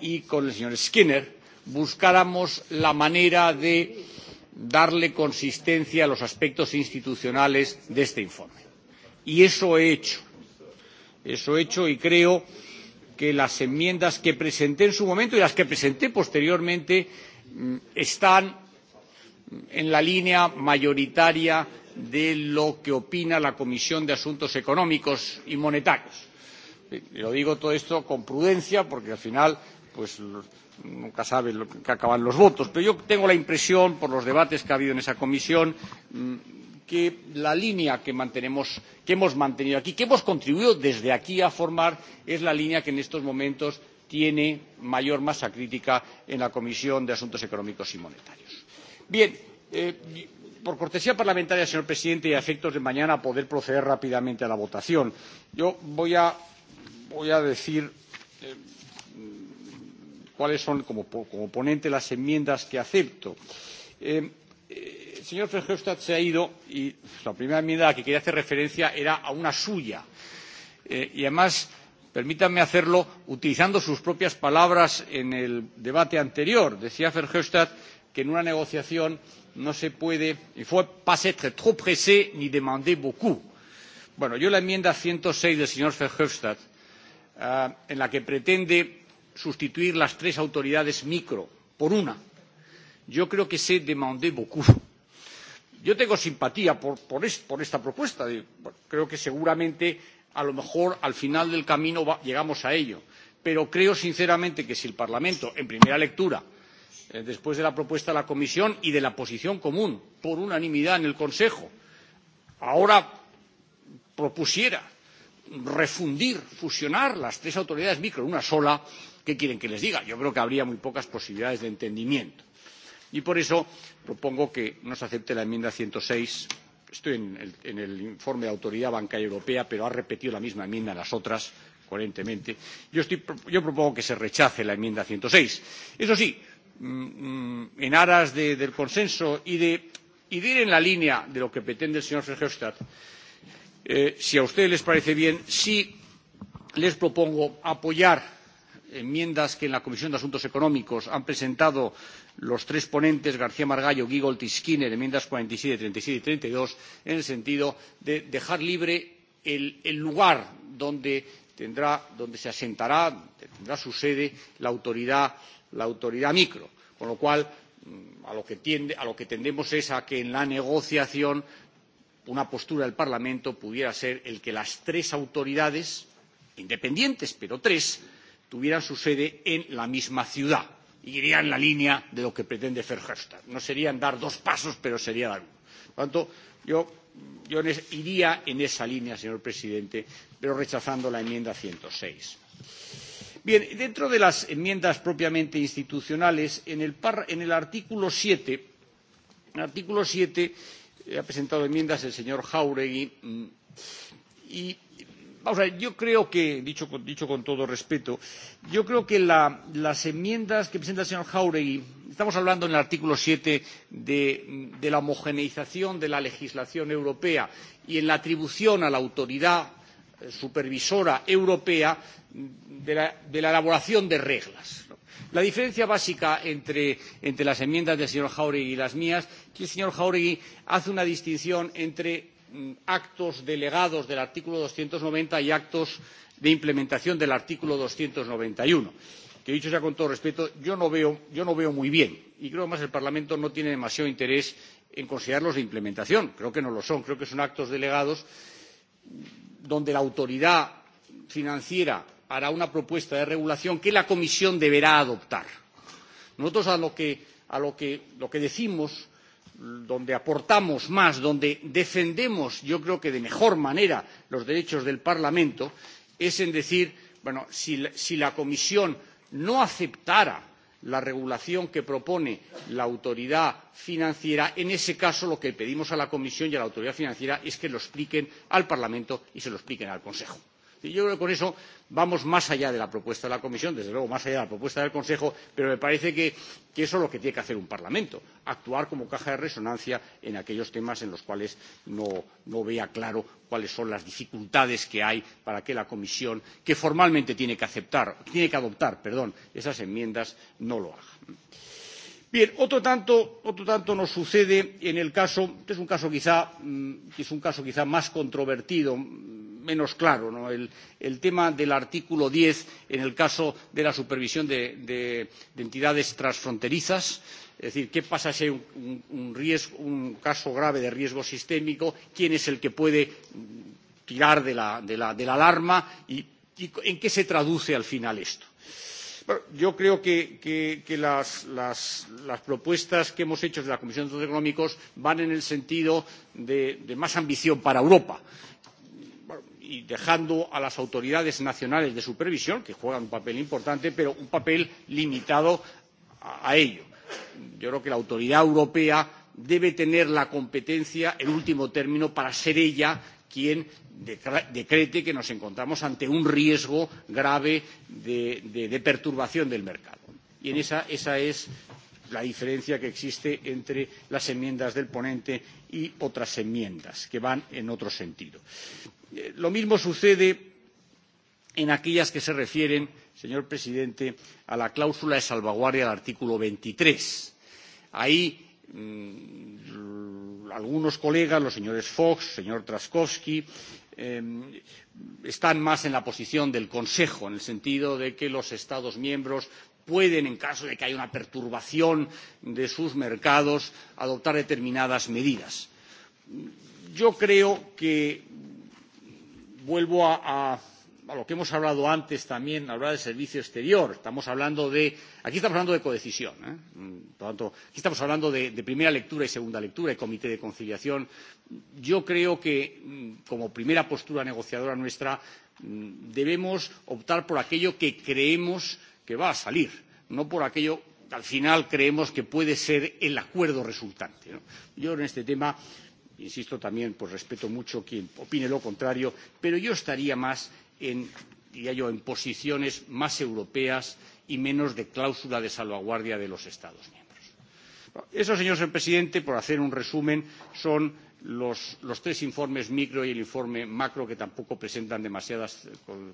y con el señor Skinner, buscáramos la manera de darle consistencia a los aspectos institucionales de este informe. Y eso he hecho. Eso he hecho y creo que que las enmiendas que presenté en su momento y las que presenté posteriormente están en la línea mayoritaria de lo que opina la Comisión de Asuntos Económicos y Monetarios. Lo digo todo esto con prudencia porque al final pues nunca sabe lo que acaban los votos. Pero yo tengo la impresión, por los debates que ha habido en esa comisión, que la línea que mantenemos, que hemos mantenido aquí, que hemos contribuido desde aquí a formar, es la línea que en estos momentos tiene mayor masa crítica en la Comisión de Asuntos Económicos y Monetarios. Bien, por cortesía parlamentaria, señor presidente, y a efectos de mañana poder proceder rápidamente a la votación, yo voy a, decir cuáles son, como, ponente, las enmiendas que acepto. Eh, el señor Verhofstadt se ha ido y la primera enmienda a la que quería hacer referencia era a una suya. y además, permítanme hacerlo utilizando sus propias palabras en el debate anterior. Decía Verhofstadt que en una negociación no se puede, y fue pas être trop pressé ni demander beaucoup. Bueno, yo la enmienda ciento seis del señor Verhofstadt, en la que pretende sustituir las tres autoridades micro por una, yo creo que se demander beaucoup yo tengo simpatía por, esta propuesta. creo que seguramente a lo mejor al final del camino llegamos a ello. Pero creo sinceramente que si el Parlamento, en primera lectura, después de la propuesta de la Comisión y de la posición común por unanimidad en el Consejo, ahora propusiera refundir, fusionar las tres autoridades micro en una sola, ¿qué quieren que les diga? Yo creo que habría muy pocas posibilidades de entendimiento Y por eso propongo que no se acepte la enmienda ciento seis. Estoy en el, informe de Autoridad Bancaria Europea, pero ha repetido la misma enmienda en las otras, coherentemente. Yo, propongo que se rechace la enmienda ciento seis. Eso sí, en aras del consenso y de, ir en la línea de lo que pretende el señor Verhofstadt, si a ustedes les parece bien, sí les propongo apoyar enmiendas que en la Comisión de Asuntos Económicos han presentado los tres ponentes garcía margallo giegold y skinner enmiendas cuarenta y siete treinta y siete y treinta y dos en el sentido de dejar libre el lugar donde se asentará tendrá su sede la autoridad micro con lo cual a lo que tendemos es a que en la negociación una postura del parlamento pudiera ser el que las tres autoridades independientes pero tres tuvieran su sede en la misma ciudad iría en la línea de lo que pretende Verhofstadt. No serían dar dos pasos, pero sería dar uno. Por lo tanto, yo, yo iría en esa línea, señor presidente, pero rechazando la enmienda 106. Bien, dentro de las enmiendas propiamente institucionales, en el, par, en el artículo 7, en el artículo 7 ha presentado enmiendas el señor Jauregui y Vamos a ver, yo creo que, dicho, dicho con todo respeto, yo creo que la, las enmiendas que presenta el señor Jauregui, estamos hablando en el artículo 7 de, de la homogeneización de la legislación europea y en la atribución a la autoridad supervisora europea de la, de la elaboración de reglas. La diferencia básica entre, entre las enmiendas del señor Jauregui y las mías es que el señor Jauregui hace una distinción entre actos delegados del artículo doscientos noventa y actos de implementación del artículo doscientos noventa y uno que dicho sea con todo respeto yo no veo muy bien y creo que además el parlamento no tiene demasiado interés en considerarlos de implementación creo que no lo son creo que son actos delegados donde la autoridad financiera hará una propuesta de regulación que la comisión deberá adoptar. nosotros lo que decimos donde aportamos más, donde defendemos, yo creo que de mejor manera, los derechos del Parlamento, es en decir, bueno, si, la Comisión no aceptara la regulación que propone la autoridad financiera, en ese caso lo que pedimos a la Comisión y a la autoridad financiera es que lo expliquen al Parlamento y se lo expliquen al Consejo. Y yo creo que con eso vamos más allá de la propuesta de la Comisión, desde luego más allá de la propuesta del Consejo, pero me parece que, eso es lo que tiene que hacer un Parlamento, actuar como caja de resonancia en aquellos temas en los cuales no vea claro cuáles son las dificultades que hay para que la Comisión, que formalmente tiene que, aceptar, tiene que adoptar perdón, esas enmiendas, no lo haga. Bien, otro tanto, nos sucede en el caso, este es un caso quizá, es un caso quizá más controvertido, menos claro el, tema del artículo diez en el caso de la supervisión de, entidades transfronterizas es decir qué pasa si hay un, caso grave de riesgo sistémico quién es el que puede tirar de la, alarma y, en qué se traduce al final esto. yo creo que, las, propuestas que hemos hecho desde la Comisión de Asuntos Económicos van en el sentido de más ambición para Europa y dejando a las autoridades nacionales de supervisión, que juegan un papel importante, pero un papel limitado a ello. Yo creo que la autoridad europea debe tener la competencia, en último término, para ser ella quien decrete que nos encontramos ante un riesgo grave de, perturbación del mercado. Y esa es la diferencia que existe entre las enmiendas del ponente y otras enmiendas que van en otro sentido lo mismo sucede en aquellas que se refieren, señor presidente, a la cláusula de salvaguardia del artículo veintitrés. Ahí algunos colegas, los señores Fox, el señor Traskowski, están más en la posición del Consejo, en el sentido de que los Estados miembros pueden, en caso de que haya una perturbación de sus mercados, adoptar determinadas medidas. Yo creo que Vuelvo a, a, a lo que hemos hablado antes también, hablar del servicio exterior. Estamos hablando de, aquí estamos hablando de codecisión. ¿eh? Por lo tanto, aquí estamos hablando de, de primera lectura y segunda lectura y comité de conciliación. Yo creo que, como primera postura negociadora nuestra, debemos optar por aquello que creemos que va a salir, no por aquello que al final creemos que puede ser el acuerdo resultante. ¿no? Yo en este tema insisto también pues respeto mucho quien opine lo contrario pero yo estaría más en diría yo en posiciones más europeas y menos de cláusula de salvaguardia de los estados miembros. eso señor presidente por hacer un resumen son los tres informes micro y el informe macro que tampoco presentan demasiadas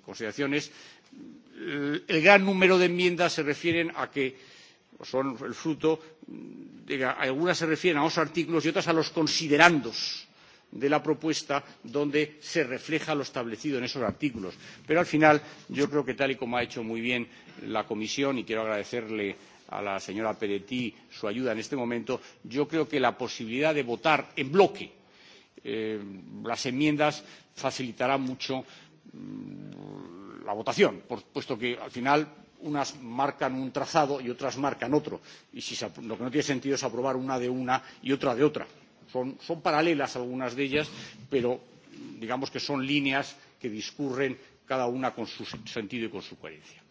consideraciones. el gran número de enmiendas se refieren a que son el fruto de algunas se refieren a los artículos y otras a los considerandos de la propuesta donde se refleja lo establecido en esos artículos. Pero al final yo creo que tal y como ha hecho muy bien la comisión y quiero agradecerle a la señora Peretti su ayuda en este momento, yo creo que la posibilidad de votar en bloque las enmiendas facilitará mucho la votación, puesto que al final unas marcan un trazado y otras marcan otro. Y lo que no tiene sentido es aprobar una de una y otra de otra. Son, son paralelas algunas de ellas, pero digamos que son líneas que discurren cada una con su sentido y con su coherencia.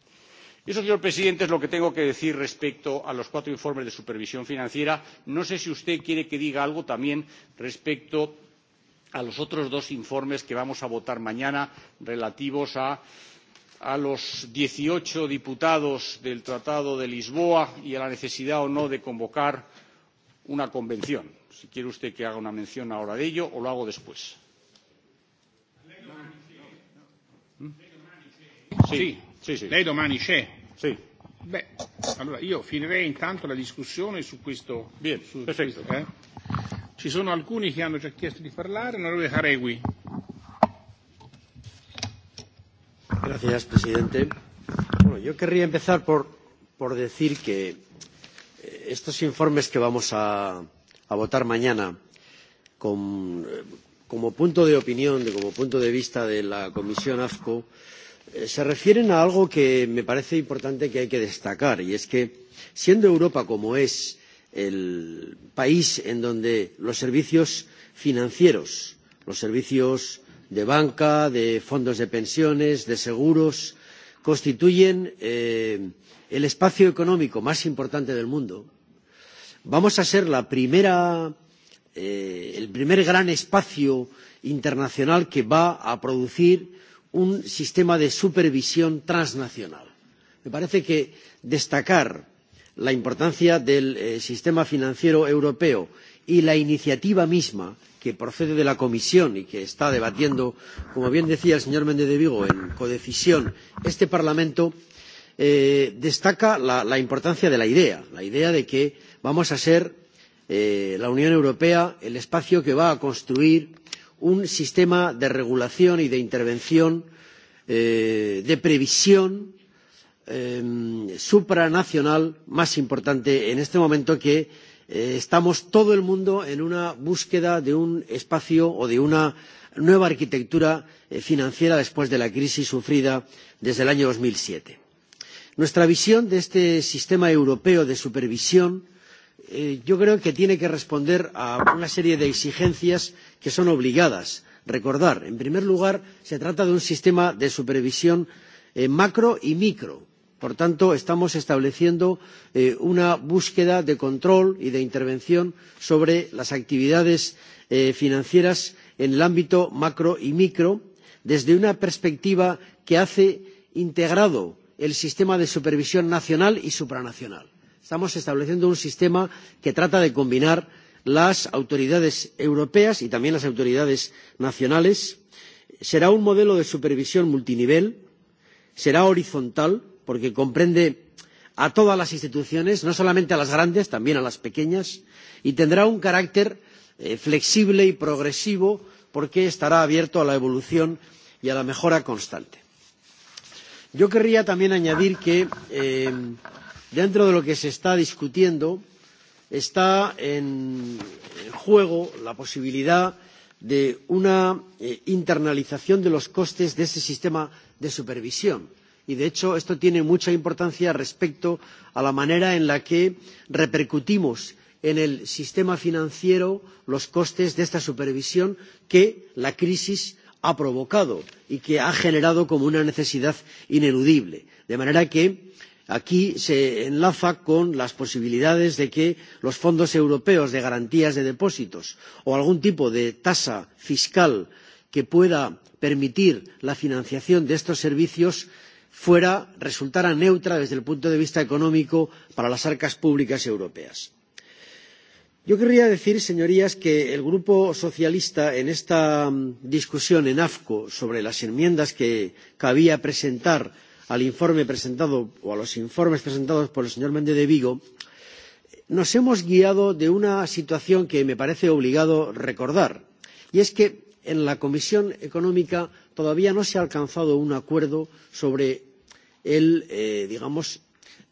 Eso, señor presidente, es lo que tengo que decir respecto a los cuatro informes de supervisión financiera. No sé si usted quiere que diga algo también respecto a los otros dos informes que vamos a votar mañana relativos a a los dieciocho diputados del Tratado de Lisboa y a la necesidad o no de convocar una convención. Si quiere usted que haga una mención ahora de ello o lo hago después. Sì, sì, sì. Lei domani c'è? Sì. Beh, allora io finirei intanto la discussione su questo. Bien, su, perfetto. eh? Ci sono alcuni che hanno già chiesto di parlare. Onorevole Caregui. Señor presidente. yo querría empezar por decir que estos informes que vamos a votar mañana como punto de opinión, como punto de vista de la Comisión AFCO, se refieren a algo que me parece importante que hay que destacar, y es que, siendo Europa como es el país en donde los servicios financieros, los servicios de banca, de fondos de pensiones, de seguros, constituyen el espacio económico más importante del mundo, vamos a ser la primera, el primer gran espacio internacional que va a producir un sistema de supervisión transnacional. Me parece que destacar la importancia del sistema financiero europeo y la iniciativa misma que procede de la Comisión y que está debatiendo, como bien decía el señor Méndez de Vigo, en codecisión este Parlamento, destaca la, importancia de la idea, la idea de que vamos a ser la Unión Europea el espacio que va a construir un sistema de regulación y de intervención, de previsión supranacional más importante en este momento que estamos todo el mundo en una búsqueda de un espacio o de una nueva arquitectura financiera después de la crisis sufrida desde el año dos mil siete nuestra visión de este sistema europeo de supervisión yo creo que tiene que responder a una serie de exigencias que son obligadas recordar en primer lugar se trata de un sistema de supervisión macro y micro Por tanto, estamos estableciendo una búsqueda de control y de intervención sobre las actividades financieras en el ámbito macro y micro desde una perspectiva que hace integrado el sistema de supervisión nacional y supranacional. Estamos estableciendo un sistema que trata de combinar las autoridades europeas y también las autoridades nacionales. Será un modelo de supervisión multinivel, será horizontal, porque comprende a todas las instituciones, no solamente a las grandes, también a las pequeñas, y tendrá un carácter flexible y progresivo porque estará abierto a la evolución y a la mejora constante. Yo querría también añadir que dentro de lo que se está discutiendo está en juego la posibilidad de una internalización de los costes de ese sistema de supervisión y de hecho esto tiene mucha importancia respecto a la manera en la que repercutimos en el sistema financiero los costes de esta supervisión que la crisis ha provocado y que ha generado como una necesidad ineludible. De manera que aquí se enlaza con las posibilidades de que los fondos europeos de garantías de depósitos o algún tipo de tasa fiscal que pueda permitir la financiación de estos servicios fuera, resultara neutra desde el punto de vista económico para las arcas públicas europeas. Yo querría decir, señorías, que el Grupo Socialista en esta discusión en AFCO sobre las enmiendas que cabía presentar al informe presentado o a los informes presentados por el señor Méndez de Vigo, nos hemos guiado de una situación que me parece obligado recordar, y es que en la Comisión Económica todavía no se ha alcanzado un acuerdo sobre el, eh, digamos,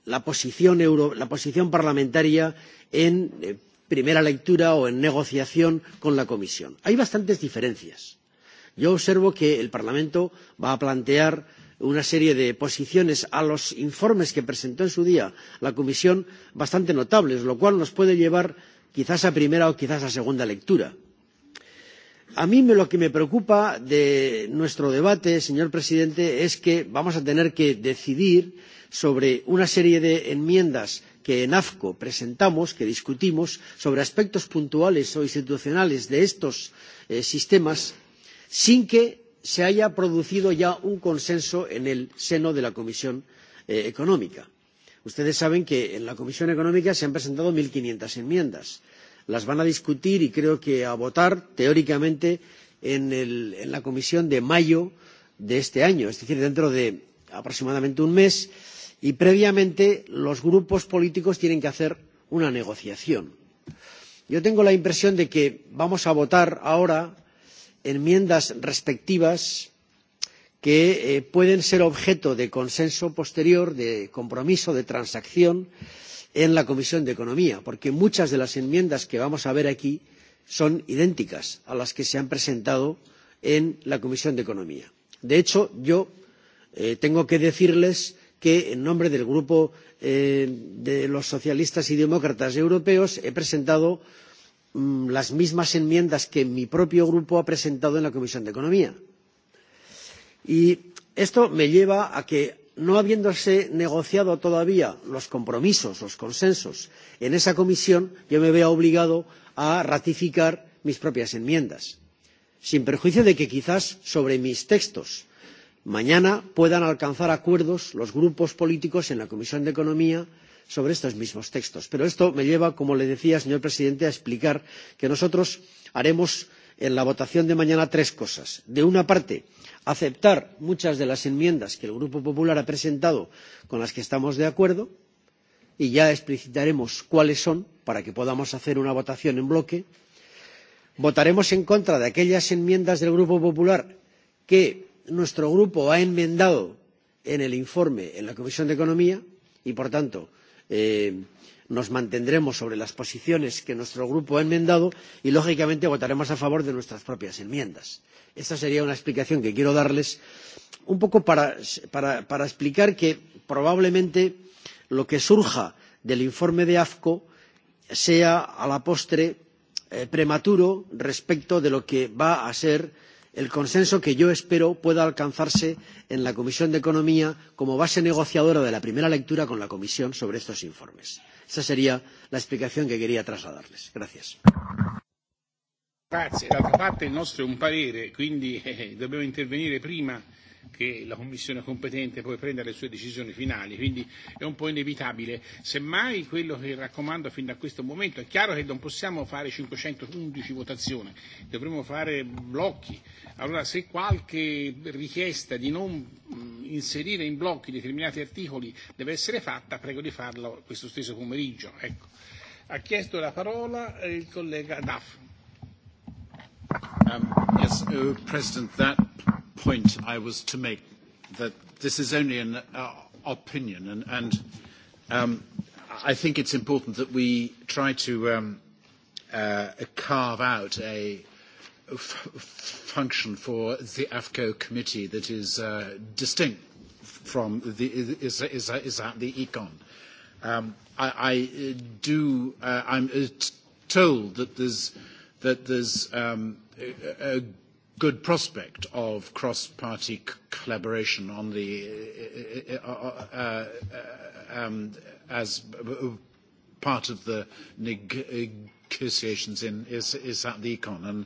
la posición, euro, la posición parlamentaria en eh, primera lectura o en negociación con la Comisión. Hay bastantes diferencias. Yo observo que el Parlamento va a plantear una serie de posiciones a los informes que presentó en su día la Comisión bastante notables, lo cual nos puede llevar quizás a primera o quizás a segunda lectura A mí lo que me preocupa de nuestro debate, señor presidente, es que vamos a tener que decidir sobre una serie de enmiendas que en AFCO presentamos, que discutimos, sobre aspectos puntuales o institucionales de estos sistemas, sin que se haya producido ya un consenso en el seno de la Comisión Económica. Ustedes saben que en la Comisión Económica se han presentado uno quinientos enmiendas las van a discutir y creo que a votar teóricamente en, el, en la comisión de mayo de este año, es decir, dentro de aproximadamente un mes. Y previamente los grupos políticos tienen que hacer una negociación. Yo tengo la impresión de que vamos a votar ahora enmiendas respectivas que pueden ser objeto de consenso posterior, de compromiso, de transacción. Eh, en la Comisión de Economía, porque muchas de las enmiendas que vamos a ver aquí son idénticas a las que se han presentado en la Comisión de Economía. De hecho, yo tengo que decirles que en nombre del grupo de los socialistas y demócratas europeos he presentado las mismas enmiendas que mi propio grupo ha presentado en la Comisión de Economía. Y esto me lleva a que no habiéndose negociado todavía los compromisos, los consensos en esa comisión, yo me veo obligado a ratificar mis propias enmiendas, sin perjuicio de que quizás sobre mis textos mañana puedan alcanzar acuerdos los grupos políticos en la Comisión de Economía sobre estos mismos textos. Pero esto me lleva, como le decía, señor presidente, a explicar que nosotros haremos en la votación de mañana tres cosas de una parte aceptar muchas de las enmiendas que el grupo popular ha presentado con las que estamos de acuerdo y ya explicitaremos cuáles son para que podamos hacer una votación en bloque votaremos en contra de aquellas enmiendas del grupo popular que nuestro grupo ha enmendado en el informe en la comisión de asuntos económicos y por tanto nos mantendremos sobre las posiciones que nuestro grupo ha enmendado y, lógicamente, votaremos a favor de nuestras propias enmiendas. Esta sería una explicación que quiero darles un poco para, explicar que probablemente lo que surja del informe de AFCO sea a la postre prematuro respecto de lo que va a ser el consenso que yo espero pueda alcanzarse en la Comisión de Economía como base negociadora de la primera lectura con la Comisión sobre estos informes. Esa sería la explicación que quería trasladarles. Gracias. Grazie. D'altra parte il nostro è un parere, quindi dobbiamo intervenire prima che la Commissione competente poi prenda le sue decisioni finali, quindi è un po' inevitabile. Semmai quello che raccomando fin da questo momento è chiaro che non possiamo fare 511 votazioni, dovremmo fare blocchi. Allora se qualche richiesta di non inserire in blocchi determinati articoli deve essere fatta, prego di farlo questo stesso pomeriggio. Ecco. Ha chiesto la parola il collega Duff. Um, yes, uh, point I was to make, that this is only an uh opinion, and and um I think it's important that we try to um uh carve out a f function for the AFCO committee that is uh distinct from the is is is the Econ. Um I I do. I'm told that there's that there's um a good prospect of cross-party collaboration on the uh, um, as part of the negotiations in is is at the econ, and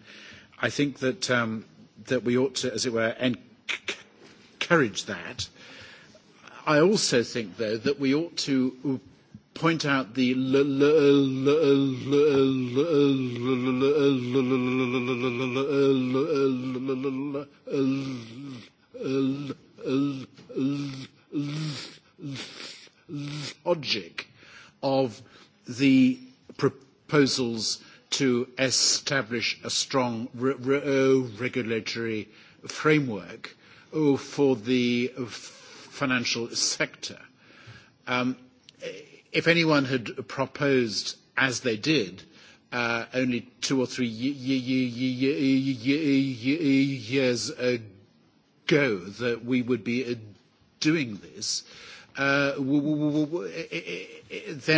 I think that um, that we ought to, as it were, encourage that. I also think, though, that we ought to point out the logic of the proposals to establish a strong regulatory framework for the financial sector if anyone had proposed, as they did, uh, only two or three years ago that we would be doing this, then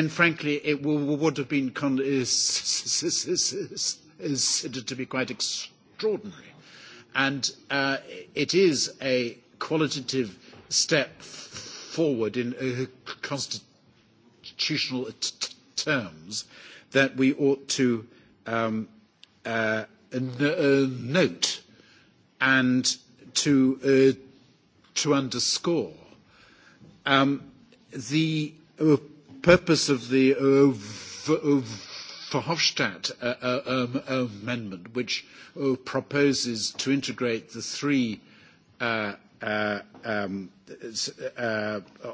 frankly it would have been considered to be quite extraordinary. And it is a qualitative step forward in constituting constitutional terms that we ought to note and to underscore. the purpose of the Verhofstadt amendment, which proposes to integrate the three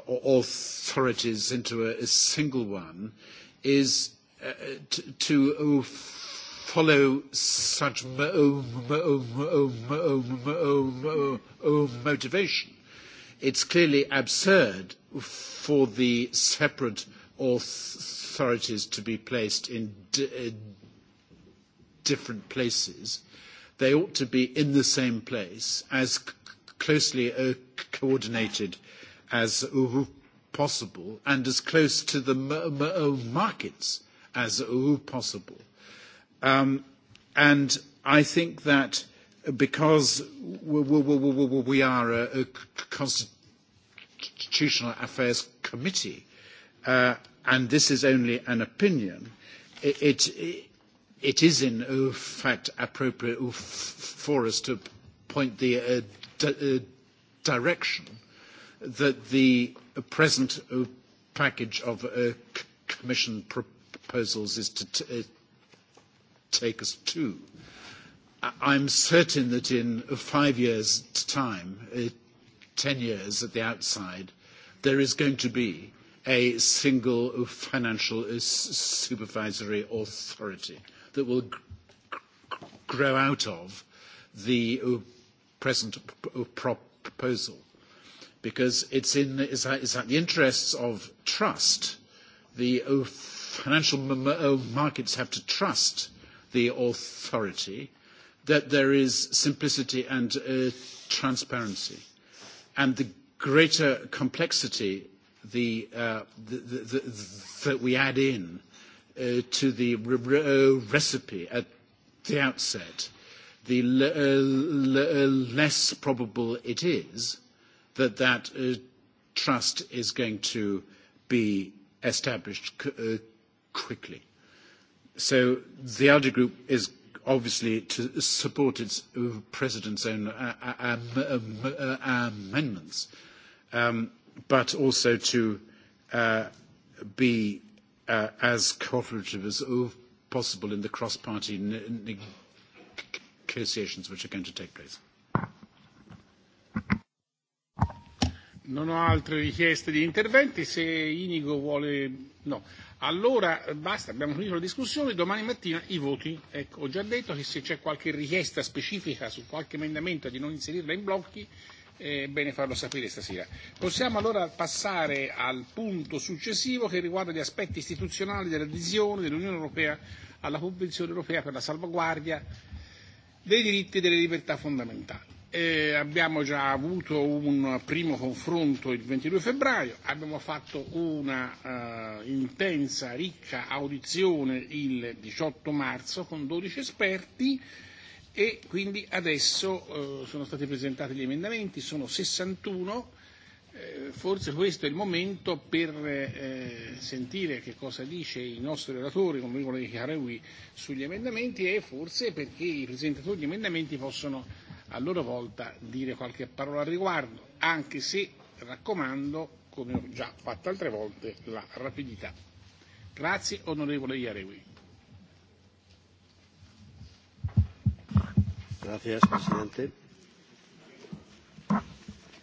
authorities into a single one is to follow such motivation. It's clearly absurd for the separate authorities to be placed in different places. They ought to be in the same place as closely coordinated as possible and as close to the markets as possible. and I think that because we are a constitutional affairs committee, and this is only an opinion, it, it is in fact appropriate for us to point the direction that the present package of Commission proposals is to take us to. I am certain that in five years' time, ten years at the outside, there is going to be a single financial supervisory authority that will grow out of the present proposal because it's in that the interests of trust. The financial markets have to trust the authority that there is simplicity and transparency. And the greater complexity that we add in to the recipe at the outset, the less probable it is that that trust is going to be established quickly. So the ALDE Group is obviously to support its president's own amendments, but also to be as cooperative as possible in the cross-party negotiations which are going to take place. Non ho altre richieste di interventi, se Inigo vuole... No, allora basta, abbiamo finito la discussione, domani mattina i voti. Ecco, ho già detto che se c'è qualche richiesta specifica su qualche emendamento di non inserirla in blocchi, è bene farlo sapere stasera. Possiamo allora passare al punto successivo che riguarda gli aspetti istituzionali dell'adesione dell'Unione Europea alla Convenzione Europea per la salvaguardia dei diritti e delle libertà fondamentali. Eh, abbiamo già avuto un primo confronto il 22 febbraio, abbiamo fatto una eh, intensa, ricca audizione il 18 marzo con 12 esperti e quindi adesso eh, sono stati presentati gli emendamenti, sono 61 forse questo è il momento per eh, sentire che cosa dice i nostri oratori, come il collega Carawi, sugli emendamenti e forse perché i presentatori di emendamenti possono a loro volta dire qualche parola al riguardo, anche se raccomando, come ho già fatto altre volte, la rapidità. Grazie onorevole Iarewi. Grazie presidente.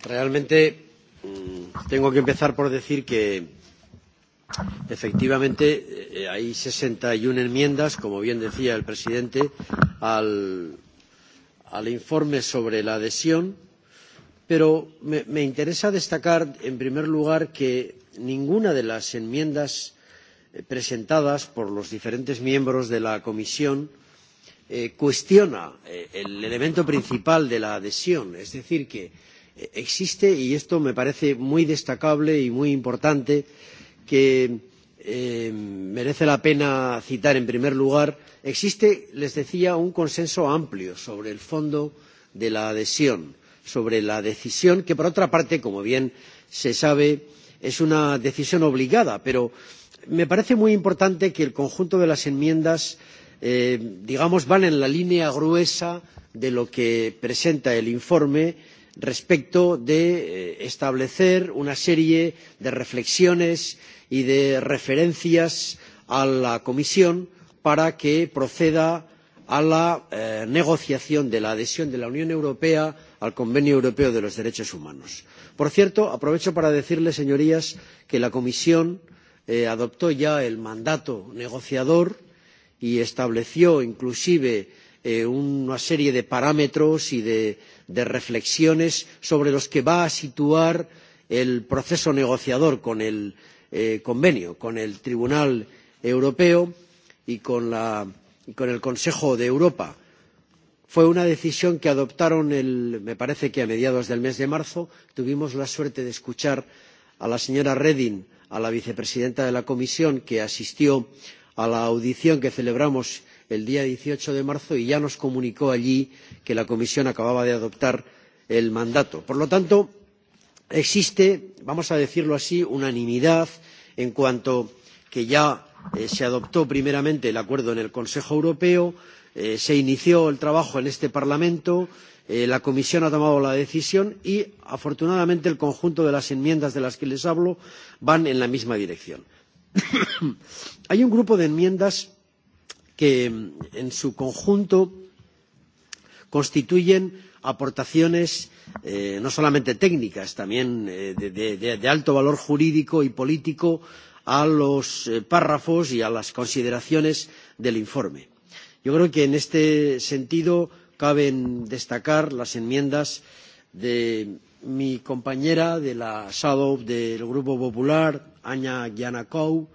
Realmente tengo que empezar por decir que efectivamente hay sesenta y una enmiendas, como bien decía el presidente, al, informe sobre la adhesión, pero me, interesa destacar, en primer lugar, que ninguna de las enmiendas presentadas por los diferentes miembros de la comisión cuestiona el elemento principal de la adhesión, es decir, que existe, y esto me parece muy destacable y muy importante, que merece la pena citar en primer lugar, existe, les decía, un consenso amplio sobre el fondo de la adhesión, sobre la decisión que, por otra parte, como bien se sabe, es una decisión obligada, pero me parece muy importante que el conjunto de las enmiendas digamos van en la línea gruesa de lo que presenta el informe respecto de establecer una serie de reflexiones y de referencias a la Comisión para que proceda a la negociación de la adhesión de la Unión Europea al Convenio Europeo de los Derechos Humanos. Por cierto, aprovecho para decirles, señorías, que la Comisión adoptó ya el mandato negociador y estableció inclusive una serie de parámetros y de de reflexiones sobre los que va a situar el proceso negociador con el convenio con el tribunal europeo y con el consejo de europa. fue una decisión que adoptaron me parece que a mediados del mes de marzo tuvimos la suerte de escuchar a la señora reding a la vicepresidenta de la comisión que asistió a la audición que celebramos el día dieciocho de marzo y ya nos comunicó allí que la comisión acababa de adoptar el mandato. por lo tanto existe vamos a decirlo así unanimidad en cuanto a que ya se adoptó primeramente el acuerdo en el consejo europeo se inició el trabajo en este parlamento la comisión ha tomado la decisión y afortunadamente el conjunto de las enmiendas de las que les hablo van en la misma dirección. hay un grupo de enmiendas que en su conjunto constituyen aportaciones no solamente técnicas, también de, alto valor jurídico y político a los párrafos y a las consideraciones del informe. Yo creo que en este sentido caben destacar las enmiendas de mi compañera de la shadow del Grupo Popular, Aña Giannakou,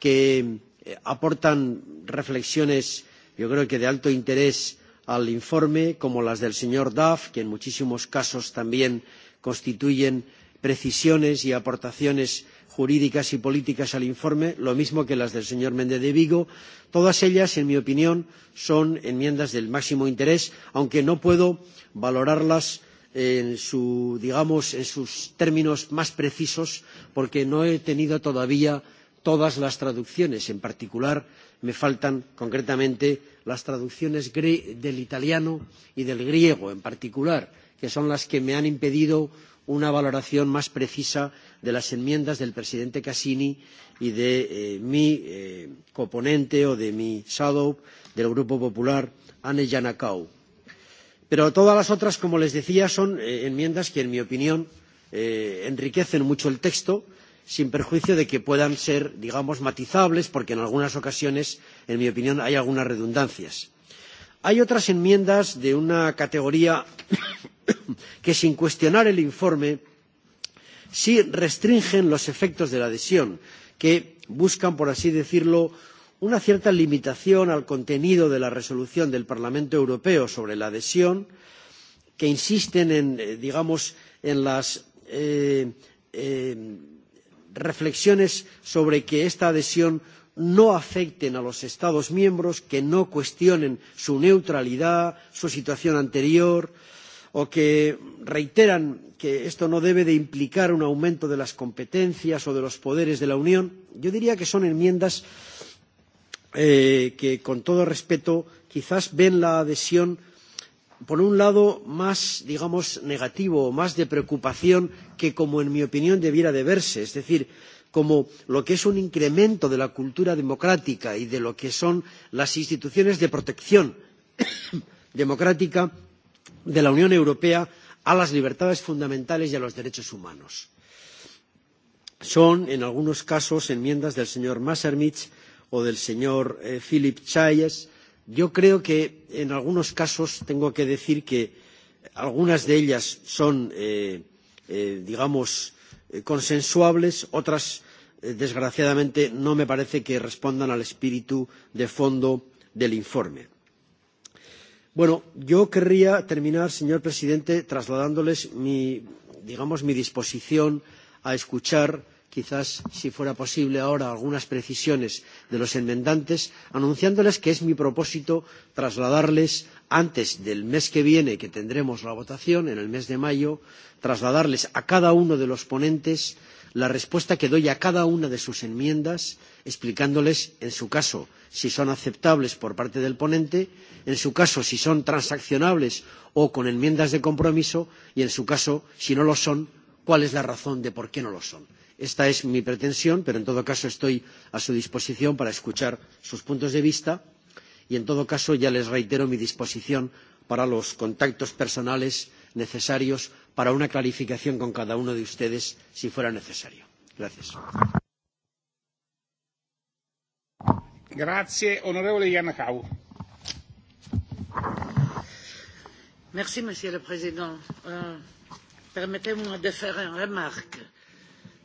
que aportan reflexiones, yo creo que de alto interés al informe, como las del señor Duff, que en muchísimos casos también constituyen precisiones y aportaciones jurídicas y políticas al informe, lo mismo que las del señor Méndez de Vigo. Todas ellas, en mi opinión, son enmiendas del máximo interés, aunque no puedo valorarlas en sus términos más precisos, porque no he tenido todavía todas las traducciones. En particular, me faltan concretamente las traducciones del italiano y del griego, en particular, que son las que me han impedido una valoración más precisa de las enmiendas del presidente Cassini y de mi coponente o de mi shadow del Grupo Popular, Anne Janakau. Pero todas las otras, como les decía, son enmiendas que, en mi opinión, enriquecen mucho el texto sin perjuicio de que puedan ser, digamos, matizables, porque en algunas ocasiones, en mi opinión, hay algunas redundancias. Hay otras enmiendas de una categoría que, sin cuestionar el informe, sí restringen los efectos de la adhesión, que buscan, por así decirlo, una cierta limitación al contenido de la resolución del Parlamento Europeo sobre la adhesión, que insisten en, digamos, en las reflexiones sobre que esta adhesión no afecten a los Estados miembros, que no cuestionen su neutralidad, su situación anterior, o que reiteran que esto no debe implicar un aumento de las competencias o de los poderes de la Unión. Yo diría que son enmiendas que, con todo respeto, quizás ven la adhesión por un lado, más, digamos, negativo o más de preocupación que como, en mi opinión, debiera de verse. Es decir, como lo que es un incremento de la cultura democrática y de lo que son las instituciones de protección democrática de la Unión Europea a las libertades fundamentales y a los derechos humanos. Son, en algunos casos, enmiendas del señor Messerschmidt o del señor Philip Chayes, Yo creo que en algunos casos tengo que decir que algunas de ellas son, digamos, consensuables, otras, desgraciadamente, no me parece que respondan al espíritu de fondo del informe. Bueno, yo querría terminar, señor presidente, trasladándoles mi, digamos, mi disposición a escuchar quizás, si fuera posible ahora, algunas precisiones de los enmendantes, anunciándoles que es mi propósito trasladarles antes del mes que viene, que tendremos la votación en el mes de mayo, trasladarles a cada uno de los ponentes la respuesta que doy a cada una de sus enmiendas, explicándoles, en su caso, si son aceptables por parte del ponente, en su caso, si son transaccionables o con enmiendas de compromiso, y en su caso, si no lo son, cuál es la razón de por qué no lo son. Esta es mi pretensión, pero en todo caso estoy a su disposición para escuchar sus puntos de vista y en todo caso ya les reitero mi disposición para los contactos personales necesarios para una clarificación con cada uno de ustedes si fuera necesario. Gracias. monsieur le président permettez moi de faire une remarque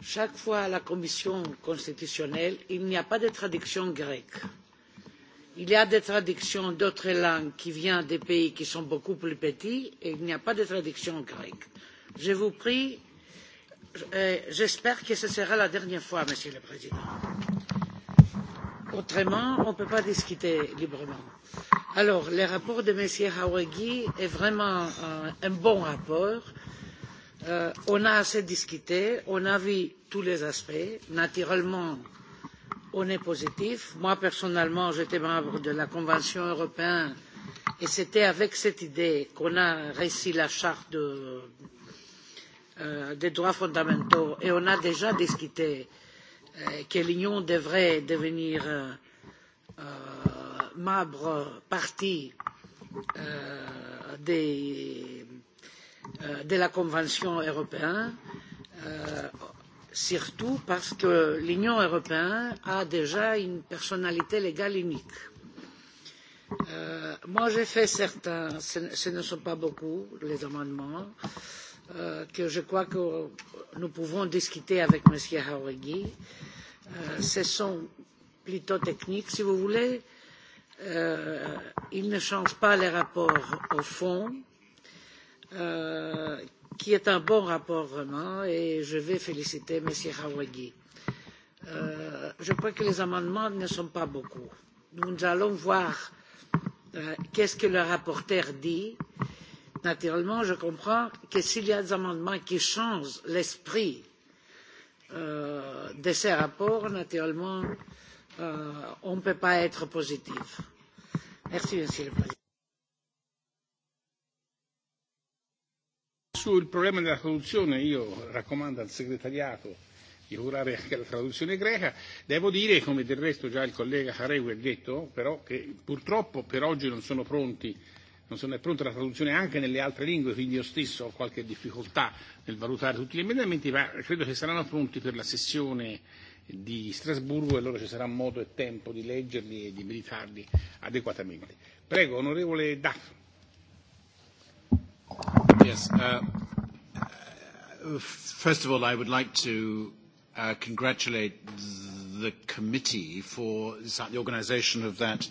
chaque fois à la Commission constitutionnelle, il n'y a pas de traduction grecque. Il y a des traductions d'autres langues qui viennent des pays qui sont beaucoup plus petits et il n'y a pas de traduction grecque. Je vous prie, j'espère que ce sera la dernière fois, Monsieur le Président. Autrement, on ne peut pas discuter librement. Alors, le rapport de M. Hawegi est vraiment un, bon rapport on a assez discuté, on a vu tous les aspects. Naturellement, on est positif. Moi, personnellement, j'étais membre de la Convention européenne et c'était avec cette idée qu'on a réussi la charte des droits fondamentaux et on a déjà discuté que l'Union devrait devenir membre partie des de la Convention européenne, surtout parce que l'Union européenne a déjà une personnalité légale unique. moi, j'ai fait certains, ce, ne sont pas beaucoup les amendements, que je crois que nous pouvons discuter avec M. Haouregui. ce sont plutôt techniques. Si vous voulez, ils ne changent pas les rapports au fond, qui est un bon rapport vraiment et je vais féliciter M. Hawagi. je crois que les amendements ne sont pas beaucoup. Nous allons voir qu'est-ce que le rapporteur dit. Naturellement, je comprends que s'il y a des amendements qui changent l'esprit de ces rapports, naturellement, on ne peut pas être positif. Merci, Monsieur le Président. Sul problema della traduzione io raccomando al segretariato di curare anche la traduzione greca, devo dire, come del resto già il collega Caregui ha detto, però che purtroppo per oggi non sono pronti non sono, pronta la traduzione anche nelle altre lingue, quindi io stesso ho qualche difficoltà nel valutare tutti gli emendamenti, ma credo che saranno pronti per la sessione di Strasburgo e allora ci sarà modo e tempo di leggerli e di meditarli adeguatamente. Prego, onorevole Daffo. Yes. First of all, I would like to congratulate the committee for the organisation of that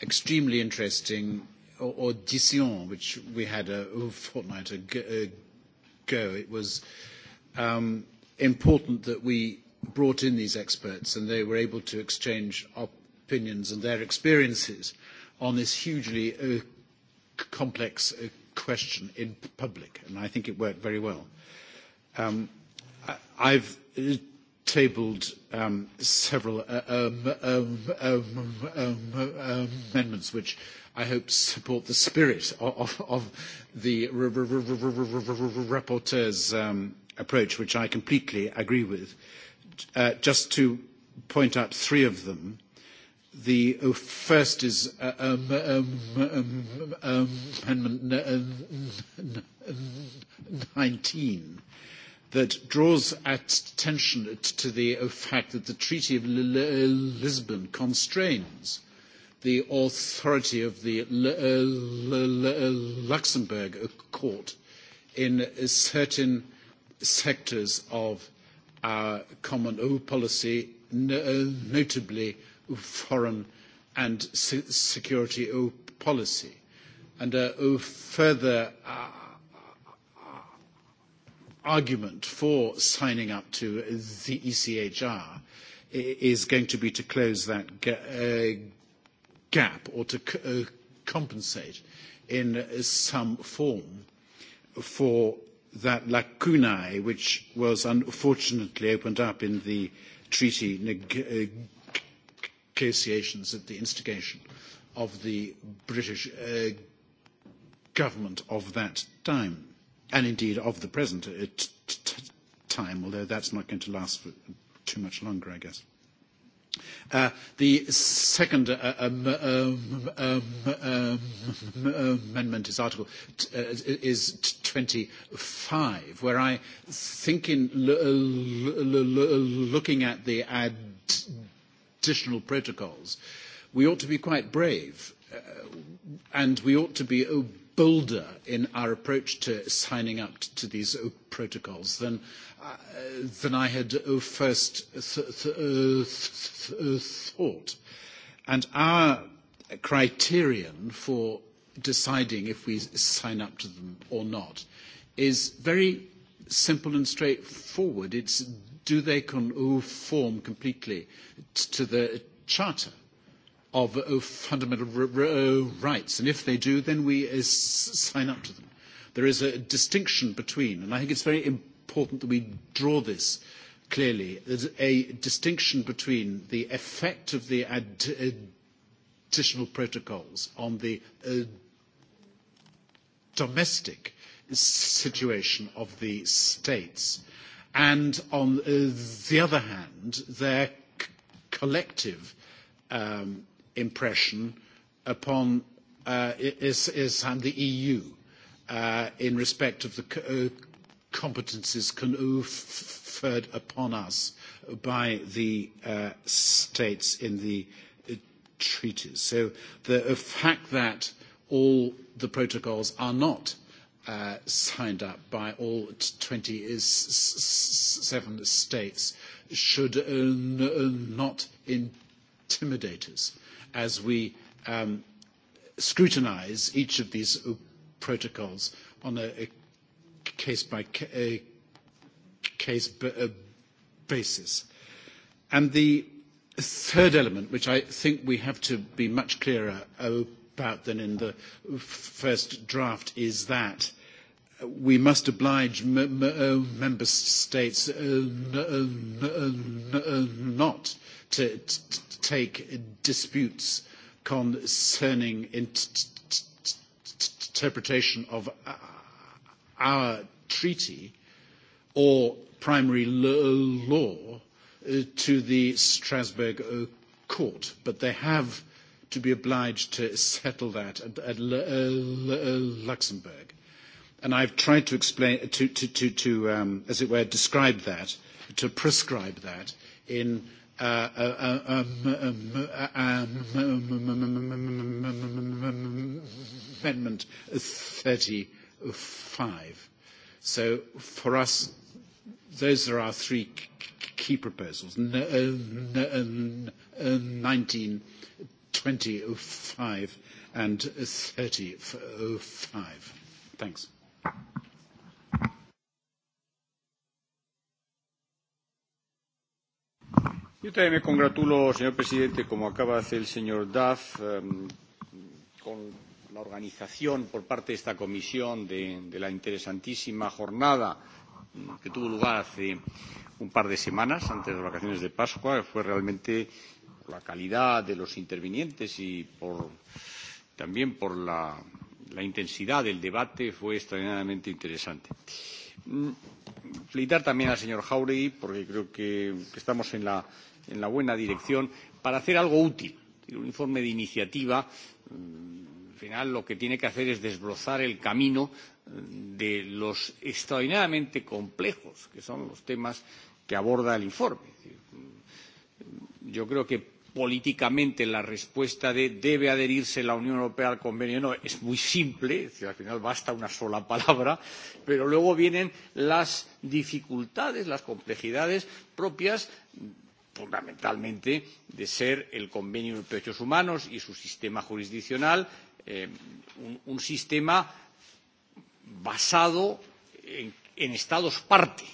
extremely interesting audition, which we had a fortnight ago. It was important that we brought in these experts and they were able to exchange opinions and their experiences on this hugely complex question in public, and I think it worked very well. Um, I, I've tabled um, several um, um, um, um, amendments which I hope support the spirit of, of the rapporteur's um, approach, which I completely agree with. Uh, just to point out three of them The first is Amendment 19 that draws attention to the fact that the Treaty of Lisbon constrains the authority of the Luxembourg Court in certain sectors of our common policy, notably foreign and security policy. And a further argument for signing up to the ECHR is going to be to close that gap or to compensate in some form for that lacunae which was unfortunately opened up in the treaty negotiations at the instigation of the British government of that time, and indeed of the present time, although that's not going to last for too much longer, I guess. The second amendment is Article is 25, where I think in looking at the ad additional protocols, we ought to be quite brave and we ought to be bolder in our approach to signing up to these protocols than, I had first thought. And our criterion for deciding if we sign up to them or not is very simple and straightforward. It's do they conform completely to the Charter of Fundamental Rights? And if they do, then we sign up to them. There is a distinction between, and I think it is very important that we draw this clearly, there's a distinction between the effect of the additional protocols on the domestic situation of the states And on the other hand, their collective impression upon is, and the EU in respect of the competences conferred upon us by the states in the treaties. So the fact that all the protocols are not signed up by all twenty seven states should not intimidate us as we scrutinise each of these protocols on a case by case basis. And the third element, which I think we have to be much clearer about than in the first draft is that we must oblige member states not to take disputes concerning interpretation of our treaty or primary law to the Strasbourg court, but they have to be obliged to settle that at, Luxembourg. And I've tried to explain, to, to, to, to um, as it were, describe that, to prescribe that in Amendment thirty five. So for us, those are our three key proposals, 19, and Thanks. Yo también me congratulo, señor presidente, como acaba de hacer el señor Duff, con la organización por parte de esta comisión de, la interesantísima jornada que tuvo lugar hace un par de semanas, antes de las vacaciones de Pascua. Fue realmente la calidad de los intervinientes y por, también por la, la intensidad del debate fue extraordinariamente interesante. Felicitar también al señor Jauregui, porque creo que estamos en la, en la buena dirección, para hacer algo útil. Un informe de iniciativa, al final lo que tiene que hacer es desbrozar el camino de los extraordinariamente complejos que son los temas que aborda el informe. Es decir, yo creo que políticamente la respuesta de debe adherirse la Unión Europea al convenio no es muy simple, es decir, al final basta una sola palabra, pero luego vienen las dificultades, las complejidades propias fundamentalmente de ser el convenio de derechos humanos y su sistema jurisdiccional un sistema basado en estados parte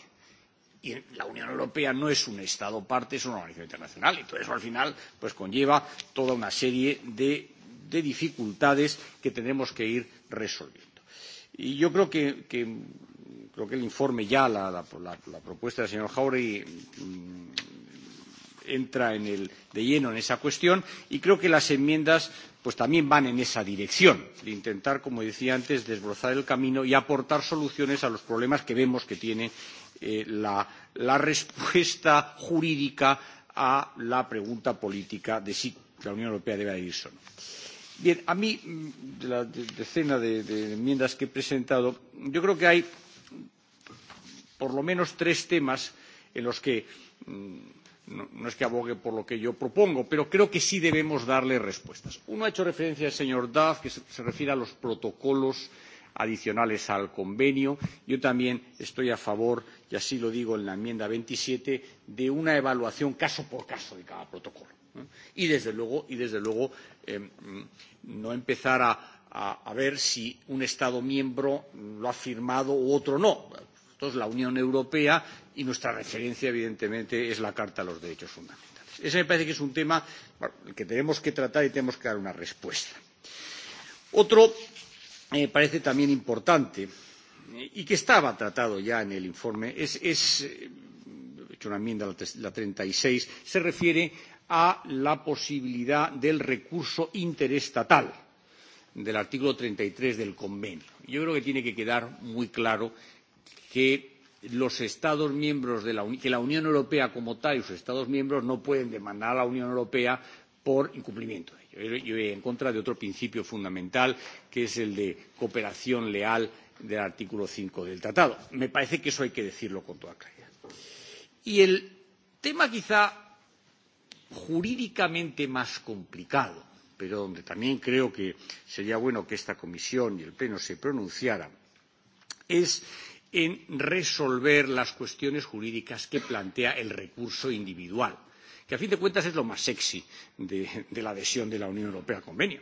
y la Unión Europea no es un Estado parte, es una organización internacional, y todo eso al final pues conlleva toda una serie de, de dificultades que tenemos que ir resolviendo. Y yo creo que, que creo que el informe ya, la, la, la, la propuesta del señor Jauregui entra en el, de lleno en esa cuestión y creo que las enmiendas pues también van en esa dirección, de intentar, como decía antes, desbrozar el camino y aportar soluciones a los problemas que vemos que tiene la respuesta jurídica a la pregunta política de si la Unión Europea debe adherirse o no. Bien, a mí, de la decena de, enmiendas que he presentado, yo creo que hay por lo menos tres temas en los que no, es que abogue por lo que yo propongo, pero creo que sí debemos darle respuestas. Uno ha hecho referencia el señor Duff, que se, refiere a los protocolos adicionales al convenio. Yo también estoy a favor, y así lo digo en la enmienda veintisiete, de una evaluación caso por caso de cada protocolo. Y desde luego, y desde luego no empezar a ver si un Estado miembro lo ha firmado u otro no. Esto es la Unión Europea y nuestra referencia, evidentemente, es la Carta de los Derechos Fundamentales. Ese me parece que es un tema que tenemos que tratar y tenemos que dar una respuesta. Otro me parece también importante y que estaba tratado ya en el informe es, he hecho una enmienda la treinta y seis se refiere a la posibilidad del recurso interestatal del artículo treinta y tres del convenio. Yo creo que tiene que quedar muy claro que los Estados miembros de la Unión, que la Unión Europea como tal y sus Estados miembros no pueden demandar a la Unión Europea por incumplimiento en contra de otro principio fundamental, que es el de cooperación leal del artículo cinco del tratado. Me parece que eso hay que decirlo con toda claridad. Y el tema quizá jurídicamente más complicado, pero donde también creo que sería bueno que esta comisión y el Pleno se pronunciaran, es en resolver las cuestiones jurídicas que plantea el recurso individual que a fin de cuentas es lo más sexy de, la adhesión de la Unión Europea al convenio.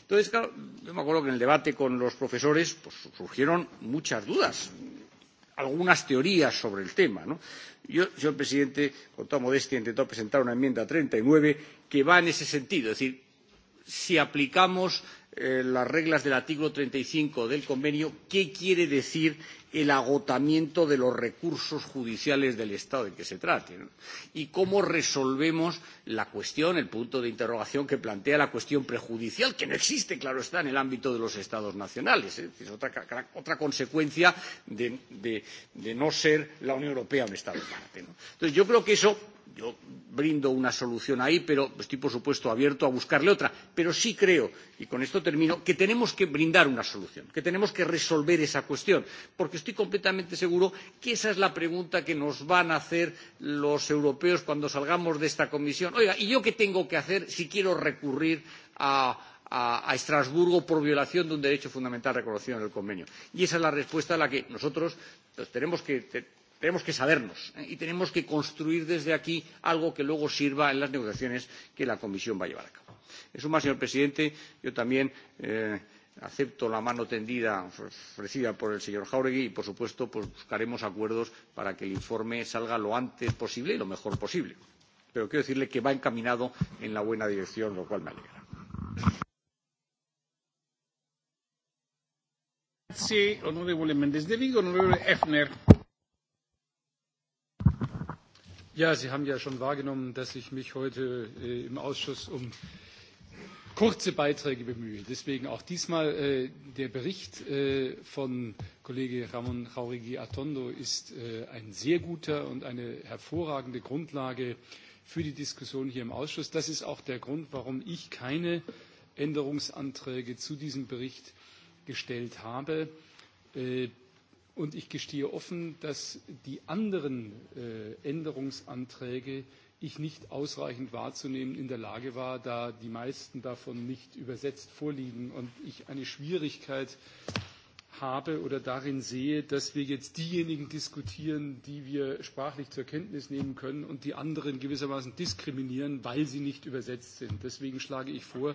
Entonces, claro, yo me acuerdo que en el debate con los profesores surgieron muchas dudas, algunas teorías sobre el tema. Yo, señor presidente, con toda modestia he intentado presentar una enmienda treinta y nueve que va en ese sentido, es decir, si aplicamos las reglas del artículo treinta y cinco del convenio qué quiere decir el agotamiento de los recursos judiciales del Estado de que se trate y cómo resolvemos la cuestión, el punto de interrogación que plantea la cuestión prejudicial, que no existe, claro está, en el ámbito de los Estados nacionales. Es otra, consecuencia de, no ser la Unión Europea un Estado parte. Entonces, yo creo que eso yo brindo una solución ahí, pero estoy, por supuesto, abierto a buscarle otra. Pero sí creo, y con esto termino, que tenemos que brindar una solución, que tenemos que resolver esa cuestión, porque estoy completamente seguro de que esa es la pregunta que nos van a hacer los europeos cuando salgamos de esta comisión. Oiga, ¿y yo qué tengo que hacer si quiero recurrir a, a, Estrasburgo por violación de un derecho fundamental reconocido en el convenio. Y esa es la respuesta a la que nosotros tenemos que sabernos y tenemos que construir desde aquí algo que luego sirva en las negociaciones que la Comisión va a llevar a cabo en suma señor presidente yo también acepto la mano tendida ofrecida por el señor jáuregui y por supuesto buscaremos acuerdos para que el informe salga lo antes posible y lo mejor posible pero quiero decirle que va encaminado en la buena dirección lo cual me alegra. sie haben ja schon wahrgenommen dass ich mich heute im ausschuss um kurze Beiträge bemühe. Deswegen auch diesmal der Bericht von Kollege Ramon Jauregui Atondo ist ein sehr guter und eine hervorragende Grundlage für die Diskussion hier im Ausschuss. Das ist auch der Grund, warum ich keine Änderungsanträge zu diesem Bericht gestellt habe. Und ich gestehe offen, dass die anderen Änderungsanträge ich nicht ausreichend wahrzunehmen in der Lage war, da die meisten davon nicht übersetzt vorliegen und ich eine Schwierigkeit habe oder darin sehe, dass wir jetzt diejenigen diskutieren, die wir sprachlich zur Kenntnis nehmen können und die anderen gewissermaßen diskriminieren, weil sie nicht übersetzt sind. Deswegen schlage ich vor,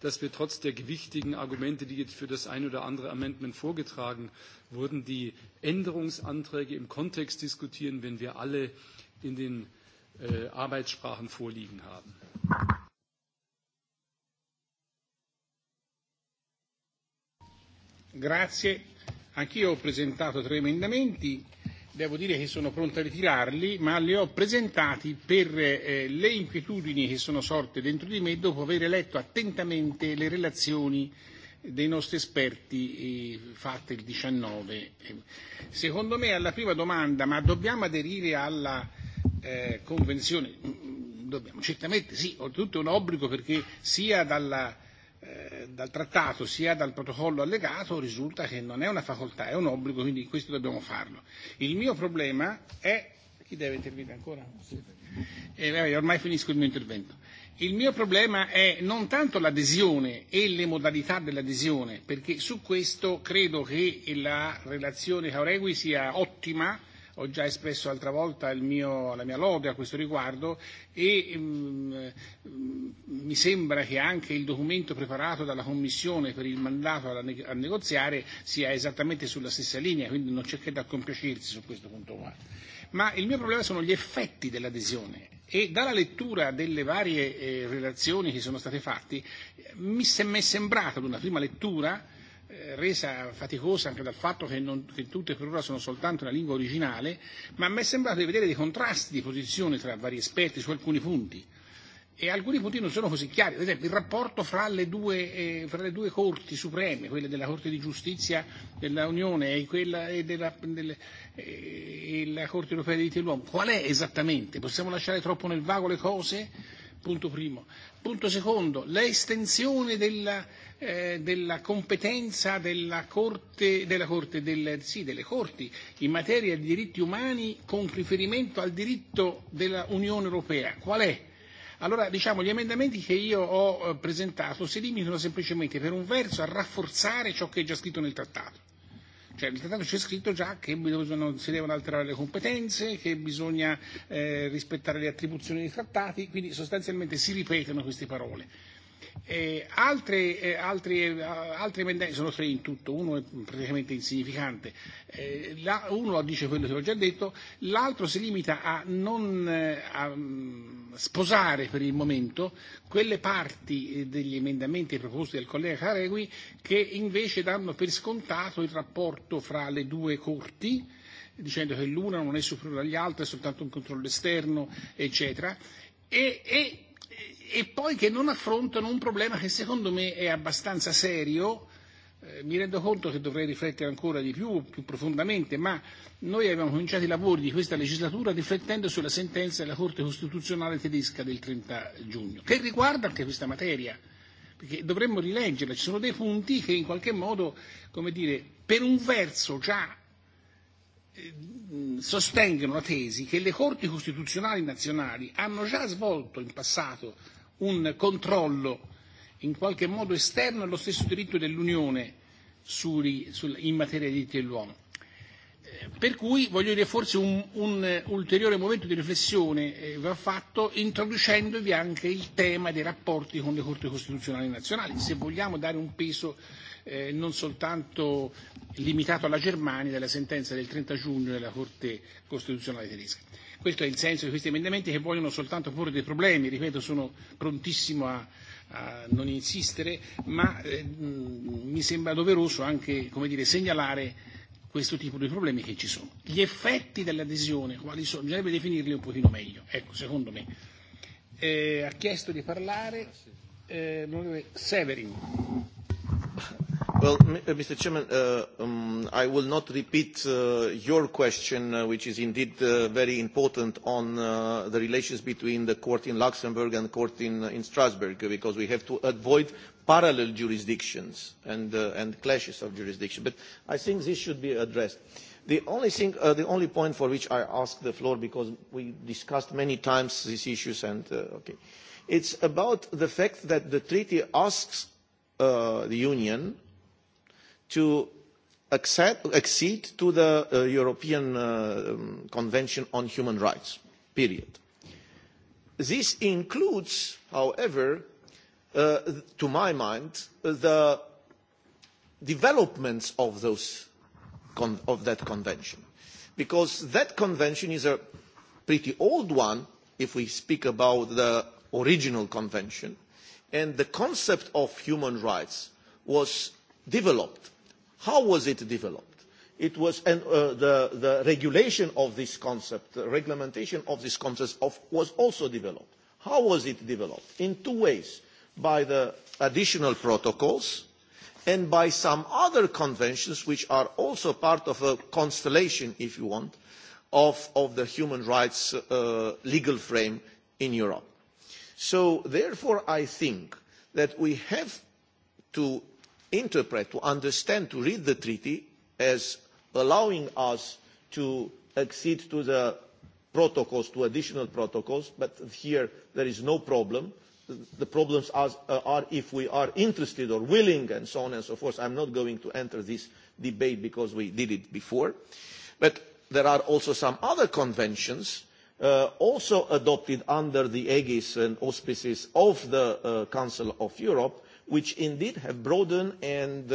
dass wir trotz der gewichtigen Argumente, die jetzt für das ein oder andere Amendment vorgetragen wurden, die Änderungsanträge im Kontext diskutieren, wenn wir alle in den Arbeitssprachen vorliegen haben. Grazie. Anch'io ho presentato tre emendamenti, devo dire che sono pronto a ritirarli, ma li ho presentati per eh, le inquietudini che sono sorte dentro di me dopo aver letto attentamente le relazioni dei nostri esperti eh, fatte il 19. Secondo me alla prima domanda, ma dobbiamo aderire alla eh, eh, convenzione, dobbiamo certamente sì, oltretutto è un obbligo perché sia dalla, eh, dal trattato sia dal protocollo allegato risulta che non è una facoltà, è un obbligo, quindi questo dobbiamo farlo. Il mio problema è chi deve intervenire ancora? Eh, vabbè, ormai finisco il mio intervento. Il mio problema è non tanto l'adesione e le modalità dell'adesione, perché su questo credo che la relazione Cauregui sia ottima ho già espresso altra volta il mio, la mia lode a questo riguardo e mh, mi sembra che anche il documento preparato dalla Commissione per il mandato a, a negoziare sia esattamente sulla stessa linea, quindi non c'è che da compiacersi su questo punto qua. Ma il mio problema sono gli effetti dell'adesione e dalla lettura delle varie eh, relazioni che sono state fatte mi è sembrato ad una prima lettura resa faticosa anche dal fatto che, non, che tutte per ora sono soltanto una lingua originale, ma mi è sembrato di vedere dei contrasti di posizione tra vari esperti su alcuni punti e alcuni punti non sono così chiari, ad esempio il rapporto fra le due, eh, fra le due corti supreme, quelle della Corte di Giustizia dell'Unione e, quella, e, della, delle, eh, e la Corte Europea dei diritti dell'uomo, qual è esattamente? Possiamo lasciare troppo nel vago le cose? Punto primo. Punto secondo, l'estensione della, della competenza della Corte, della corte del, sì, delle Corti in materia di diritti umani con riferimento al diritto dell'Unione Europea. Qual è? Allora, diciamo, gli emendamenti che io ho presentato si limitano semplicemente, per un verso, a rafforzare ciò che è già scritto nel trattato. Cioè, nel trattato c'è scritto già che bisogna, si devono alterare le competenze, che bisogna eh, rispettare le attribuzioni dei trattati, quindi sostanzialmente si ripetono queste parole. Eh, altre, eh, altri, eh, altri emendamenti, sono tre in tutto, uno è praticamente insignificante, eh, la, uno dice quello che ho già detto, l'altro si limita a non eh, a sposare per il momento quelle parti degli emendamenti proposti dal collega Caregui che invece danno per scontato il rapporto fra le due corti, dicendo che l'una non è superiore agli altri, è soltanto un controllo esterno, eccetera, e, e e poi che non affrontano un problema che secondo me è abbastanza serio. Mi rendo conto che dovrei riflettere ancora di più, più profondamente, ma noi abbiamo cominciato i lavori di questa legislatura riflettendo sulla sentenza della Corte Costituzionale tedesca del 30 giugno, che riguarda anche questa materia, perché dovremmo rileggerla. Ci sono dei punti che in qualche modo, come dire, per un verso già sostengono la tesi che le Corti Costituzionali nazionali hanno già svolto in passato un controllo in qualche modo esterno allo stesso diritto dell'Unione in materia di diritti dell'uomo. Per cui voglio dire forse un, un ulteriore momento di riflessione va fatto introducendovi anche il tema dei rapporti con le Corti Costituzionali nazionali, se vogliamo dare un peso eh, non soltanto limitato alla Germania della sentenza del 30 giugno della Corte Costituzionale tedesca. Questo è il senso di questi emendamenti che vogliono soltanto porre dei problemi, ripeto sono prontissimo a, a non insistere, ma eh, mi sembra doveroso anche come dire, segnalare questo tipo di problemi che ci sono. Gli effetti dell'adesione, quali sono? Bisognerebbe definirli un pochino meglio, ecco, secondo me. Eh, ha chiesto di parlare eh, Severin. Well, Mr. Chairman, I will not repeat your question, which is indeed very important on the relations between the court in Luxembourg and the court in Strasbourg, because we have to avoid parallel jurisdictions and clashes of jurisdiction. But I think this should be addressed. The only thing, the only point for which I ask the floor, because we discussed many times these issues, and okay, it's about the fact that the treaty asks the Union to accede to the European Convention on Human Rights, period. This includes, however, to my mind, the developments of, that convention, because that convention is a pretty old one if we speak about the original convention, and the concept of human rights was developed How was it developed? It was and, uh, the, the regulation of this concept, the reglementation of this concept of, was also developed. How was it developed? In two ways, by the additional protocols and by some other conventions which are also part of a constellation, if you want, of, of the human rights uh, legal frame in Europe. So therefore I think that we have to interpret, to understand, to read the treaty as allowing us to accede to the protocols, to additional protocols, but here there is no problem. The problems are, if we are interested or willing and so on and so forth. I'm not going to enter this debate because we did it before. But there are also some other conventions also adopted under the aegis and auspices of the Council of Europe which indeed have broadened and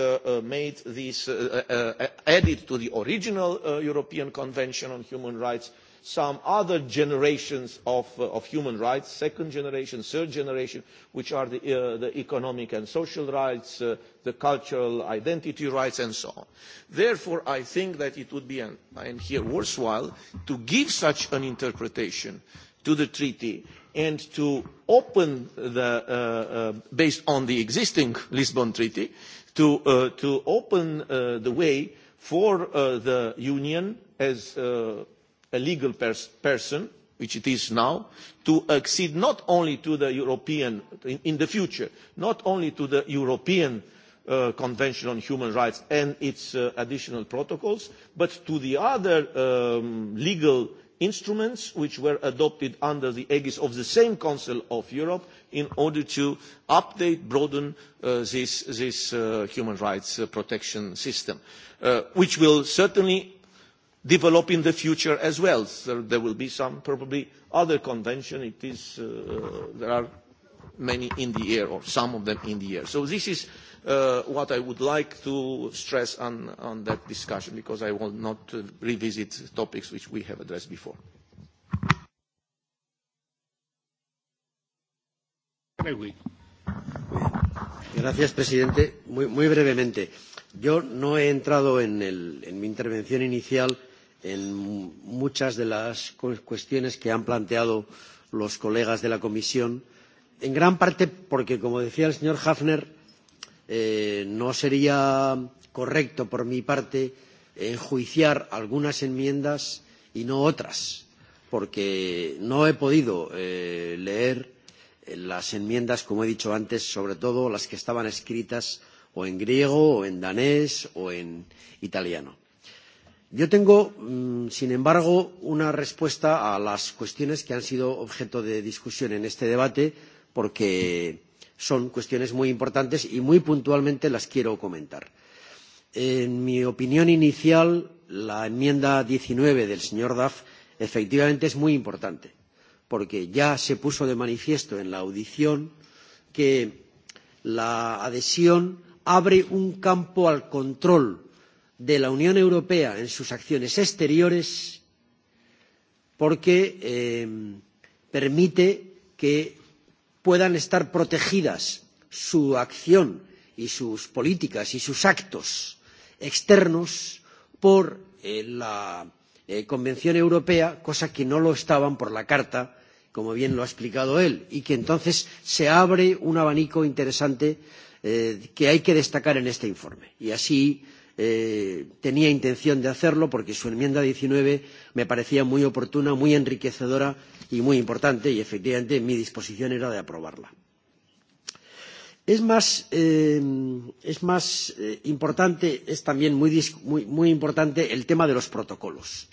made this, added to the original European Convention on Human Rights some other generations of, human rights, second generation, third generation, which are the, economic and social rights, the cultural identity rights, and so on. Therefore, I think that it would be, and here worthwhile, to give such an interpretation to the treaty and to open the, based on the existing Lisbon Treaty, to, open the way for the Union as a legal person, which it is now, to accede not only to the European, in, the future, not only to the European Convention on Human Rights and its additional protocols, but to the other legal instruments which were adopted under the aegis of the same Council of Europe in order to update, broaden this, human rights protection system, which will certainly develop in the future as well. there will be some probably other convention. It is, there are many in the air, or some of them in the air. So this is what I would like to stress on that discussion, because I will not revisit topics which we have addressed before. Gracias, presidente. Muy, brevemente. Yo no he entrado en, mi intervención inicial en muchas de las cuestiones que han planteado los colegas de la comisión en gran parte porque, como decía el señor Hafner, eh, no sería correcto por mi parte enjuiciar algunas enmiendas y no otras, porque no he podido eh, leer las enmiendas, como he dicho antes, sobre todo las que estaban escritas o en griego, o en danés, o en italiano. Yo tengo, sin embargo, una respuesta a las cuestiones que han sido objeto de discusión en este debate, porque son cuestiones muy importantes y muy puntualmente las quiero comentar. En mi opinión inicial, la enmienda diecinueve del señor Duff efectivamente es muy importante, porque ya se puso de manifiesto en la audición que la adhesión abre un campo al control de la Unión Europea en sus acciones exteriores porque permite que puedan estar protegidas su acción y sus políticas y sus actos externos por la Convención Europea, cosa que no lo estaban por la Carta, como bien lo ha explicado él, y que entonces se abre un abanico interesante que hay que destacar en este informe. Y así tenía intención de hacerlo porque su enmienda diecinueve me parecía muy oportuna, muy enriquecedora y muy importante y efectivamente mi disposición era de aprobarla. Es más, importante, es también muy, importante el tema de los protocolos.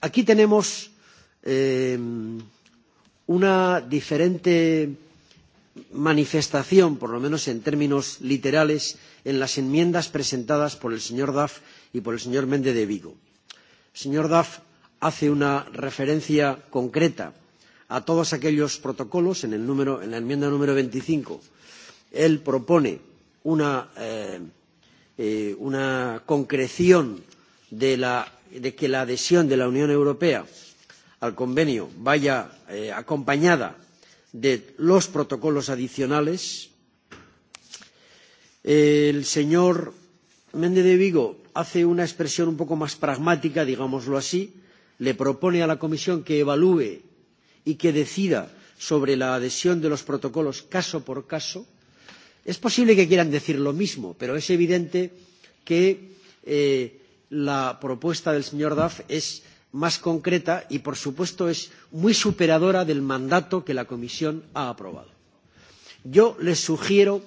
Aquí tenemos una diferente manifestación, por lo menos en términos literales, en las enmiendas presentadas por el señor Duff y por el señor Méndez de Vigo. El señor Duff hace una referencia concreta a todos aquellos protocolos en, la enmienda número veinticinco. Él propone una, concreción de, que la adhesión de la Unión Europea al convenio vaya acompañada de los protocolos adicionales. El señor Méndez de Vigo hace una expresión un poco más pragmática, digámoslo así, le propone a la Comisión que evalúe y que decida sobre la adhesión de los protocolos caso por caso. Es posible que quieran decir lo mismo, pero es evidente que la propuesta del señor Duff es más concreta y, por supuesto, es muy superadora del mandato que la Comisión ha aprobado. Yo les sugiero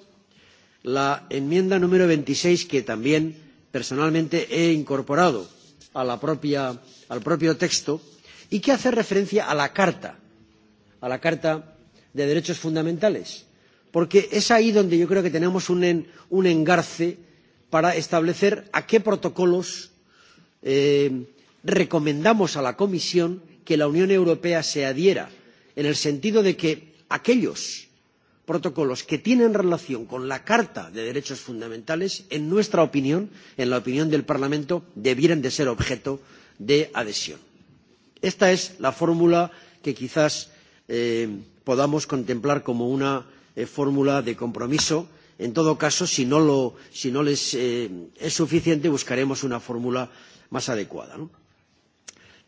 la enmienda número veintiséis, que también personalmente he incorporado al propio texto y que hace referencia a la Carta, a la Carta de Derechos Fundamentales, porque es ahí donde yo creo que tenemos un, engarce para establecer a qué protocolos eh, recomendamos a la Comisión que la Unión Europea se adhiera, en el sentido de que aquellos protocolos que tienen relación con la Carta de Derechos Fundamentales, en nuestra opinión, en la opinión del Parlamento, debieran de ser objeto de adhesión. Esta es la fórmula que quizás podamos contemplar como una fórmula de compromiso. En todo caso, si no, les es suficiente, buscaremos una fórmula más adecuada. ¿no?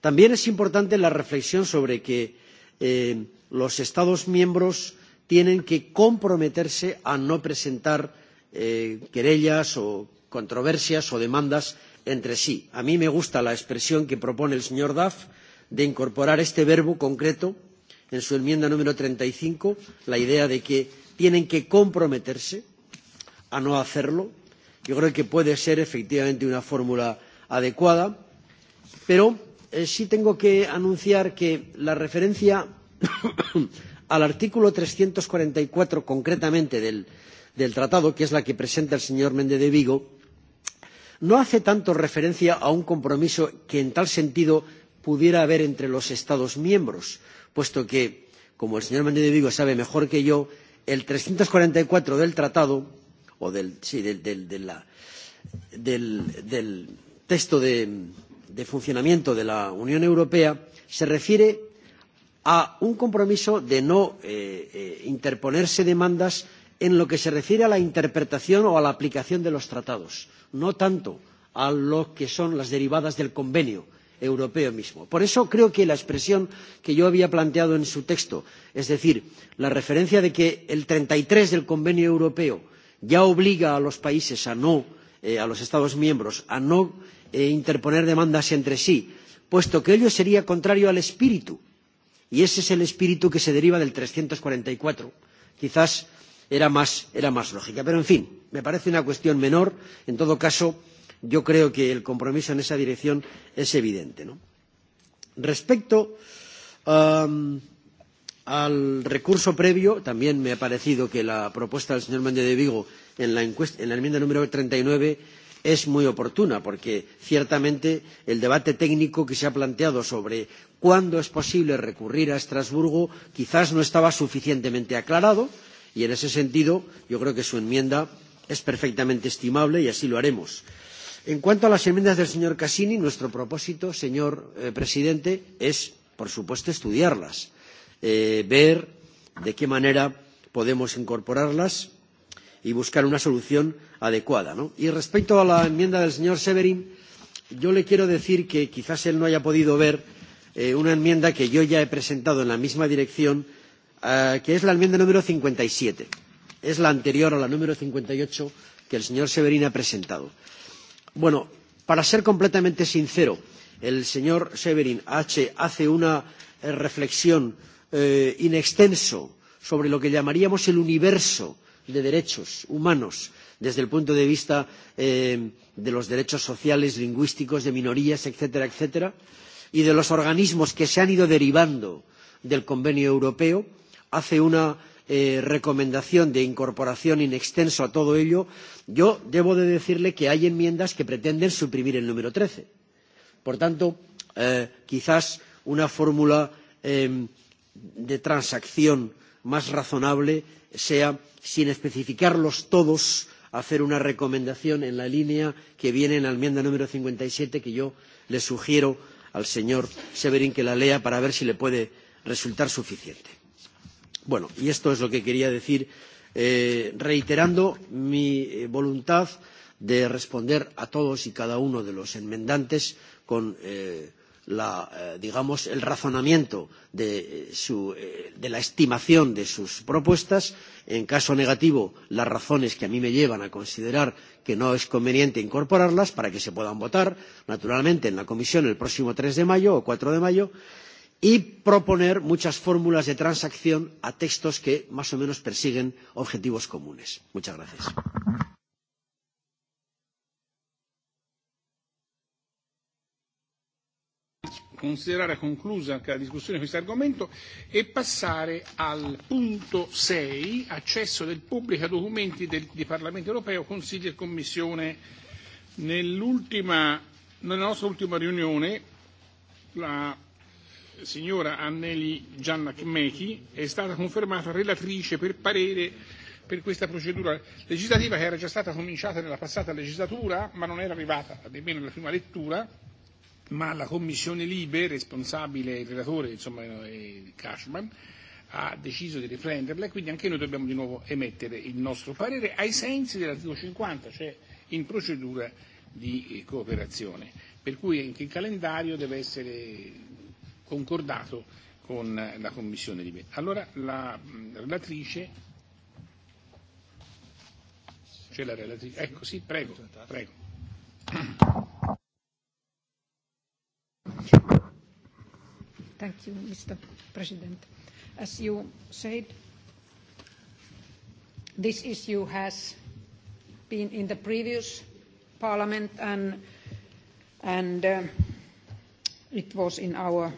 También es importante la reflexión sobre que los Estados miembros tienen que comprometerse a no presentar querellas o controversias o demandas entre sí. A mí me gusta la expresión que propone el señor Duff de incorporar este verbo concreto en su enmienda número treinta y cinco, la idea de que tienen que comprometerse a no hacerlo. Yo creo que puede ser efectivamente una fórmula adecuada, pero sí tengo que anunciar que la referencia al artículo trescientos cuarenta y cuatro concretamente del tratado que es la que presenta el señor méndez de vigo no hace tanto referencia a un compromiso que en tal sentido pudiera haber entre los estados miembros puesto que como el señor méndez de vigo sabe mejor que yo el trescientos cuarenta y cuatro del tratado o del texto de de funcionamiento de la Unión Europea se refiere a un compromiso de no interponerse demandas en lo que se refiere a la interpretación o a la aplicación de los tratados, no tanto a lo que son las derivadas del convenio europeo mismo. Por eso creo que la expresión que yo había planteado en su texto, es decir, la referencia de que el treinta y tres del convenio europeo ya obliga a los países a no a los Estados miembros a no interponer demandas entre sí, puesto que ello sería contrario al espíritu. Y ese es el espíritu que se deriva del trescientos cuarenta y cuatro. Quizás era más, lógica. Pero, en fin, me parece una cuestión menor. En todo caso, yo creo que el compromiso en esa dirección es evidente. Respecto al recurso previo, también me ha parecido que la propuesta del señor Méndez de Vigo en la, enmienda número treinta y nueve es muy oportuna porque ciertamente el debate técnico que se ha planteado sobre cuándo es posible recurrir a Estrasburgo quizás no estaba suficientemente aclarado y en ese sentido yo creo que su enmienda es perfectamente estimable y así lo haremos. En cuanto a las enmiendas del señor Cassini, nuestro propósito, señor presidente, es, por supuesto, estudiarlas, ver de qué manera podemos incorporarlas y buscar una solución adecuada. Y respecto a la enmienda del señor Severin, yo le quiero decir que quizás él no haya podido ver una enmienda que yo ya he presentado en la misma dirección, que es la enmienda número cincuenta y siete. Es la anterior a la número cincuenta y ocho que el señor Severin ha presentado. Bueno, para ser completamente sincero, el señor Severin H. hace una reflexión in extenso sobre lo que llamaríamos el universo de derechos humanos desde el punto de vista de los derechos sociales, lingüísticos, de minorías, etcétera, etcétera, y de los organismos que se han ido derivando del convenio europeo, hace una recomendación de incorporación in extenso a todo ello. Yo debo decirle que hay enmiendas que pretenden suprimir el número trece. Por tanto, quizás una fórmula de transacción más razonable sea, sin especificarlos todos, hacer una recomendación en la línea que viene en la enmienda número cincuenta y siete, que yo le sugiero al señor Severin que la lea para ver si le puede resultar suficiente. Bueno, y esto es lo que quería decir, reiterando mi voluntad de responder a todos y cada uno de los enmendantes con la, digamos, el razonamiento de, su, de la estimación de sus propuestas. En caso negativo, las razones que a mí me llevan a considerar que no es conveniente incorporarlas para que se puedan votar, naturalmente, en la comisión el próximo tres de mayo o cuatro de mayo y proponer muchas fórmulas de transacción a textos que más o menos persiguen objetivos comunes. Muchas gracias. considerare conclusa anche la discussione di questo argomento e passare al punto 6, accesso del pubblico a documenti del, di Parlamento europeo, Consiglio e Commissione. Nell'ultima, nella nostra ultima riunione la signora Anneli Giannacmechi è stata confermata relatrice per parere per questa procedura legislativa che era già stata cominciata nella passata legislatura ma non era arrivata nemmeno alla prima lettura ma la Commissione Libe, responsabile il relatore insomma, Cashman, ha deciso di riprenderla e quindi anche noi dobbiamo di nuovo emettere il nostro parere ai sensi dell'articolo 50, cioè in procedura di cooperazione, per cui anche il calendario deve essere concordato con la Commissione Libe. Allora la relatrice c'è la relatrice. Ecco, sì, prego, prego. Thank you, Mr. President. As you said, this issue has been in the previous parliament, and and uh, it was in our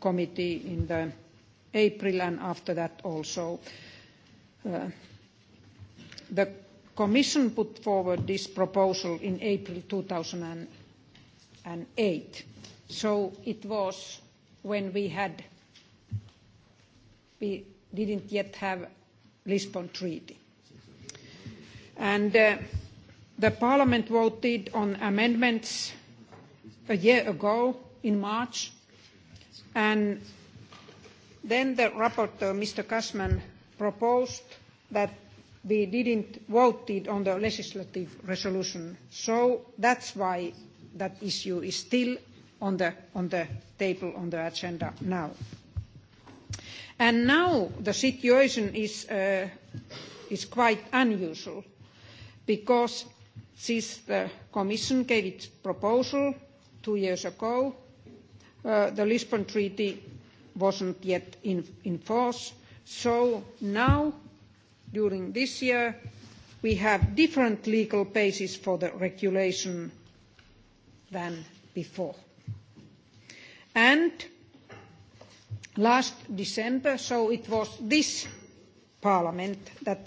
committee in the April, and after that also. Uh, The Commission put forward this proposal in April 2008, So it was when we had we didn't yet have Lisbon Treaty. And the Parliament voted on amendments a year ago in March, and then the rapporteur, Mr. Kasman, proposed that we didn't vote on the legislative resolution. So that's why that issue is still on the, on the table, on the agenda now. And now the situation is, uh, is quite unusual because since the Commission gave its proposal two years ago, uh, the Lisbon Treaty wasn't yet in, in force. So now, during this year, we have different legal basis for the regulation than before And last December, so it was this parliament that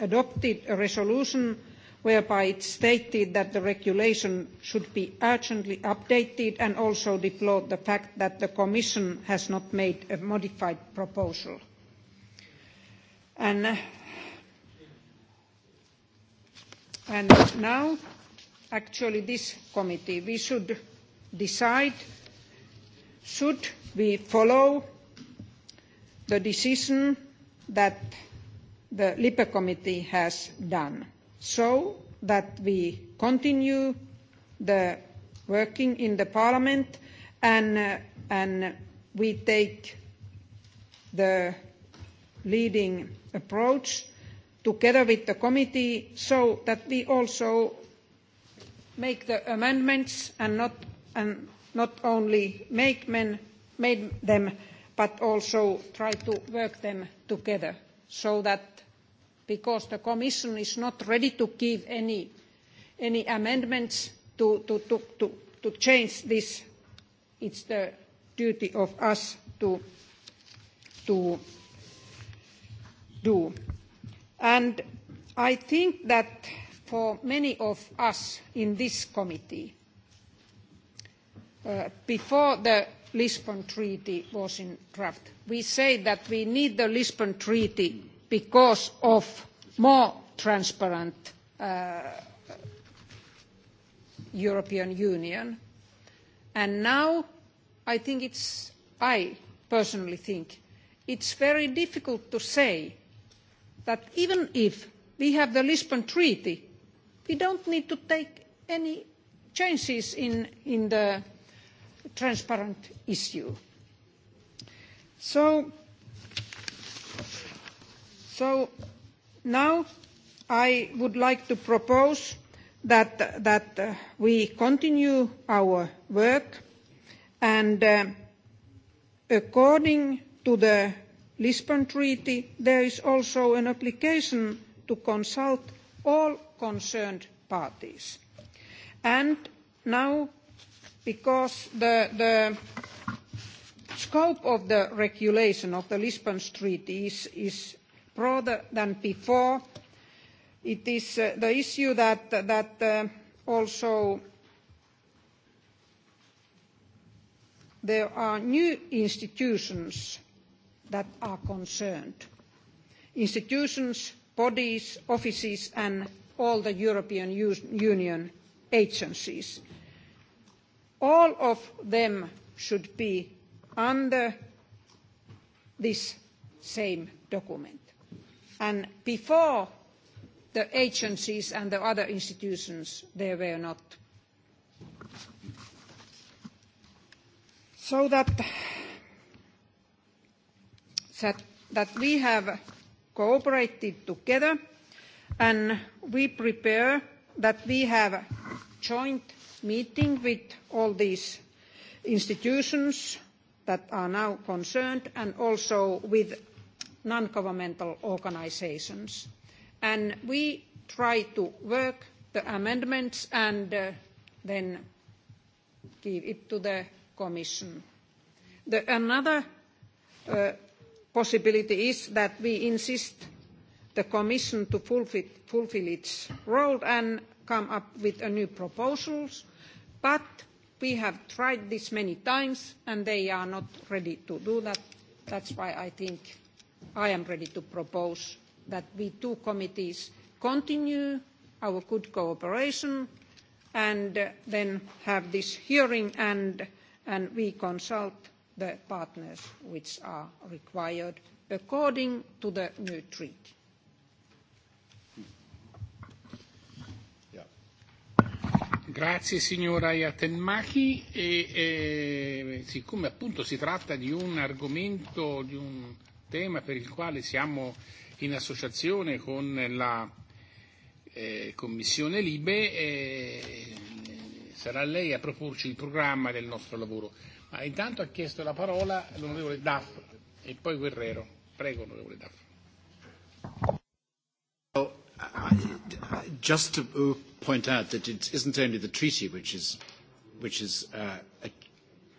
adopted a resolution whereby it stated that the regulation should be urgently updated and also deplored the fact that the Commission has not made a modified proposal. And, now, actually, this committee, we should decide should we follow the decision that the LIPE committee has done so that we continue the working in the parliament and we take the leading approach together with the committee so that we also make the amendments and not only make them but also try to work them together so that because the commission is not ready to give any amendments to change this it is the duty of us to do. i think that for many of us in this committee before the Lisbon Treaty was in draft. We say that we need the Lisbon Treaty because of more transparent European Union. And now I think it's, I personally think, it's very difficult to say that even if we have the Lisbon Treaty, we don't need to take any changes in, the transparent issue. So, so now I would like to propose that, that uh, we continue our work and uh, according to the Lisbon Treaty, there is also an obligation to consult all concerned parties. And now because the scope of the regulation of the Lisbon Treaty is broader than before. It is the issue that also there are new institutions that are concerned. Institutions, bodies, offices, and all the European Union agencies all of them should be under this same document. And before the agencies and the other institutions, they were not. So that, that, that we have cooperated together and we prepare that we have joint meeting with all these institutions that are now concerned and also with non-governmental organisations. And we try to work the amendments and then give it to the Commission. another possibility is that we insist the Commission to fulfil its role and come up with new proposals But we have tried this many times, and they are not ready to do that. That's why I think I am ready to propose that we two committees continue our good cooperation and then have this hearing and we consult the partners which are required according to the new treaty. Grazie signora Iatenmachi e siccome appunto si tratta di un argomento, di un tema per il quale siamo in associazione con la eh, Commissione Libe, eh, sarà lei a proporci il programma del nostro lavoro. Ma intanto ha chiesto la parola l'onorevole Daff e poi Guerrero. Prego onorevole Daff. Just to point out that it isn't only the treaty which is, which is uh,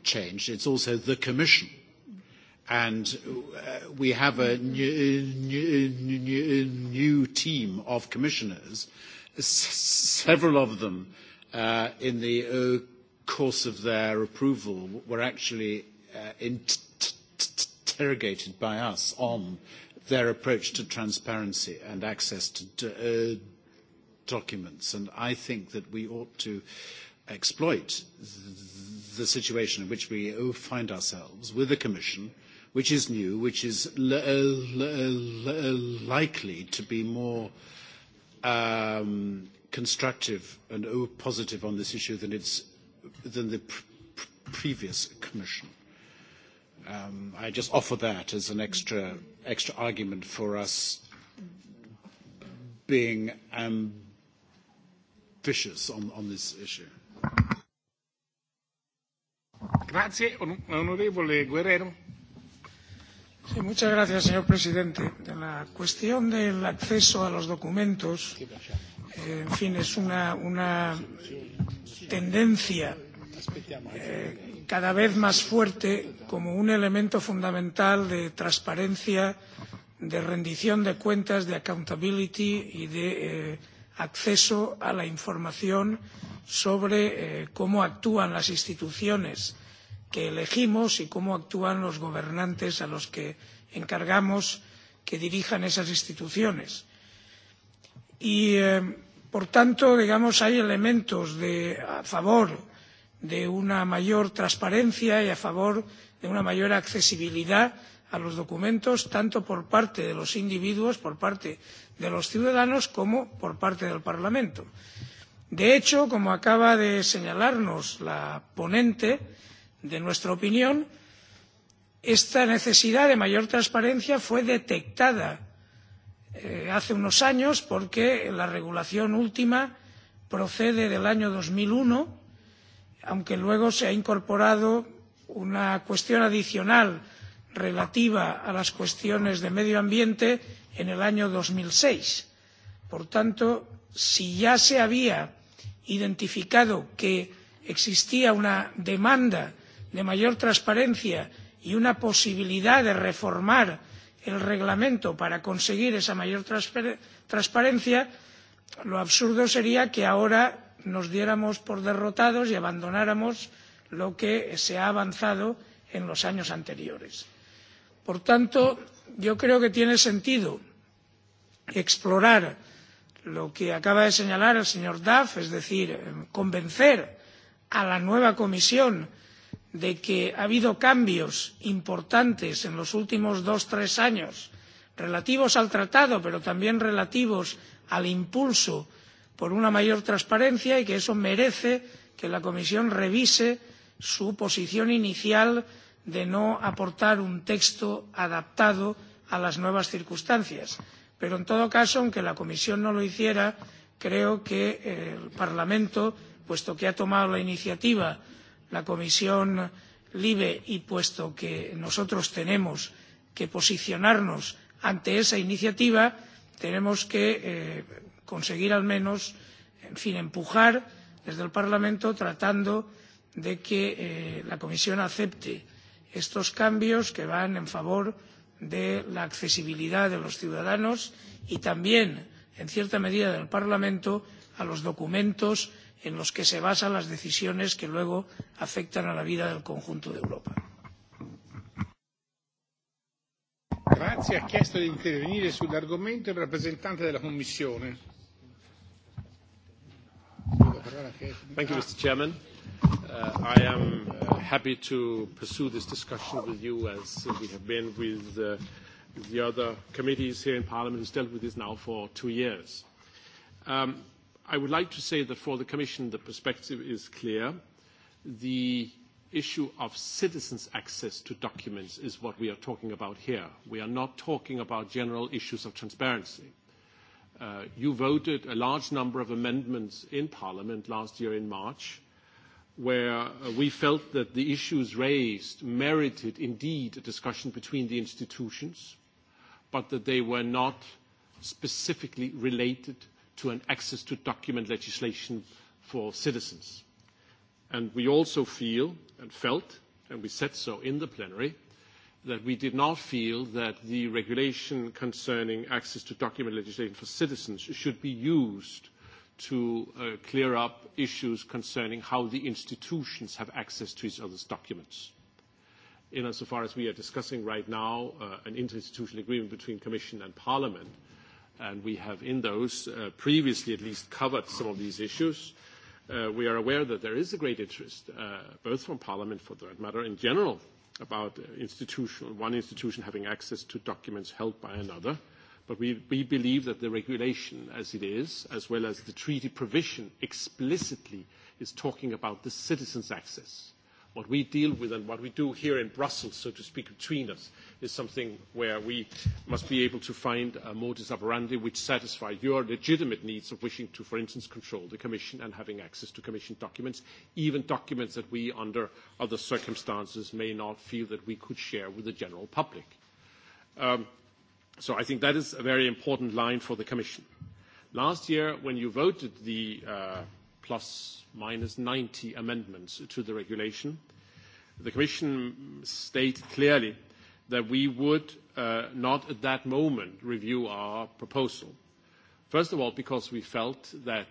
changed, it's also the Commission. And uh, we have a new, new, new, new team of commissioners, s- several of them uh, in the uh, course of their approval were actually uh, interrogated by us on their approach to transparency and access to documents. And I think that we ought to exploit the situation in which we find ourselves with a commission which is new, which is likely to be more constructive and positive on this issue than, its, than the previous commission. I just offer that as an extra, extra argument for us being vicious on, on this issue. Grazie, onorevole Guerrero. Sí, muchas gracias, señor presidente. La cuestión del acceso a los documentos, en fin, es una, una tendencia cada vez más fuerte como un elemento fundamental de transparencia, de rendición de cuentas, de accountability y de acceso a la información sobre cómo actúan las instituciones que elegimos y cómo actúan los gobernantes a los que encargamos que dirijan esas instituciones. Y, por tanto, digamos, hay elementos a favor de una mayor transparencia y a favor de una mayor accesibilidad a los documentos tanto por parte de los individuos por parte de los ciudadanos como por parte del Parlamento. De hecho, como acaba de señalarnos la ponente de nuestra opinión, esta necesidad de mayor transparencia fue detectada hace unos años porque la regulación última procede del año dos mil uno, aunque luego se ha incorporado una cuestión adicional relativa a las cuestiones de medio ambiente en el año dos mil seis por tanto si ya se había identificado que existía una demanda de mayor transparencia y una posibilidad de reformar el reglamento para conseguir esa mayor transparencia lo absurdo sería que ahora nos diéramos por derrotados y abandonáramos lo que se ha avanzado en los años anteriores. por tanto yo creo que tiene sentido explorar lo que acaba de señalar el señor duff es decir convencer a la nueva comisión de que ha habido cambios importantes en los últimos dos o tres años relativos al tratado pero también relativos al impulso por una mayor transparencia y que eso merece que la comisión revise su posición inicial sobre de no aportar un texto adaptado a las nuevas circunstancias. Pero, en todo caso, aunque la Comisión no lo hiciera, creo que el Parlamento, puesto que ha tomado la iniciativa la Comisión LIBE y puesto que nosotros tenemos que posicionarnos ante esa iniciativa, tenemos que conseguir al menos, en fin, empujar desde el Parlamento tratando de que la Comisión acepte estos cambios que van en favor de la accesibilidad de los ciudadanos y también en cierta medida del parlamento a los documentos en los que se basan las decisiones que luego afectan a la vida del conjunto de europa. I am happy to pursue this discussion with you as we have been with the other committees here in Parliament who's dealt with this now for two years. I would like to say that for the Commission, the perspective is clear. The issue of citizens' access to documents is what we are talking about here. We are not talking about general issues of transparency. You voted a large number of amendments in Parliament last year in March where we felt that the issues raised merited indeed a discussion between the institutions, but that they were not specifically related to an access to document legislation for citizens. And we also feel and felt, and we said so in the plenary, that we did not feel that the regulation concerning access to document legislation for citizens should be used to clear up issues concerning how the institutions have access to each other's documents. In as far as we are discussing right now an interinstitutional agreement between Commission and Parliament, and we have in those previously at least covered some of these issues. We are aware that there is a great interest, both from Parliament for that matter in general, about one institution having access to documents held by another But we, we believe that the regulation as it is, as well as the treaty provision explicitly is talking about the citizens' access. What we deal with and what we do here in Brussels, so to speak, between us, is something where we must be able to find a modus operandi which satisfies your legitimate needs of wishing to, for instance, control the Commission and having access to Commission documents, even documents that we, under other circumstances, may not feel that we could share with the general public. So I think that is a very important line for the Commission. Last year, when you voted the ±90 amendments to the regulation, the Commission stated clearly that we would not at that moment review our proposal. First of all, because we felt that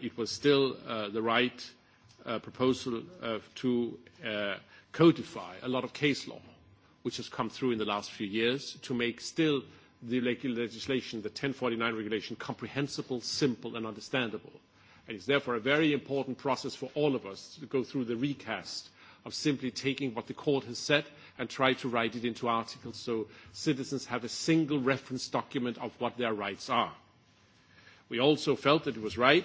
it was still the right proposal to codify a lot of case law, which has come through in the last few years, to make still the legislation, the 1049 regulation, comprehensible, simple, and understandable. And it's therefore a very important process for all of us to go through the recast of simply taking what the court has said and try to write it into articles so citizens have a single reference document of what their rights are. We also felt that it was right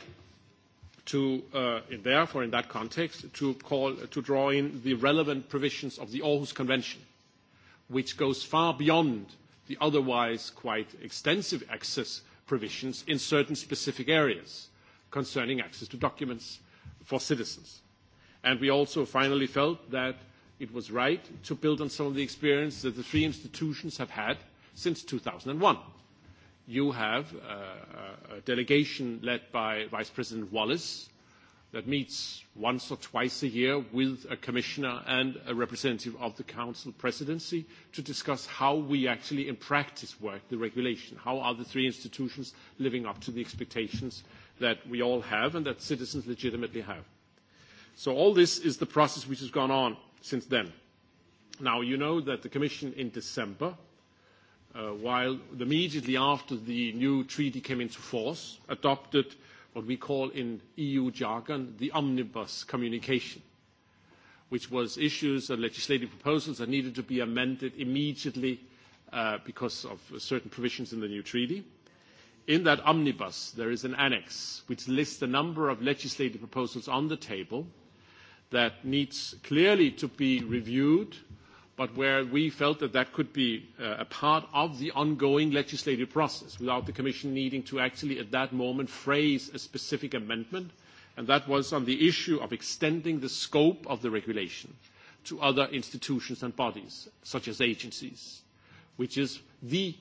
to, uh, therefore, in that context, to, call, to draw in the relevant provisions of the Aarhus Convention, which goes far beyond – the otherwise quite extensive access provisions in certain specific areas concerning access to documents for citizens. And we also finally felt that it was right to build on some of the experience that the three institutions have had since 2001. You have a delegation led by Vice President Wallace that meets once or twice a year with a commissioner and a representative of the council presidency to discuss how we actually in practice work the regulation. How are the three institutions living up to the expectations that we all have and that citizens legitimately have? So all this is the process which has gone on since then. Now, you know that the Commission in December, while immediately after the new treaty came into force, adopted what we call in EU jargon the omnibus communication, which was issues and legislative proposals that needed to be amended immediately because of certain provisions in the new treaty. In that omnibus, there is an annex which lists a number of legislative proposals on the table that needs clearly to be reviewed but where we felt that that could be a part of the ongoing legislative process without the Commission needing to actually at that moment phrase a specific amendment. and That was on the issue of extending the scope of the regulation to other institutions and bodies, such as agencies, which is the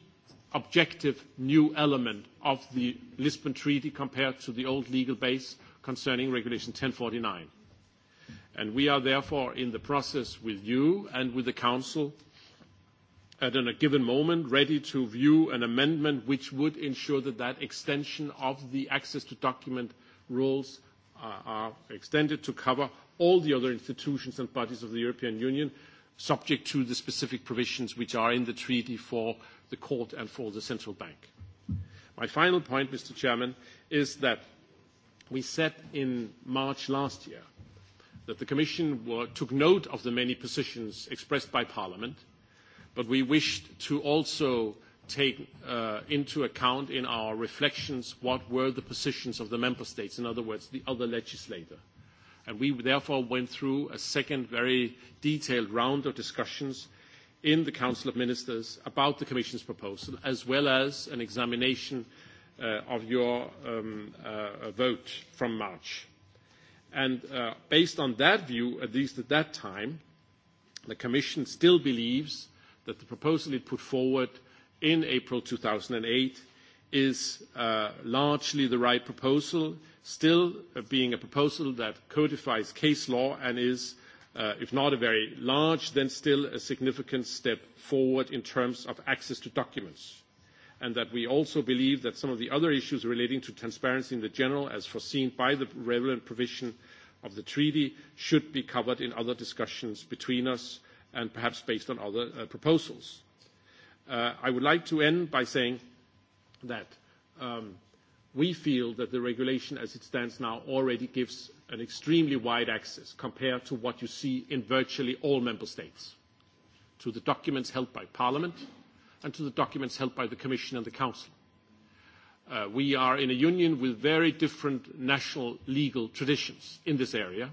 objective new element of the Lisbon Treaty compared to the old legal base concerning Regulation 1049 we are therefore in the process with you and with the council at a given moment, ready to view an amendment which would ensure that that extension of the access to document rules are extended to cover all the other institutions and bodies of the European Union, subject to the specific provisions which are in the treaty for the court and for the central bank. My final point, Mr. Chairman, is that we said in March last year that the Commission took note of the many positions expressed by Parliament, but we wished to also take into account in our reflections what were the positions of the member states, in other words, the other legislator. And we therefore went through a second very detailed round of discussions in the Council of Ministers about the Commission's proposal, as well as an examination of your vote from March. And uh, based on that view, at least at that time, the Commission still believes that the proposal it put forward in April 2008 is uh, largely the right proposal, still being a proposal that codifies case law and is, uh, if not a very large, then still a significant step forward in terms of access to documents and that we also believe that some of the other issues relating to transparency in the general, as foreseen by the relevant provision of the treaty, should be covered in other discussions between us and perhaps based on other proposals. I would like to end by saying that we feel that the regulation as it stands now already gives an extremely wide access compared to what you see in virtually all member states, to the documents held by parliament, and to the documents held by the Commission and the Council. we are in a union with very different national legal traditions in this area,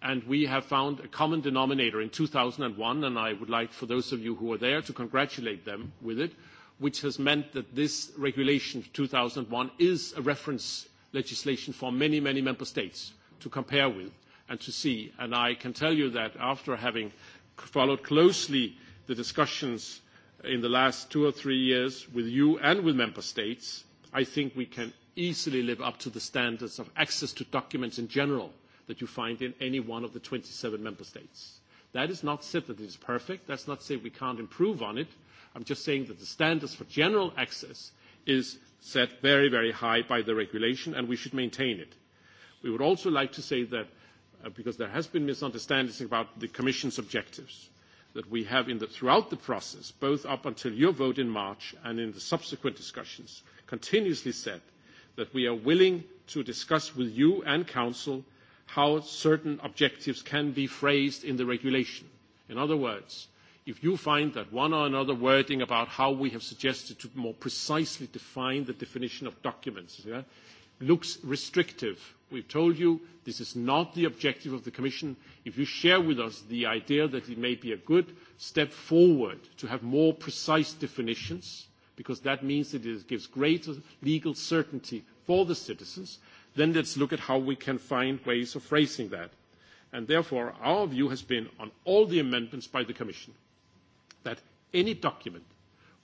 and we have found a common denominator in two thousand one and I would like, for those of you who were there, to congratulate them with it, which has meant that this regulation two thousand one is a reference legislation for many, many member states to compare with and to see. And I can tell you that after having followed closely the discussions in the last two or three years with you and with member states, I think we can easily live up to the standards of access to documents in general that you find in any one of the 27 member states. That is not said that it is perfect. That's not say we can't improve on it. I'm just saying that the standards for general access is set very, very high by the regulation, and we should maintain it. We would also like to say that, because there has been misunderstandings about the Commission's objectives, that we have in the throughout the process, both up until your vote in March and in the subsequent discussions, continuously said that we are willing to discuss with you and Council how certain objectives can be phrased in the regulation. In other words, if you find that one or another wording about how we have suggested to more precisely define the definition of documents looks restrictive. We've told you this is not the objective of the Commission. If you share with us the idea that it may be a good step forward to have more precise definitions, because that means that it gives greater legal certainty for the citizens, then let's look at how we can find ways of phrasing that. therefore, our view has been on all the amendments by the Commission that any document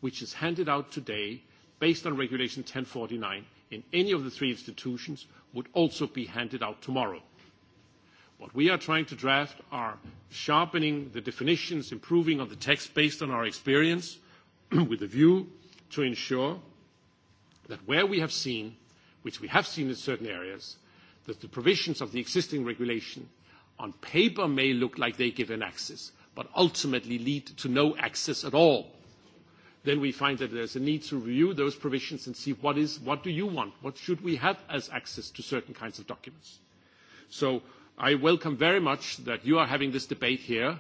which is handed out today based on Regulation 1049 in any of the three institutions would also be handed out tomorrow. What we are trying to draft are sharpening the definitions, improving on the text based on our experience, with a view to ensure that where we have seen, which we have seen in certain areas, that the provisions of the existing regulation on paper may look like they give an access, but ultimately lead to no access at all then we find that there's a need to review those provisions and see what is, what do you want? What should we have as access to certain kinds of documents? So I welcome very much that you are having this debate here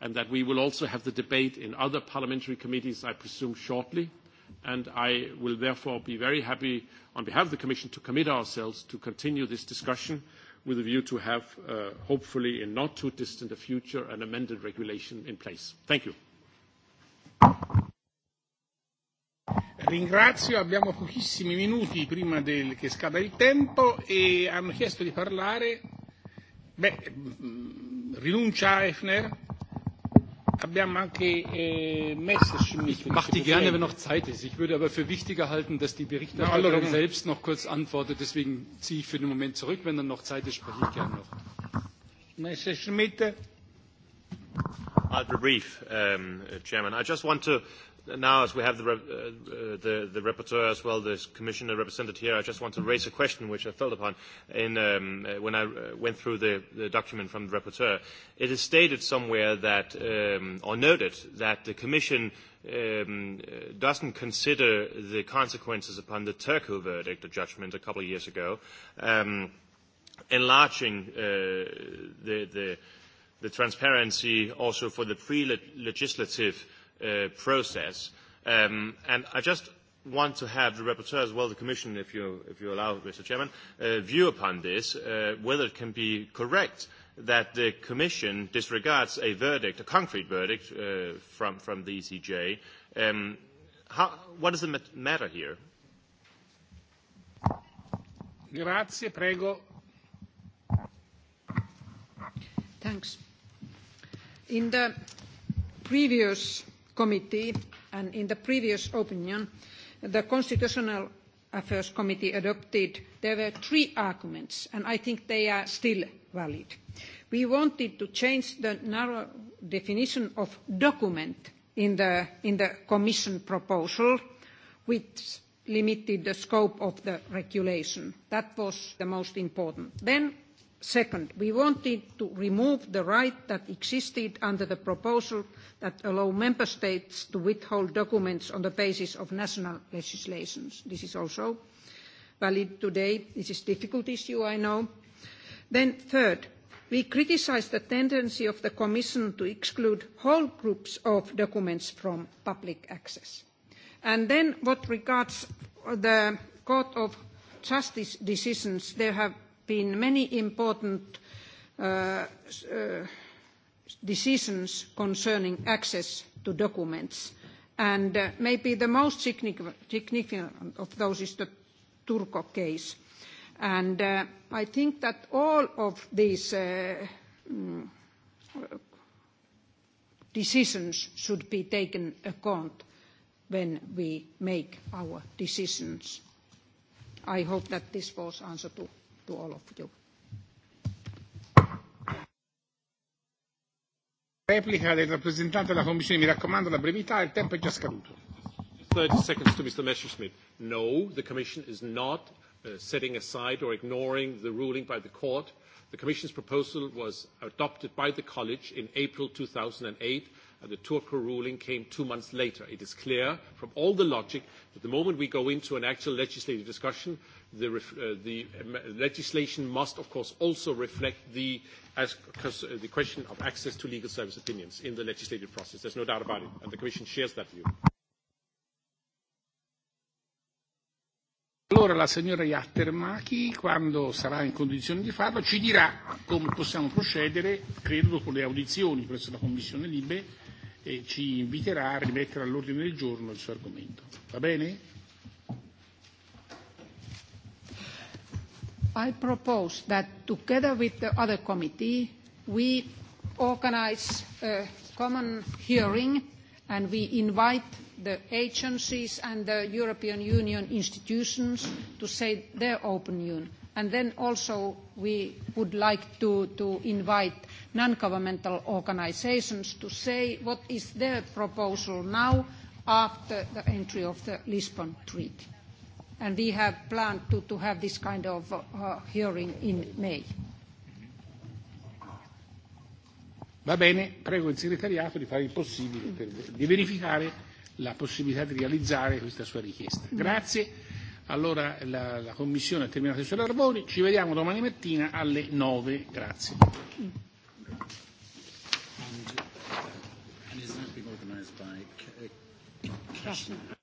and that we will also have the debate in other parliamentary committees, I presume, shortly. And I will therefore be very happy on behalf of the Commission to commit ourselves to continue this discussion with a view to have, hopefully in not too distant a future, an amended regulation in place. Thank you. Ringrazio, abbiamo pochissimi minuti prima del, che scada il tempo e hanno chiesto di parlare. Beh, rinuncia a Efner. Abbiamo anche eh, Messerschmitt. Ich mache die gerne, wenn noch Zeit ist. Ich würde aber für wichtiger halten, dass die Berichterstatterin selbst noch kurz antwortet. Deswegen ziehe ich für den Moment zurück. Wenn dann noch Zeit ist, spreche ich gerne noch. Messerschmitt. I'll be brief, um, Chairman. I just want to now, as we have the, uh, the, the rapporteur as well, the commissioner represented here, I just want to raise a question which I felt upon in, um, when I went through the, the document from the rapporteur. It is stated somewhere that, um, or noted, that the commission um, doesn't consider the consequences upon the Turku verdict, a judgment a couple of years ago, um, enlarging uh, the, the, the transparency also for the pre-legislative process. and I just want to have the rapporteur as well, the Commission, if you, if you allow, Mr. Chairman, uh, view upon this, uh, whether it can be correct that the Commission disregards a verdict, a concrete verdict uh, from, from the ECJ. Um, how, what does it matter here? Grazie, prego. Thanks. In the previous Committee, and in the previous opinion, the Constitutional Affairs Committee adopted, there were three arguments, and I think they are still valid. We wanted to change the narrow definition of document in the Commission proposal, which limited the scope of the regulation. That was the most important. Then Second, we wanted to remove the right that existed under the proposal that allow member states to withhold documents on the basis of national legislation. This is also valid today. This is a difficult issue, I know. Then third, we criticise the tendency of the Commission to exclude whole groups of documents from public access. And then what regards the Court of Justice decisions, there have been many important decisions concerning access to documents. And maybe the most significant of those is the Turco case. And I think that all of these decisions should be taken account when we make our decisions. I hope that this was answer to to all of you. Replica del rappresentante della Commissione, mi raccomando la brevità, il tempo è già scaduto. 30 seconds to Mr. Messerschmidt. No, the Commission is not uh, setting aside or ignoring the ruling by the Court. The Commission's proposal was adopted by the College in April 2008 and the Turco ruling came two months later. It is clear from all the logic that the moment we go into an actual legislative discussion, the, legislation must, of course, also reflect the, question of access to legal service opinions in the legislative process. There's no doubt about it, and the Commission shares that view. Allora la signora Iattermachi, quando sarà in condizione di farlo, ci dirà come possiamo procedere, credo dopo le audizioni presso la Commissione Libe, e ci inviterà a rimettere all'ordine del giorno il suo argomento. Va bene? I propose that together with the other committee, we organise a common hearing and we invite the agencies and the European Union institutions to say their opinion. And then also we would like to, invite non-governmental organisations to say what is their proposal now after the entry of the Lisbon Treaty and we have planned to have this kind of hearing in May. Va bene, prego il segretariato di fare il possibile per, di verificare la possibilità di realizzare questa sua richiesta. Grazie. Allora la, la Commissione ha terminato i suoi lavori, ci vediamo domani mattina alle 9. Grazie. And, and